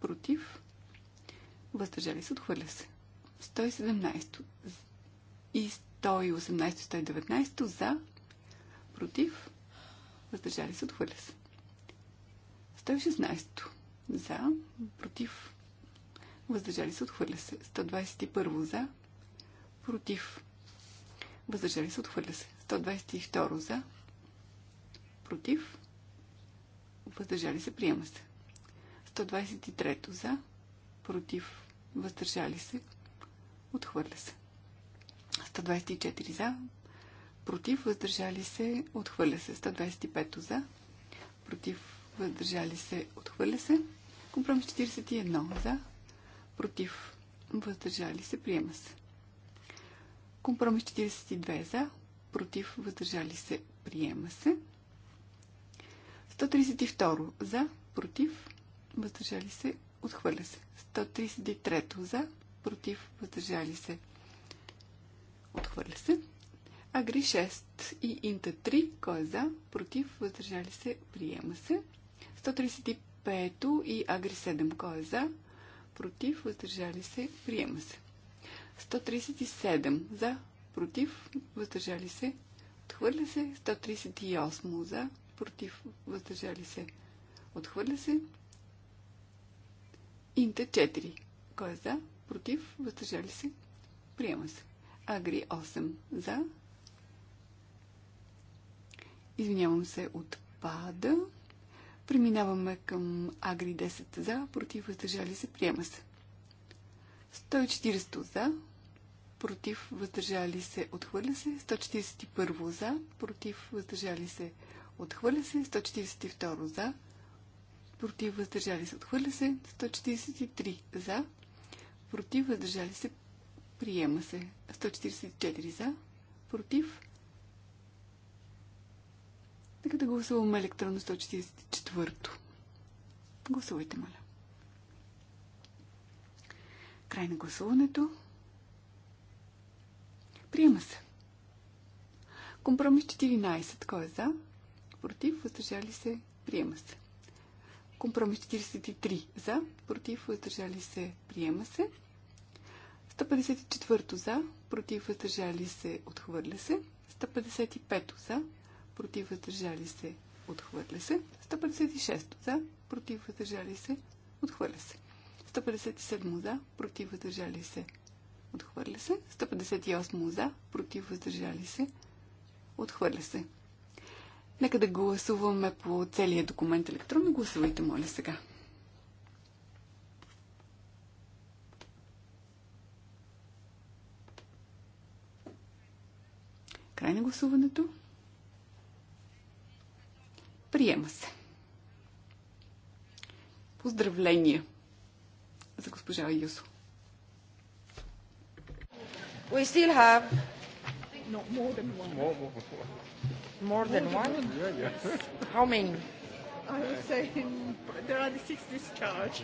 против, въздържали се, отхвърля се. 117 и 118-119 за, против, въздържали се, отхвърля се. 116 за, против, въздържали се, отхвърля се. 121 за, против, въздържали се, отхвърля се. 122 за, против, въздържали се, приема се. 123 за, против, въздържали се, отхвърля се. 124 за, против, въздържали се, отхвърля се. 125 за, против, въздържали се, отхвърля се. Компромис 41 за, против, въздържали се, приема се. Компромис 42 за, против, въздържали се, приема се. 132 за, против, въздържали се, отхвърля се. 133 за, против, въздържали се, Отхвърля се. Агри 6 и Инта 3. Кой е за? Против. Въздържали се. Приема се. 135 и Агри 7. Кой е за? Против. Въздържали се. Приема се. 137 за. Против. Въздържали се. Отхвърля се. 138 за. Против. Въздържали се. Отхвърля се. Инта 4. Кой е за? Против. Въздържали се. Приема се. Агри 8 за. Извинявам се, отпада. Преминаваме към Агри 10 за, против въздържали се, приема се. 140 за, против въздържали се, отхвърля се. 141 за, против въздържали се, отхвърля се. 142 за, против въздържали се, отхвърля се. 143 за, против въздържали се, Приема се. 144 за. Против. Нека да гласуваме електронно 144-то. Гласувайте, моля. Край на гласуването. Приема се. Компромис 14. Кой е за? Против. Въздържали се. Приема се. Компромис 43. За. Против. Въздържали се. Приема се. 154 за, против въздържали се, отхвърля се. 155 за, против въздържали се, отхвърля се. 156 за, против въздържали се, отхвърля се. 157 за, против въздържали се, отхвърля се. 158 за, против въздържали се, отхвърля се. Нека да гласуваме по целия документ електронно. Гласувайте, моля сега. Край на гласуването. Приема се. Поздравления за госпожа Юсо. We still have no, more than one. More, more, more. more than than one? one? Yeah, yeah. How many? I would say there are the six discharged.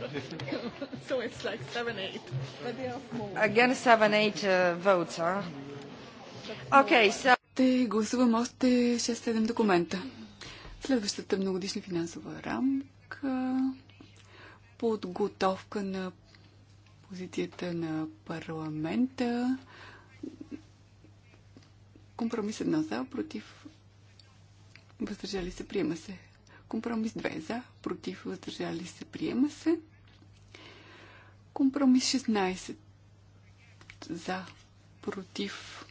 so it's like seven, eight. But they are small. Again, seven, eight uh, votes, huh? Okay, so ще гласувам още 6-7 документа. Следващата многодишна финансова рамка, подготовка на позицията на парламента, компромис 1 за, против, въздържали се, приема се. Компромис 2 за, против, въздържали се, приема се. Компромис 16 за, против,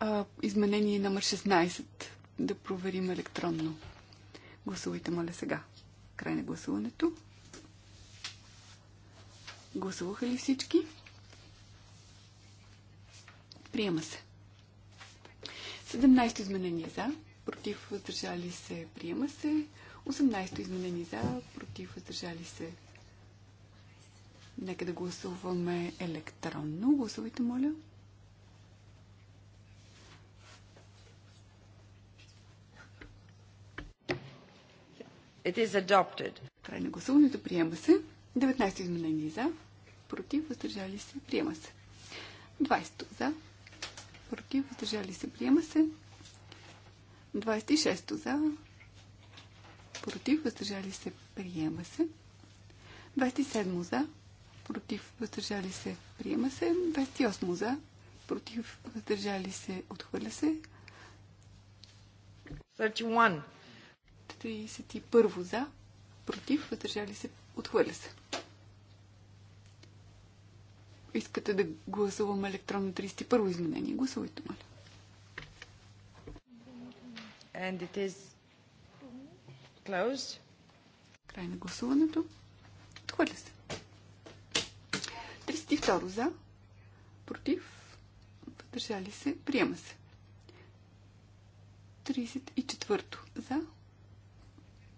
а, изменение номер 16. Да проверим електронно. Гласувайте, моля, сега. Край на гласуването. Гласуваха ли всички? Приема се. 17 изменение за, против въздържали се, приема се. 18 изменение за, против въздържали се. Нека да гласуваме електронно. Гласувайте, моля. It is adopted. Край на гласуването. Приема се. 19 изменения за. Против. Въздържали се. Приема се. 20 за. Против. Въздържали се. Приема се. 26 за. Против. Въздържали се. Приема се. 27 за. Против. Въздържали се. Приема се. 28 за. Против. Въздържали се. Отхвърля се. 31. 31 за, против, въздържали се, отхвърля се. Искате да гласуваме електронно 31 изменение. Гласувайте, моля. And it is closed. Край на гласуването. Отхвърля се. 32 за, против, въздържали се, приема се. 34 за,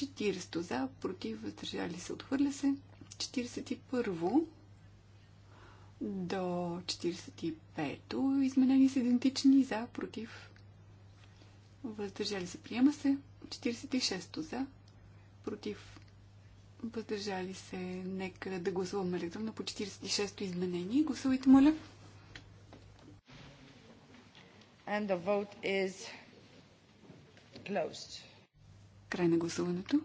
40 за, против, въздържали се, отхвърля се. 41 до 45 изменени са идентични за, против, въздържали се, приема се. 46 за, против, въздържали се. Нека да гласуваме електронно по 46-то изменение. Гласувайте, моля. And the vote is closed. Край на гласуването.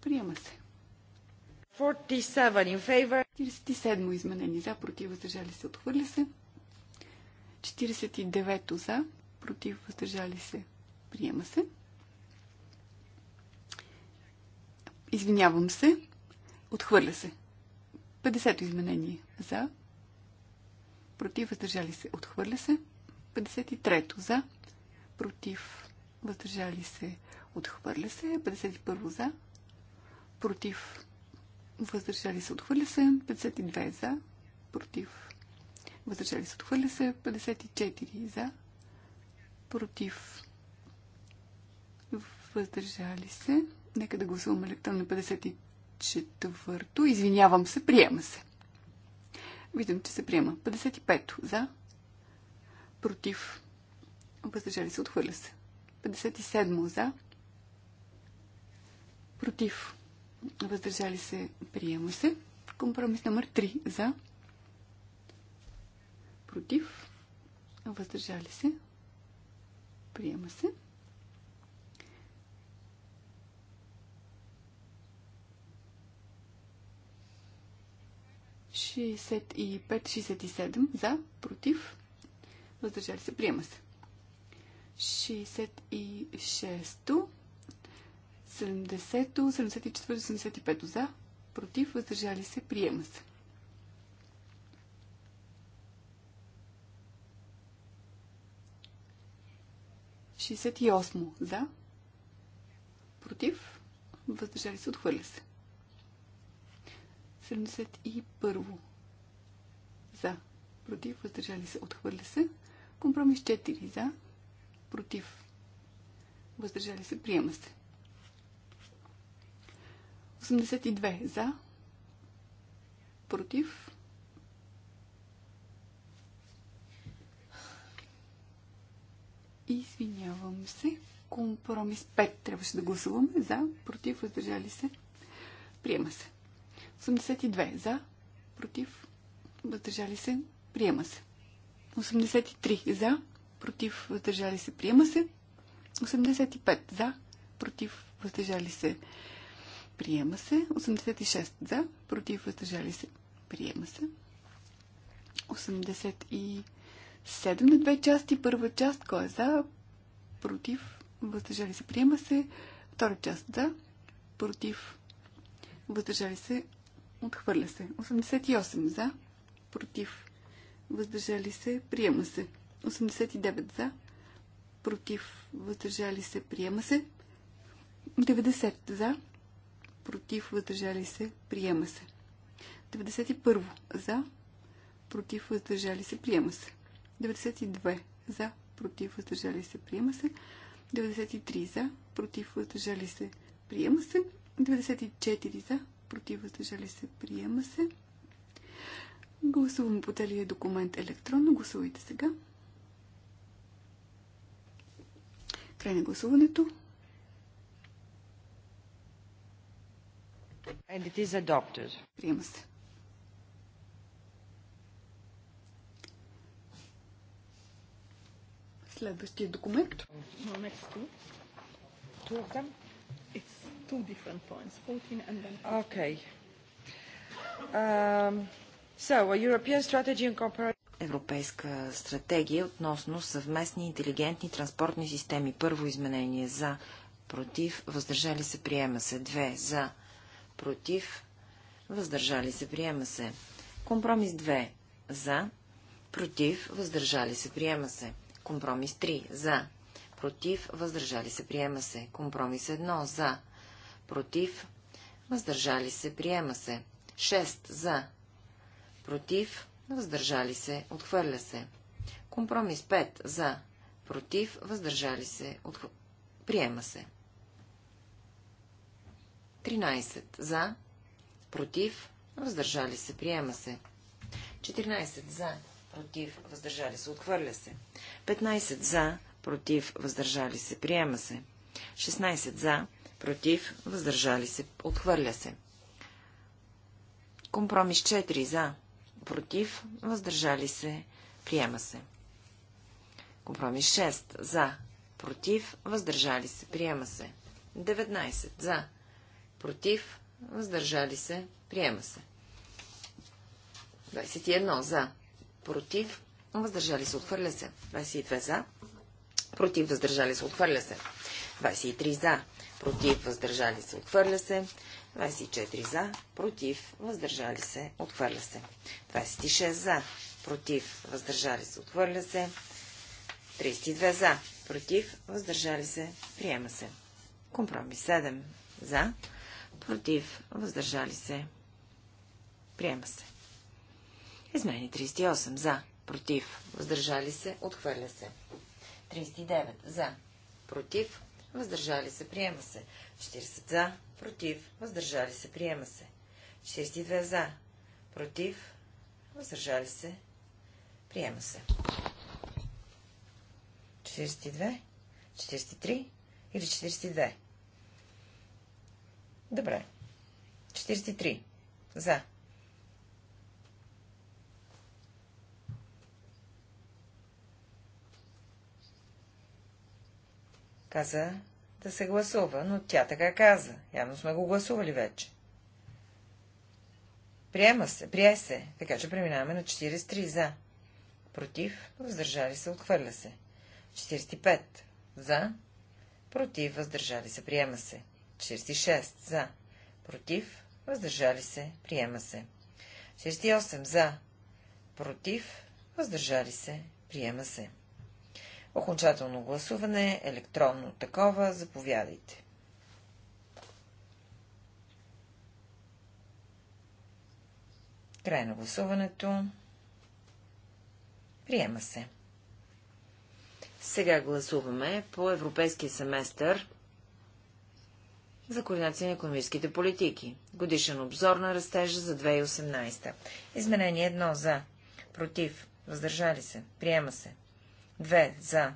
Приема се. 47 in favor. 47 изменени за, против, въздържали се, отхвърля се. 49 за, против, въздържали се, приема се. Извинявам се, отхвърля се. 50 изменение за, против, въздържали се, отхвърля се. 53 за, против, въздържали се, отхвърля се. 51 за, против, въздържали се, отхвърля се. 52 за, против, въздържали се, отхвърля се. 54 за, против, въздържали се. Нека да гласуваме електронно 54-то. Извинявам се, приема се. Виждам, че се приема. 55 за, против, въздържали се, отхвърля се. 57 за. Против. Въздържали се. Приема се. Компромис номер 3 за. Против. Въздържали се. Приема се. Шестдесет и пет, шестдесет и седем за, против, въздържали се, приема се. 66-то, 70-то, 74-то, 75-то за, против, въздържали се, приема се. Шестдесет и осмо за, против, въздържали се, отхвърля се. 71 за, против, въздържали се, отхвърля се. Компромис 4 за, Против. Въздържали се. Приема се. 82 за. Против. Извинявам се. Компромис 5 трябваше да гласуваме. За. Против. Въздържали се. Приема се. 82 за. Против. Въздържали се. Приема се. 83 за против, въздържали се, приема се. 85 за, против, въздържали се, приема се. 86 за, против, въздържали се, приема се. 87 на две части, първа част, кой е за, против, въздържали се, приема се. Втора част за, против, въздържали се, отхвърля се. 88 за, против, въздържали се, приема се. 89 за, против, въздържали се, приема се. 90 за, против, въздържали се, приема се. 91 за, против, въздържали се, приема се. 92 за, против, въздържали се, приема се. 93 за, против, въздържали се, приема се. 94 за, против, въздържали се, приема се. Гласуваме по целия документ електронно. Гласувайте сега. Край на гласуването. And it is adopted. Приема се. Следващия документ. It's two different points, 14 and then 15. Okay. Um, so, a European strategy and cooperation европейска стратегия относно съвместни интелигентни транспортни системи. Първо изменение за, против, въздържали се, приема се. Две за, против, въздържали се, приема се. Компромис 2 за, против, въздържали се, приема се. Компромис 3 за, против, въздържали се, приема се. Компромис 1 за, против, въздържали се, приема се. 6 за, против, въздържали се, отхвърля се. Компромис 5 за, против, въздържали се, отх... приема се. 13 за, против, въздържали се, приема се. 14 за, против, въздържали се, отхвърля се. 15 за, против, въздържали се, приема се. 16 за, против, въздържали се, отхвърля се. Компромис 4 за, против, въздържали се, приема се. Компромис 6. За, против, въздържали се, приема се. 19. За, против, въздържали се, приема се. 21. За, против, въздържали се, отхвърля се. 22. За, против, въздържали се, отхвърля се. 23. За, против, въздържали се, отхвърля се. 24 за, против, въздържали се, отхвърля се. 26 за, против, въздържали се, отхвърля се. 32 за, против, въздържали се, приема се. Компромис 7 за, против, въздържали се, приема се. Измени 38 за, против, въздържали се, отхвърля се. 39 за, против, въздържали се, приема се. 40 за, против, въздържали се, приема се. 42 за, против, въздържали се, приема се. 42, 43 или 42? Добре. 43. За. Каза да се гласува, но тя така каза. Явно сме го гласували вече. Приема се, прие се, така че преминаваме на 43 за. Против, въздържали се, отхвърля се. 45 за. Против, въздържали се, приема се. 46 за. Против, въздържали се, приема се. 68 за. Против, въздържали се, приема се. Окончателно гласуване, електронно такова, заповядайте. Край на гласуването. Приема се. Сега гласуваме по Европейския семестър за координация на економическите политики. Годишен обзор на растежа за 2018. Изменение 1 за. Против. Въздържали се. Приема се. 2 за,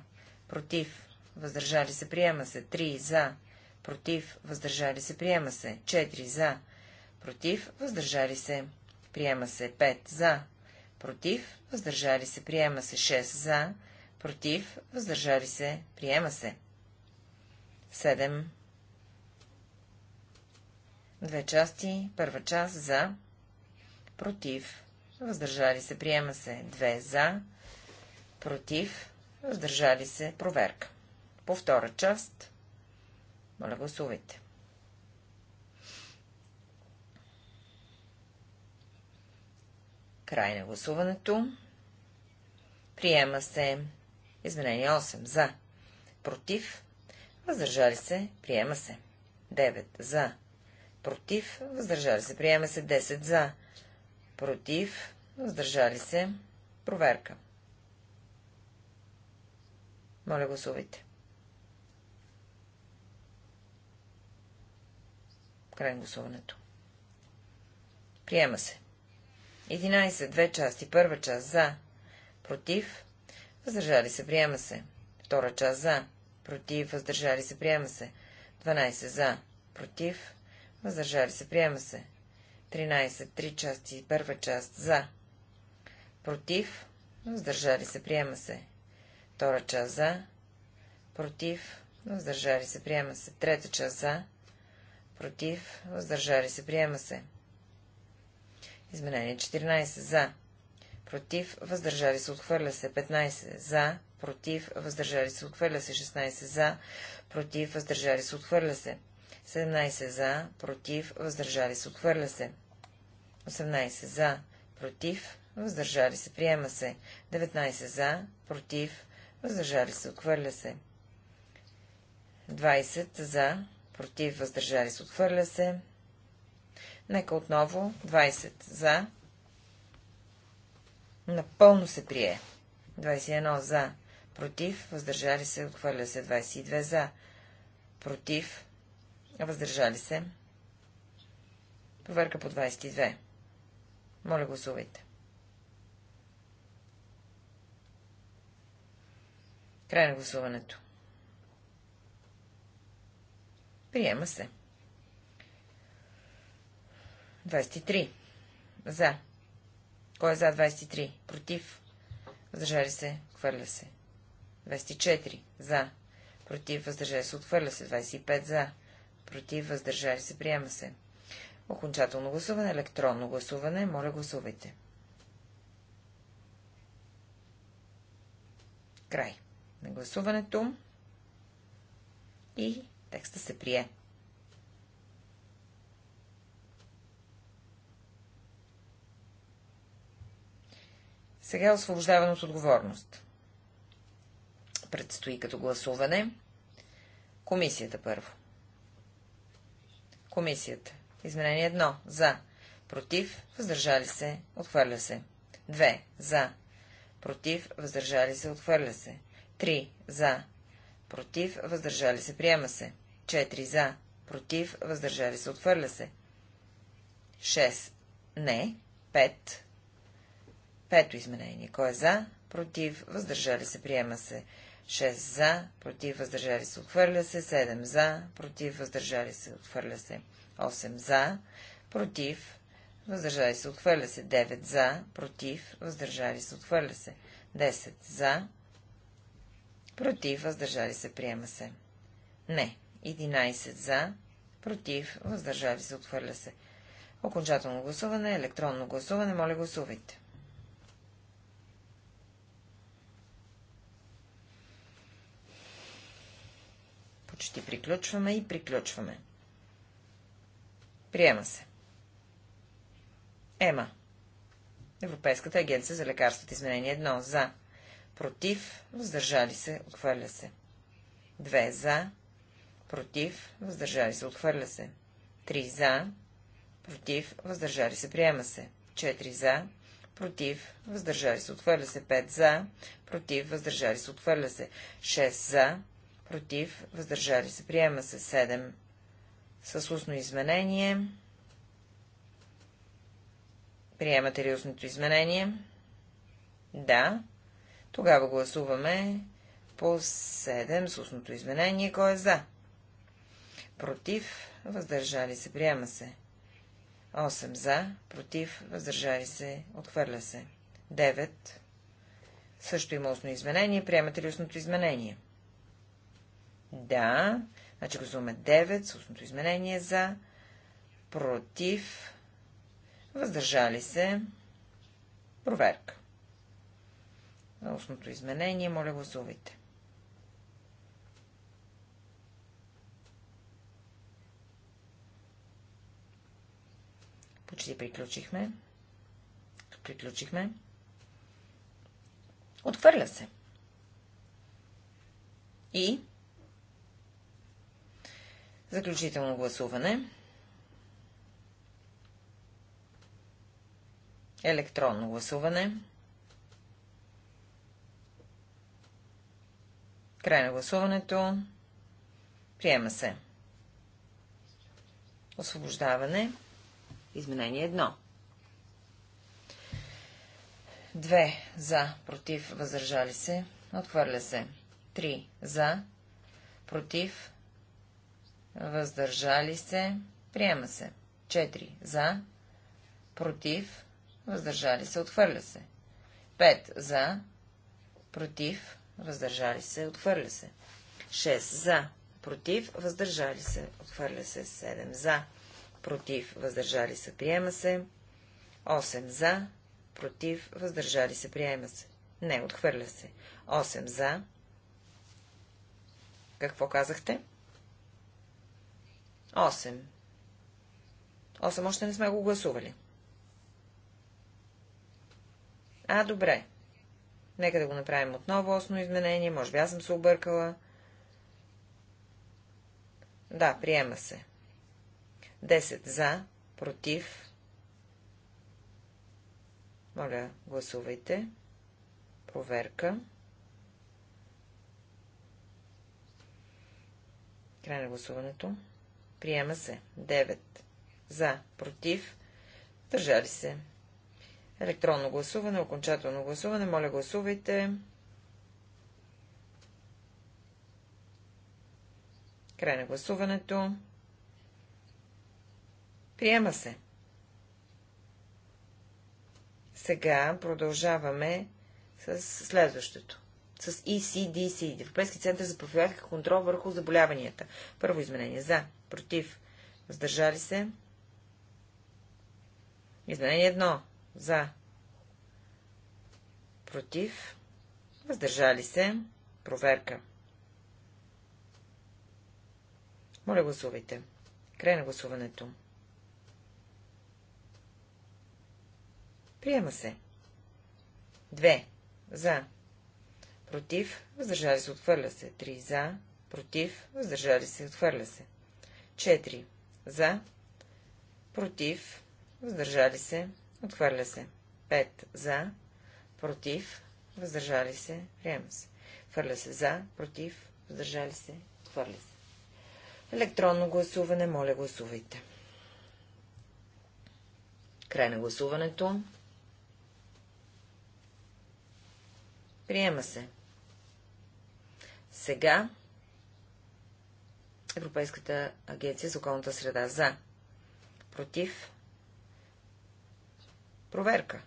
против, въздържали се, приема се. 3 за, против, въздържали се, приема се. 4 за, против, въздържали се, приема се. 5 за, против, въздържали се, приема се. 6 за, против, въздържали се, приема се. 7. Две части. Първа част за, против, въздържали се, приема се. 2 за, против, въздържали се, проверка. По втора част, моля гласувайте. Край на гласуването. Приема се изменение 8 за, против, въздържали се, приема се. 9 за, против, въздържали се, приема се. 10 за, против, въздържали се, проверка. 11 моля, гласувайте. Край гласуването. Приема се. 11. Две части. Първа част за. Против. Въздържали се. Приема се. Втора част за. Против. Въздържали се. Приема се. 12. За. Против. Въздържали се. Приема се. 13. Три части. Първа част за. Против. Въздържали се. Приема се. Втора част за, против, въздържали се, приема се. Трета част за, против, въздържали се, приема се. Изменение 14 за, против, въздържали се, отхвърля се. 15 за, против, въздържали се, отхвърля се. 16 за, против, въздържали се, отхвърля се. 17 за, против, въздържали се, отхвърля се. 18 за, против, въздържали се, приема се. 19 за, против, въздържали се, отхвърля се. 20 за, против, въздържали се, отхвърля се. Нека отново 20 за. Напълно се прие. 21 за, против, въздържали се, отхвърля се. 22 за, против, въздържали се. Проверка по 22. Моля, гласувайте. Край на гласуването. Приема се. 23. За. Кой е за 23? Против. Въздържали се. Хвърля се. 24. За. Против. Въздържали се. Отхвърля се. 25. За. Против. Въздържали се. Приема се. Окончателно гласуване. Електронно гласуване. Моля, гласувайте. Край на гласуването и текста се прие. Сега е освобождаване от отговорност. Предстои като гласуване. Комисията първо. Комисията. Изменение едно За. Против. Въздържали се. Отхвърля се. Две, За. Против. Въздържали се. Отхвърля се. 3. За. Против. Въздържали се. Приема се. 4. За. Против. Въздържали се. Отвърля се. 6. Не. 5. Пето изменение. Кой е за? Против. Въздържали се. Приема се. 6 за, против, въздържали се, отхвърля се, 7 за, против, въздържали се, отхвърля се, 8 за, против, въздържали се, отхвърля се, 9 за, против, въздържали се, отвърля се, 10 за, против, въздържали се, приема се. Не. 11 за, против, въздържали се, отхвърля се. Окончателно гласуване, електронно гласуване, моля гласувайте. Почти приключваме и приключваме. Приема се. Ема. Европейската агенция за лекарствата изменение 1. За против, въздържали се, отхвърля се. 2 за, против, въздържали се, отхвърля се. 3 за, против, въздържали се, приема се. 4 за, против, въздържали се, отхвърля се. 5 за, против, въздържали се, отхвърля се. 6 за, против, въздържали се, приема се. 7 с устно изменение. Приемате ли устното изменение? Да. Тогава гласуваме по 7 с устното изменение. Кой е за? Против. Въздържали се. Приема се. 8 за. Против. Въздържали се. Отхвърля се. 9. Също има устно изменение. Приемате ли устното изменение? Да. Значи гласуваме 9 с устното изменение за. Против. Въздържали се. Проверка на устното изменение. Моля, гласувайте. Почти приключихме. Приключихме. Отхвърля се. И заключително гласуване. Електронно гласуване. Край на гласуването. Приема се. Освобождаване. Изменение 1. 2. За. Против. Въздържали се. Отхвърля се. 3. За. Против. Въздържали се. Приема се. 4. За. Против. Въздържали се. Отхвърля се. 5. За. Против въздържали се, отхвърля се. 6 за, против, въздържали се, отхвърля се. 7 за, против, въздържали се, приема се. 8 за, против, въздържали се, приема се. Не, отхвърля се. 8 за. Какво казахте? 8. 8 още не сме го гласували. А, добре. Нека да го направим отново, осно изменение, може би аз съм се объркала. Да, приема се. 10 за, против. Моля, гласувайте. Проверка. Край на гласуването. Приема се. 9 за, против. Държали се. Електронно гласуване, окончателно гласуване. Моля, гласувайте. Край на гласуването. Приема се. Сега продължаваме с следващото. С ECDC, Европейски център за профилактика и контрол върху заболяванията. Първо изменение. За. Против. Въздържали се. Изменение едно. За. Против. Въздържали се. Проверка. Моля гласувайте. Край на гласуването. Приема се. 2. За. Против. Въздържали се. Отхвърля се. 3. За. Против. Въздържали се. Отхвърля се. 4. За. Против. Въздържали се. Отхвърля се. 5 за, против, въздържали се, приема се. Хвърля се за, против, въздържали се, отхвърля се. Електронно гласуване, моля гласувайте. Край на гласуването. Приема се. Сега Европейската агенция за околната среда за, против, Проверка.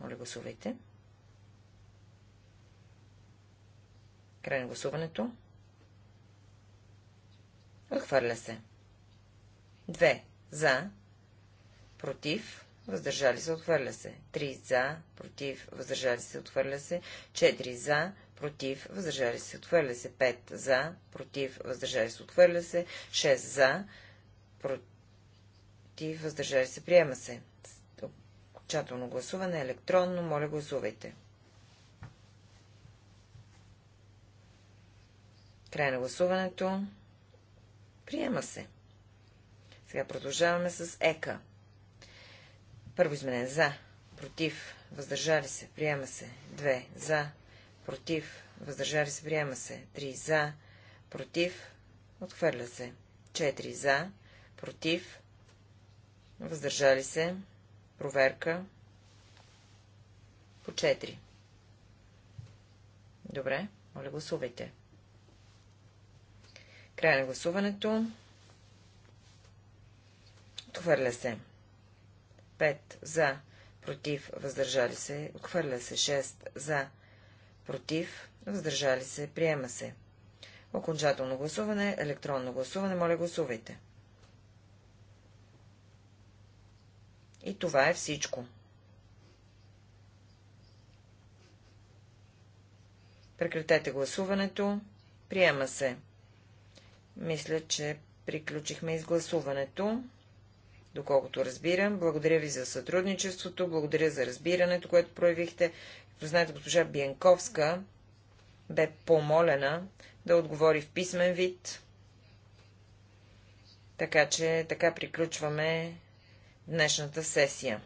Моля, гласувайте. Край на гласуването. Отхвърля се. 2. За. Против. Въздържали се. Отхвърля се. 3. За. Против. Въздържали се. Отхвърля се. 4. За. Против. Въздържали се. Отхвърля се. 5. За. Против. Въздържали се. Отхвърля се. 6. За. Против против, въздържали се, приема се. Окончателно гласуване, електронно, моля гласувайте. Край на гласуването. Приема се. Сега продължаваме с ЕКА. Първо изменение за, против, въздържали се, приема се. 2. За, против, въздържали се, приема се. 3. За, против, отхвърля се. 4. За, против, Въздържали се. Проверка. По 4. Добре. Моля, гласувайте. Край на гласуването. Отхвърля се. 5. За. Против. Въздържали се. Отхвърля се. 6. За. Против. Въздържали се. Приема се. Окончателно гласуване. Електронно гласуване. Моля, гласувайте. И това е всичко. Прекратете гласуването. Приема се. Мисля, че приключихме изгласуването. Доколкото разбирам, благодаря ви за сътрудничеството, благодаря за разбирането, което проявихте. Като знаете, госпожа Биенковска бе помолена да отговори в писмен вид. Така че така приключваме днешната сесия.